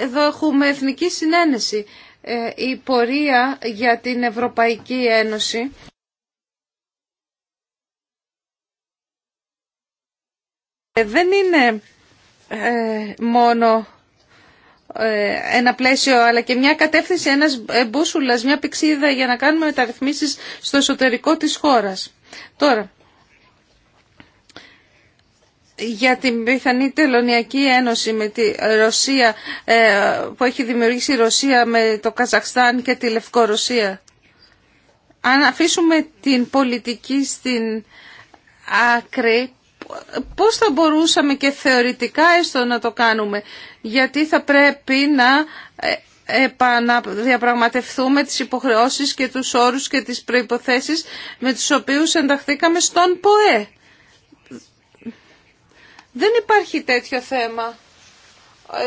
εδώ έχουμε εθνική συνένεση. Ε, η πορεία για την Ευρωπαϊκή Ένωση. Ε, δεν είναι ε, μόνο ένα πλαίσιο αλλά και μια κατεύθυνση, ένας μπούσουλας, μια πηξίδα για να κάνουμε μεταρρυθμίσεις στο εσωτερικό της χώρας. Τώρα, για την πιθανή τελωνιακή ένωση με τη Ρωσία ε, που έχει δημιουργήσει η Ρωσία με το Καζακστάν και τη Λευκορωσία. Αν αφήσουμε την πολιτική στην άκρη, πώς θα μπορούσαμε και θεωρητικά έστω να το κάνουμε, γιατί θα πρέπει να ε, επαναδιαπραγματευτούμε τις υποχρεώσεις και τους όρους και τις προϋποθέσεις με τους οποίους ενταχθήκαμε στον ΠΟΕ. Δεν υπάρχει τέτοιο θέμα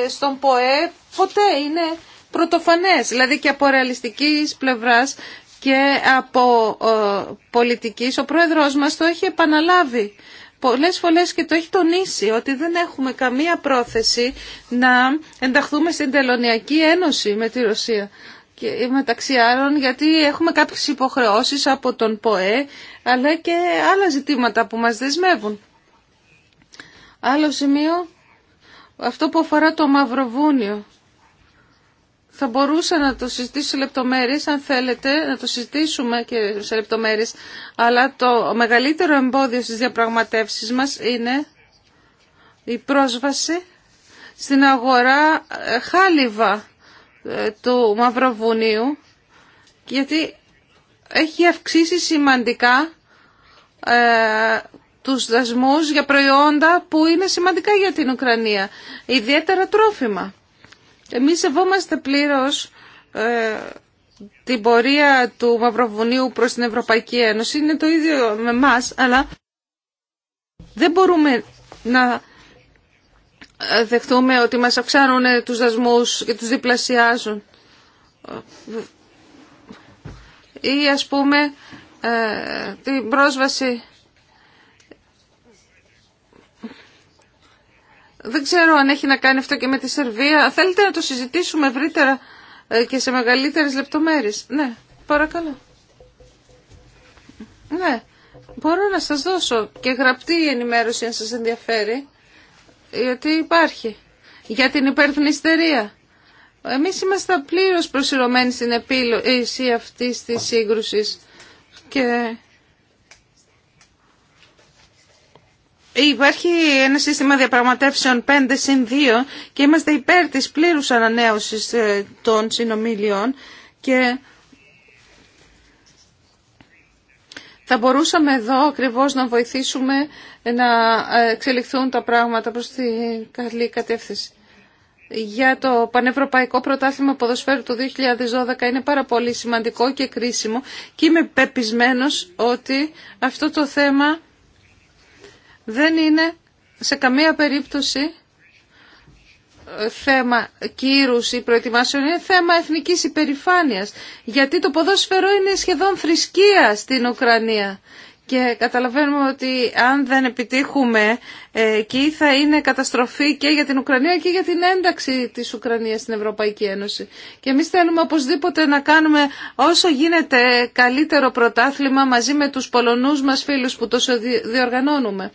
ε, στον ΠΟΕ ποτέ είναι πρωτοφανές, δηλαδή και από ρεαλιστικής πλευράς και από ε, πολιτικής. Ο πρόεδρος μας το έχει επαναλάβει πολλές φορές και το έχει τονίσει ότι δεν έχουμε καμία πρόθεση να ενταχθούμε στην Τελωνιακή Ένωση με τη Ρωσία. Και μεταξύ άλλων γιατί έχουμε κάποιες υποχρεώσεις από τον ΠΟΕ αλλά και άλλα ζητήματα που μας δεσμεύουν. Άλλο σημείο, αυτό που αφορά το Μαυροβούνιο. Θα μπορούσα να το συζητήσω σε λεπτομέρειες, αν θέλετε, να το συζητήσουμε και σε λεπτομέρειες. Αλλά το μεγαλύτερο εμπόδιο στις διαπραγματεύσεις μας είναι η πρόσβαση στην αγορά ε, χάλιβα ε, του Μαυροβουνίου, γιατί έχει αυξήσει σημαντικά ε, τους δασμούς για προϊόντα που είναι σημαντικά για την Ουκρανία, ιδιαίτερα τρόφιμα. Εμείς σεβόμαστε πλήρως ε, την πορεία του Μαυροβουνίου προς την Ευρωπαϊκή Ένωση. Είναι το ίδιο με μας, αλλά δεν μπορούμε να ε, δεχτούμε ότι μας αυξάνουν τους δασμούς και τους διπλασιάζουν. Ε, ή ας πούμε την πρόσβαση Δεν ξέρω αν έχει να κάνει αυτό και με τη Σερβία. Θέλετε να το συζητήσουμε ευρύτερα ε, και σε μεγαλύτερες λεπτομέρειες. Ναι, παρακαλώ. Ναι, μπορώ να σας δώσω και γραπτή ενημέρωση αν σας ενδιαφέρει, γιατί υπάρχει, για την υπερθνιστερία. Εμείς είμαστε πλήρως προσυρωμένοι στην επίλυση αυτής της σύγκρουσης και Υπάρχει ένα σύστημα διαπραγματεύσεων 5 συν 2 και είμαστε υπέρ της πλήρους ανανέωσης ε, των συνομιλιών και θα μπορούσαμε εδώ ακριβώς να βοηθήσουμε να εξελιχθούν τα πράγματα προς την καλή κατεύθυνση. Για το Πανευρωπαϊκό Πρωτάθλημα Ποδοσφαίρου του 2012 είναι πάρα πολύ σημαντικό και κρίσιμο και είμαι πεπισμένος ότι αυτό το θέμα δεν είναι σε καμία περίπτωση ε, θέμα κύρους ή προετοιμάσεων, είναι θέμα εθνικής υπερηφάνειας. Γιατί το ποδόσφαιρο είναι σχεδόν θρησκεία στην Ουκρανία. Και καταλαβαίνουμε ότι αν δεν επιτύχουμε εκεί θα είναι καταστροφή και για την Ουκρανία και για την ένταξη της Ουκρανίας στην Ευρωπαϊκή Ένωση. Και εμείς θέλουμε οπωσδήποτε να κάνουμε όσο γίνεται καλύτερο πρωτάθλημα μαζί με τους Πολωνούς μας φίλους που τόσο διοργανώνουμε.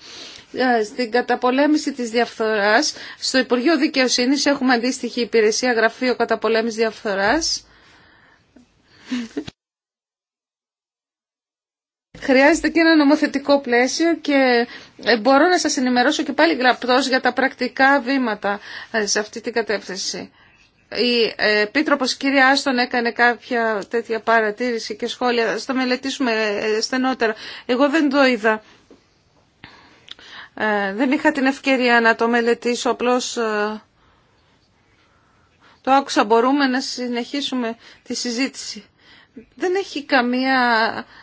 Ε, στην καταπολέμηση της διαφθοράς, στο Υπουργείο Δικαιοσύνης έχουμε αντίστοιχη υπηρεσία γραφείο καταπολέμησης διαφθοράς. Χρειάζεται και ένα νομοθετικό πλαίσιο και ε, μπορώ να σας ενημερώσω και πάλι γραπτός για τα πρακτικά βήματα ε, σε αυτή την κατεύθυνση. Η ε, Επίτροπος κυρία Άστον έκανε κάποια τέτοια παρατήρηση και σχόλια. Θα τα μελετήσουμε στενότερα. Εγώ δεν το είδα. Δεν είχα την ευκαιρία να το μελετήσω. Απλώς το άκουσα. Μπορούμε να συνεχίσουμε τη συζήτηση δεν έχει καμία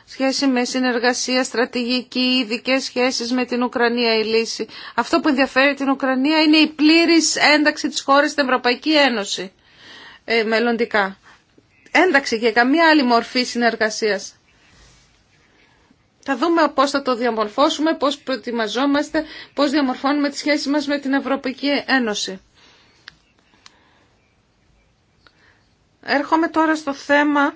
σχέση με συνεργασία στρατηγική, ειδικέ σχέσεις με την Ουκρανία η λύση. Αυτό που ενδιαφέρει την Ουκρανία είναι η πλήρης ένταξη της χώρας στην Ευρωπαϊκή Ένωση ε, μελλοντικά. Ένταξη και καμία άλλη μορφή συνεργασίας. Θα δούμε πώς θα το διαμορφώσουμε, πώς προετοιμαζόμαστε, πώς διαμορφώνουμε τη σχέση μας με την Ευρωπαϊκή Ένωση. Έρχομαι τώρα στο θέμα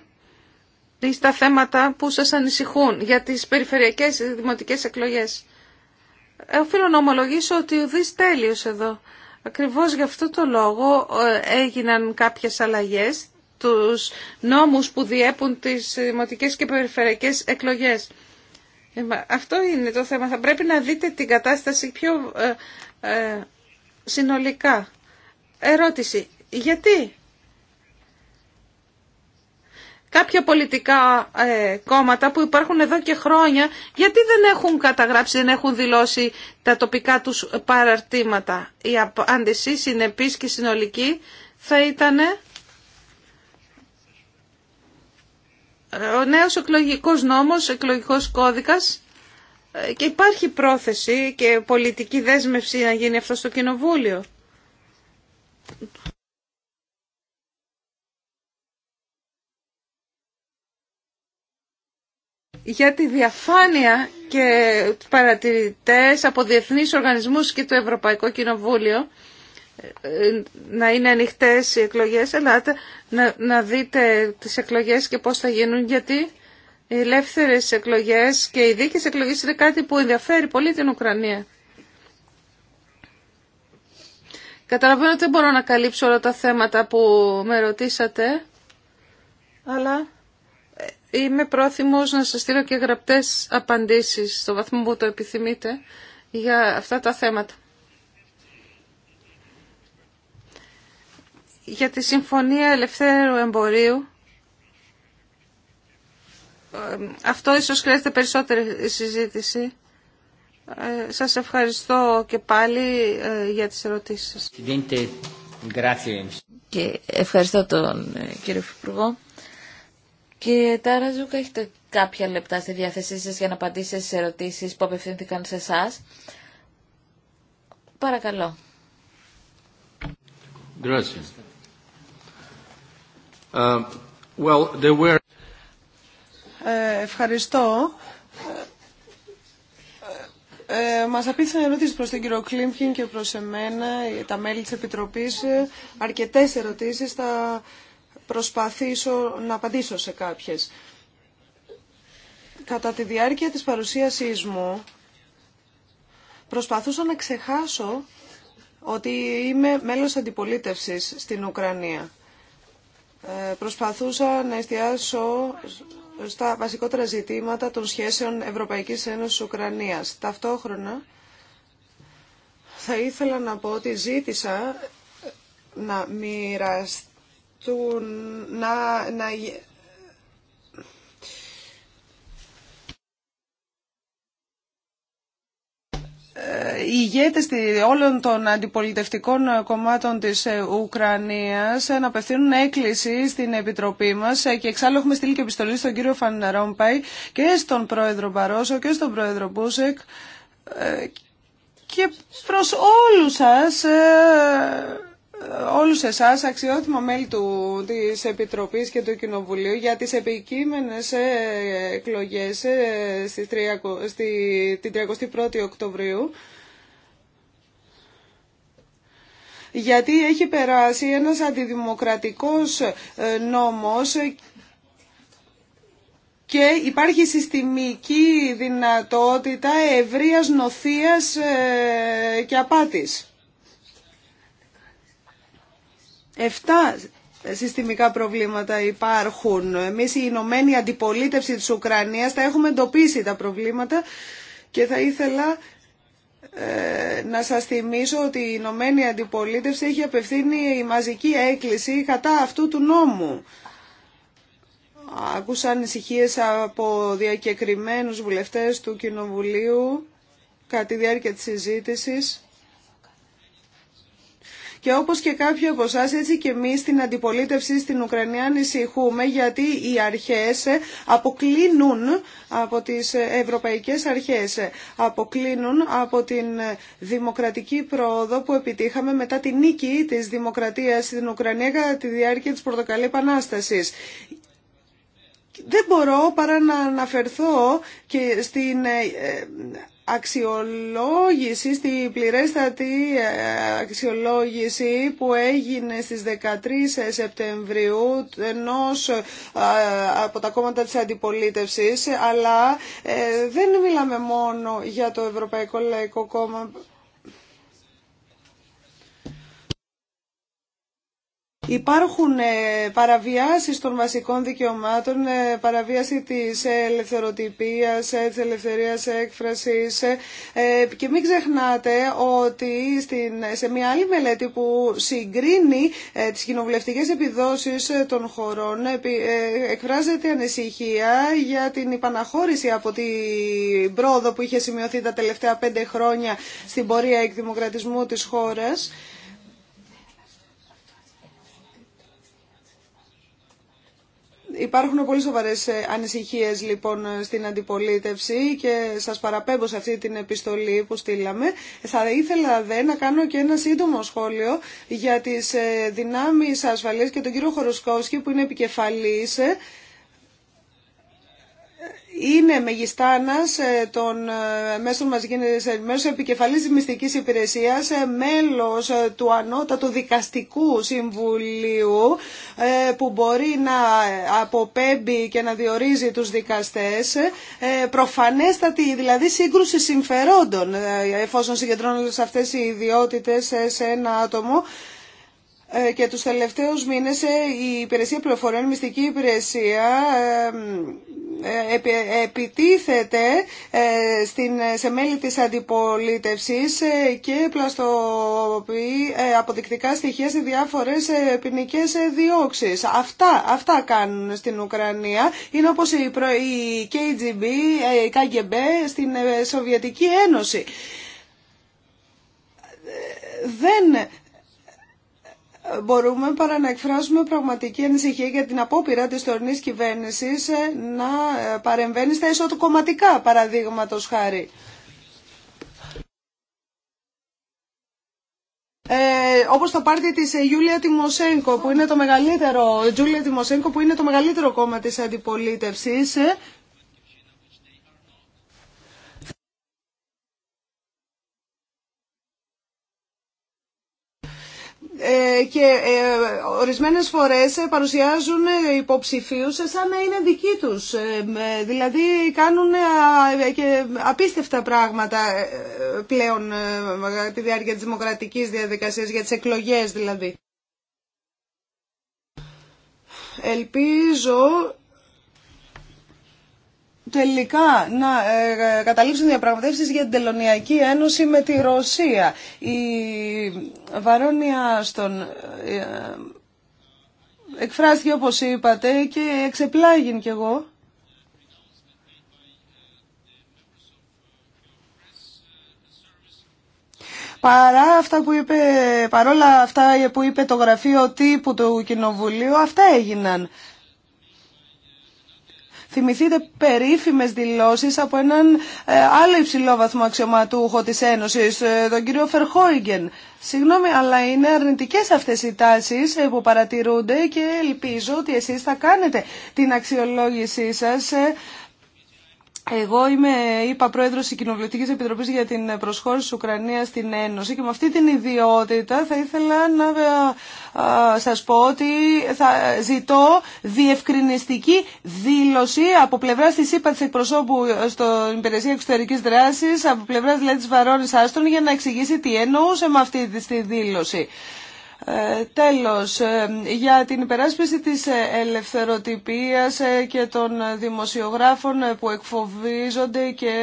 στα θέματα που σας ανησυχούν για τις περιφερειακές δημοτικές εκλογές. Ε, οφείλω να ομολογήσω ότι ουδής τέλειος εδώ. Ακριβώς γι' αυτό το λόγο ε, έγιναν κάποιες αλλαγές τους νόμους που διέπουν τις δημοτικές και περιφερειακές εκλογές. Ε, αυτό είναι το θέμα. Θα πρέπει να δείτε την κατάσταση πιο συνολικά. Ερώτηση. Γιατί κάποια πολιτικά ε, κόμματα που υπάρχουν εδώ και χρόνια, γιατί δεν έχουν καταγράψει, δεν έχουν δηλώσει τα τοπικά τους παραρτήματα. Η απάντηση συνεπής και συνολική θα ήταν ε, ο νέος εκλογικός νόμος, εκλογικός κώδικας ε, και υπάρχει πρόθεση και πολιτική δέσμευση να γίνει αυτό στο Κοινοβούλιο. για τη διαφάνεια και τους παρατηρητές από διεθνεί οργανισμούς και το Ευρωπαϊκό Κοινοβούλιο ε, να είναι ανοιχτέ οι εκλογές. Ελάτε να, δείτε τις εκλογές και πώς θα γίνουν γιατί οι ελεύθερες εκλογές και οι δίκες εκλογές είναι κάτι που ενδιαφέρει πολύ την Ουκρανία. Καταλαβαίνω ότι δεν μπορώ να καλύψω όλα τα θέματα που με ρωτήσατε, αλλά είμαι πρόθυμος να σας στείλω και γραπτές απαντήσεις στο βαθμό που το επιθυμείτε για αυτά τα θέματα. Για τη Συμφωνία Ελευθέρου Εμπορίου, αυτό ίσως χρειάζεται περισσότερη συζήτηση. Ε, σας ευχαριστώ και πάλι ε, για τις ερωτήσεις σας. Και ευχαριστώ τον ε, κύριο Υπουργό. Κύριε Τάραζουκ, έχετε κάποια λεπτά στη διάθεσή σας για να απαντήσετε στις ερωτήσεις που απευθύνθηκαν σε εσά. Παρακαλώ. Uh, well, ε, ευχαριστώ. Ε, ε μας απίθυναν ερωτήσεις προς τον κύριο Κλίμπκιν και προς εμένα, τα μέλη της Επιτροπής, ε, αρκετές ερωτήσεις. Θα προσπαθήσω να απαντήσω σε κάποιες. Κατά τη διάρκεια της παρουσίασής μου, προσπαθούσα να ξεχάσω ότι είμαι μέλος αντιπολίτευσης στην Ουκρανία. Ε, προσπαθούσα να εστιάσω στα βασικότερα ζητήματα των σχέσεων Ευρωπαϊκής Ένωσης Ουκρανίας. Ταυτόχρονα θα ήθελα να πω ότι ζήτησα να μοιραστεί του να, να, ε, οι ηγέτες όλων των αντιπολιτευτικών κομμάτων της ε, Ουκρανίας ε, να απευθύνουν έκκληση στην Επιτροπή μας και εξάλλου έχουμε στείλει και επιστολή στον κύριο Φανναρόμπα και στον πρόεδρο Μπαρόσο και στον πρόεδρο Μπούσεκ και προς όλους σας όλους εσάς, αξιότιμα μέλη του, της Επιτροπής και του Κοινοβουλίου, για τις επικείμενες ε, εκλογές ε, στη, στη, την 31η Οκτωβρίου. Γιατί έχει περάσει ένας αντιδημοκρατικός ε, νόμος και υπάρχει συστημική δυνατότητα ευρείας νοθείας και απάτης. Εφτά συστημικά προβλήματα υπάρχουν. Εμείς η Ηνωμένη Αντιπολίτευση της Ουκρανίας τα έχουμε εντοπίσει τα προβλήματα και θα ήθελα ε, να σας θυμίσω ότι η Ηνωμένη Αντιπολίτευση έχει απευθύνει η μαζική έκκληση κατά αυτού του νόμου. Άκουσα ανησυχίε από διακεκριμένους βουλευτές του Κοινοβουλίου κατά τη διάρκεια της συζήτησης. Και όπως και κάποιοι από εσά, έτσι και εμείς στην αντιπολίτευση στην Ουκρανία ανησυχούμε γιατί οι αρχές αποκλίνουν από τις ευρωπαϊκές αρχές, αποκλίνουν από την δημοκρατική πρόοδο που επιτύχαμε μετά τη νίκη της δημοκρατίας στην Ουκρανία κατά τη διάρκεια της Πορτοκαλή Επανάστασης. Δεν μπορώ παρά να αναφερθώ και στην ε, αξιολόγηση, στη πληρέστατη ε, αξιολόγηση που έγινε στις 13 Σεπτεμβρίου ενός ε, από τα κόμματα της αντιπολίτευσης, αλλά ε, δεν μιλάμε μόνο για το Ευρωπαϊκό Λαϊκό Κόμμα Υπάρχουν ε, παραβιάσεις των βασικών δικαιωμάτων, ε, παραβίαση της ελευθεροτυπίας, ε, της ελευθερίας έκφρασης και μην ξεχνάτε ότι στην, σε μια άλλη μελέτη που συγκρίνει τις κοινοβουλευτικές επιδόσεις των χωρών εκφράζεται ανησυχία για την υπαναχώρηση από την πρόοδο που είχε σημειωθεί τα τελευταία πέντε χρόνια στην πορεία εκδημοκρατισμού της χώρας. Υπάρχουν πολύ σοβαρέ ε, ανησυχίε λοιπόν στην αντιπολίτευση και σας παραπέμπω σε αυτή την επιστολή που στείλαμε. Θα ήθελα δε να κάνω και ένα σύντομο σχόλιο για τις ε, δυνάμεις ασφαλείας και τον κύριο Χοροσκόφσκι που είναι επικεφαλής ε, είναι μεγιστάνας ε, των ε, μέσων μας ενημέρωση επικεφαλής μυστικής υπηρεσίας, ε, μέλος του ανώτατου δικαστικού συμβουλίου που μπορεί να αποπέμπει και να διορίζει τους δικαστές. Προφανέστατη δηλαδή σύγκρουση συμφερόντων εφόσον συγκεντρώνονται σε αυτές οι ιδιότητε σε ένα άτομο. Ε, και τους τελευταίους μήνες ε, η υπηρεσία πληροφοριών, η μυστική υπηρεσία ε, επιτίθεται στην, σε μέλη της αντιπολίτευσης και πλαστοποιεί αποδεικτικά στοιχεία σε διάφορες ποινικέ διώξεις. Αυτά, αυτά κάνουν στην Ουκρανία. Είναι όπως η, η KGB, η KGB στην Σοβιετική Ένωση δεν μπορούμε παρά να εκφράσουμε πραγματική ανησυχία για την απόπειρα της τωρινής κυβέρνησης ε, να ε, παρεμβαίνει στα ισοτοκομματικά, παραδείγματος χάρη. Ε, Όπω το πάρτι τη ε, Γιούλια Τιμοσέγκο, που είναι το μεγαλύτερο, Τζούλια Τιμοσέγκο, που είναι το μεγαλύτερο κόμμα τη αντιπολίτευση, Ε, και ε, ορισμένες φορές ε, παρουσιάζουν υποψηφίους σαν να είναι δικοί τους. Δηλαδή κάνουν και απίστευτα πράγματα πλέον τη διάρκεια της δημοκρατικής διαδικασίας, για τις εκλογές δηλαδή. Ελπίζω τελικά να ε, ε, καταλήξουν διαπραγματεύσεις για την Τελωνιακή Ένωση με τη Ρωσία. Η Βαρόνια στον ε, εκφράστηκε όπως είπατε και εξεπλάγην κι εγώ. Παρά αυτά που είπε, παρόλα αυτά που είπε το γραφείο τύπου του Κοινοβουλίου, αυτά έγιναν. Θυμηθείτε περίφημες δηλώσεις από έναν ε, άλλο υψηλό βαθμό αξιωματούχο της Ένωσης, ε, τον κύριο Φερχόιγγεν. Συγγνώμη, αλλά είναι αρνητικές αυτές οι τάσεις ε, που παρατηρούνται και ελπίζω ότι εσείς θα κάνετε την αξιολόγησή σας εγώ είμαι, είπα, πρόεδρος της Κοινοβουλευτικής Επιτροπής για την προσχώρηση της Ουκρανίας στην Ένωση και με αυτή την ιδιότητα θα ήθελα να ε, σας πω ότι θα ζητώ διευκρινιστική δήλωση από πλευράς της ΥΠΑ της εκπροσώπου στην Υπηρεσία Εξωτερικής Δράσης, από πλευράς δηλαδή της Βαρόνης Άστον για να εξηγήσει τι εννοούσε με αυτή τη δήλωση. Ε, τέλος, ε, για την υπεράσπιση της ελευθεροτυπίας ε, και των δημοσιογράφων που εκφοβίζονται και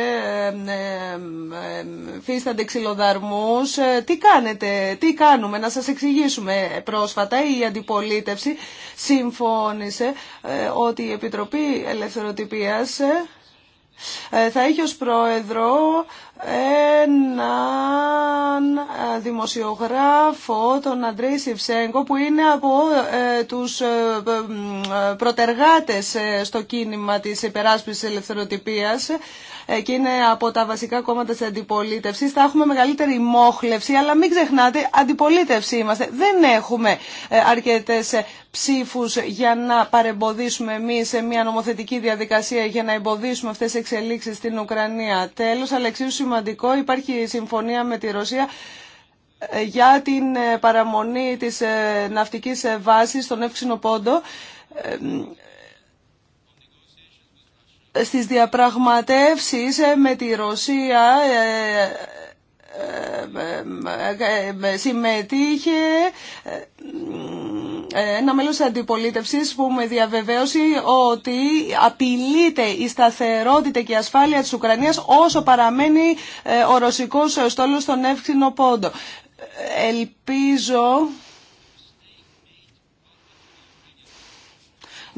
φύστανται ξυλοδαρμούς, τι κάνετε, τι κάνουμε, να σας εξηγήσουμε πρόσφατα. Η αντιπολίτευση συμφώνησε ότι η Επιτροπή Ελευθεροτυπίας ε, θα έχει ως πρόεδρο έναν ε, δημοσιογράφο, τον Αντρέη Σιψέγκο, που είναι από ε, τους προτεργάτες στο κίνημα της υπεράσπισης ελευθεροτυπίας. Ε, και είναι από τα βασικά κόμματα τη αντιπολίτευση, θα έχουμε μεγαλύτερη μόχλευση. Αλλά μην ξεχνάτε, αντιπολίτευση είμαστε. Δεν έχουμε ε, αρκετέ ε, ψήφου για να παρεμποδίσουμε εμεί σε μια νομοθετική διαδικασία για να εμποδίσουμε αυτέ τι εξελίξει στην Ουκρανία. Τέλο, αλλά εξίσου σημαντικό, υπάρχει συμφωνία με τη Ρωσία για την παραμονή της ναυτικής βάσης στον Εύξηνο Πόντο στις διαπραγματεύσεις ε, με τη Ρωσία ε, ε, συμμετείχε ένα μέλος της αντιπολίτευσης που με διαβεβαίωσε ότι απειλείται η σταθερότητα και η ασφάλεια της Ουκρανίας όσο παραμένει ο ρωσικός στόλος στον εύξηνο πόντο. Ελπίζω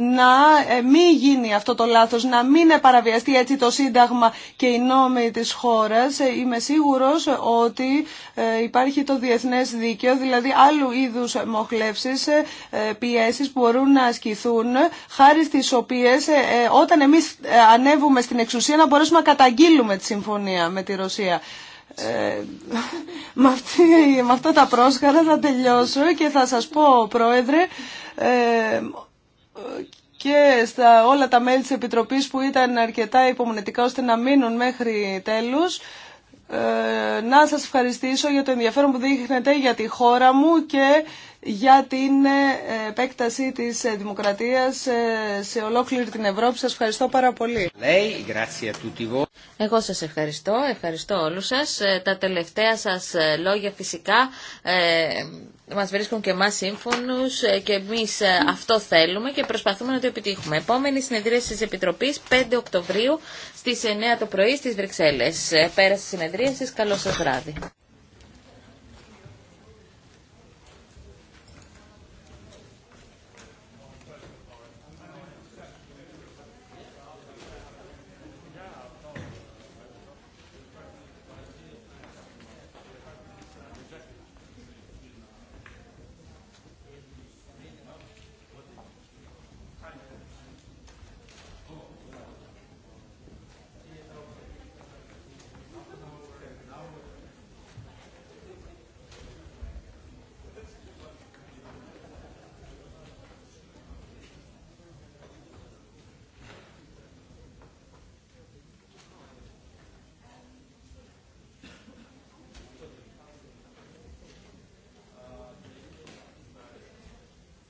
να ε, μην γίνει αυτό το λάθος, να μην παραβιαστεί έτσι το Σύνταγμα και οι νόμοι της χώρας. Ε, είμαι σίγουρος ότι ε, υπάρχει το διεθνές δίκαιο, δηλαδή άλλου είδους μοχλεύσεις, πιέσεις που μπορούν να ασκηθούν, χάρη στις οποίες όταν εμείς ανέβουμε στην εξουσία να μπορέσουμε να καταγγείλουμε τη συμφωνία με τη Ρωσία. με, αυτά τα πρόσχαρα θα τελειώσω και θα σας πω, Πρόεδρε, και στα όλα τα μέλη της Επιτροπής που ήταν αρκετά υπομονετικά ώστε να μείνουν μέχρι τέλους. Ε, να σας ευχαριστήσω για το ενδιαφέρον που δείχνετε για τη χώρα μου και για την ε, επέκταση της ε, δημοκρατίας σε ολόκληρη την Ευρώπη. Σας ευχαριστώ πάρα πολύ. Εγώ σας ευχαριστώ, ευχαριστώ όλους σας. Τα τελευταία σας λόγια φυσικά μας βρίσκουν και εμάς σύμφωνους ε, και εμείς ε, αυτό θέλουμε και προσπαθούμε να το επιτύχουμε. Επόμενη συνεδρία της Επιτροπής 5 Οκτωβρίου στις 9 το πρωί στις Βρυξέλλες. Ε, πέρασε συνεδρία σας. Καλό σας βράδυ.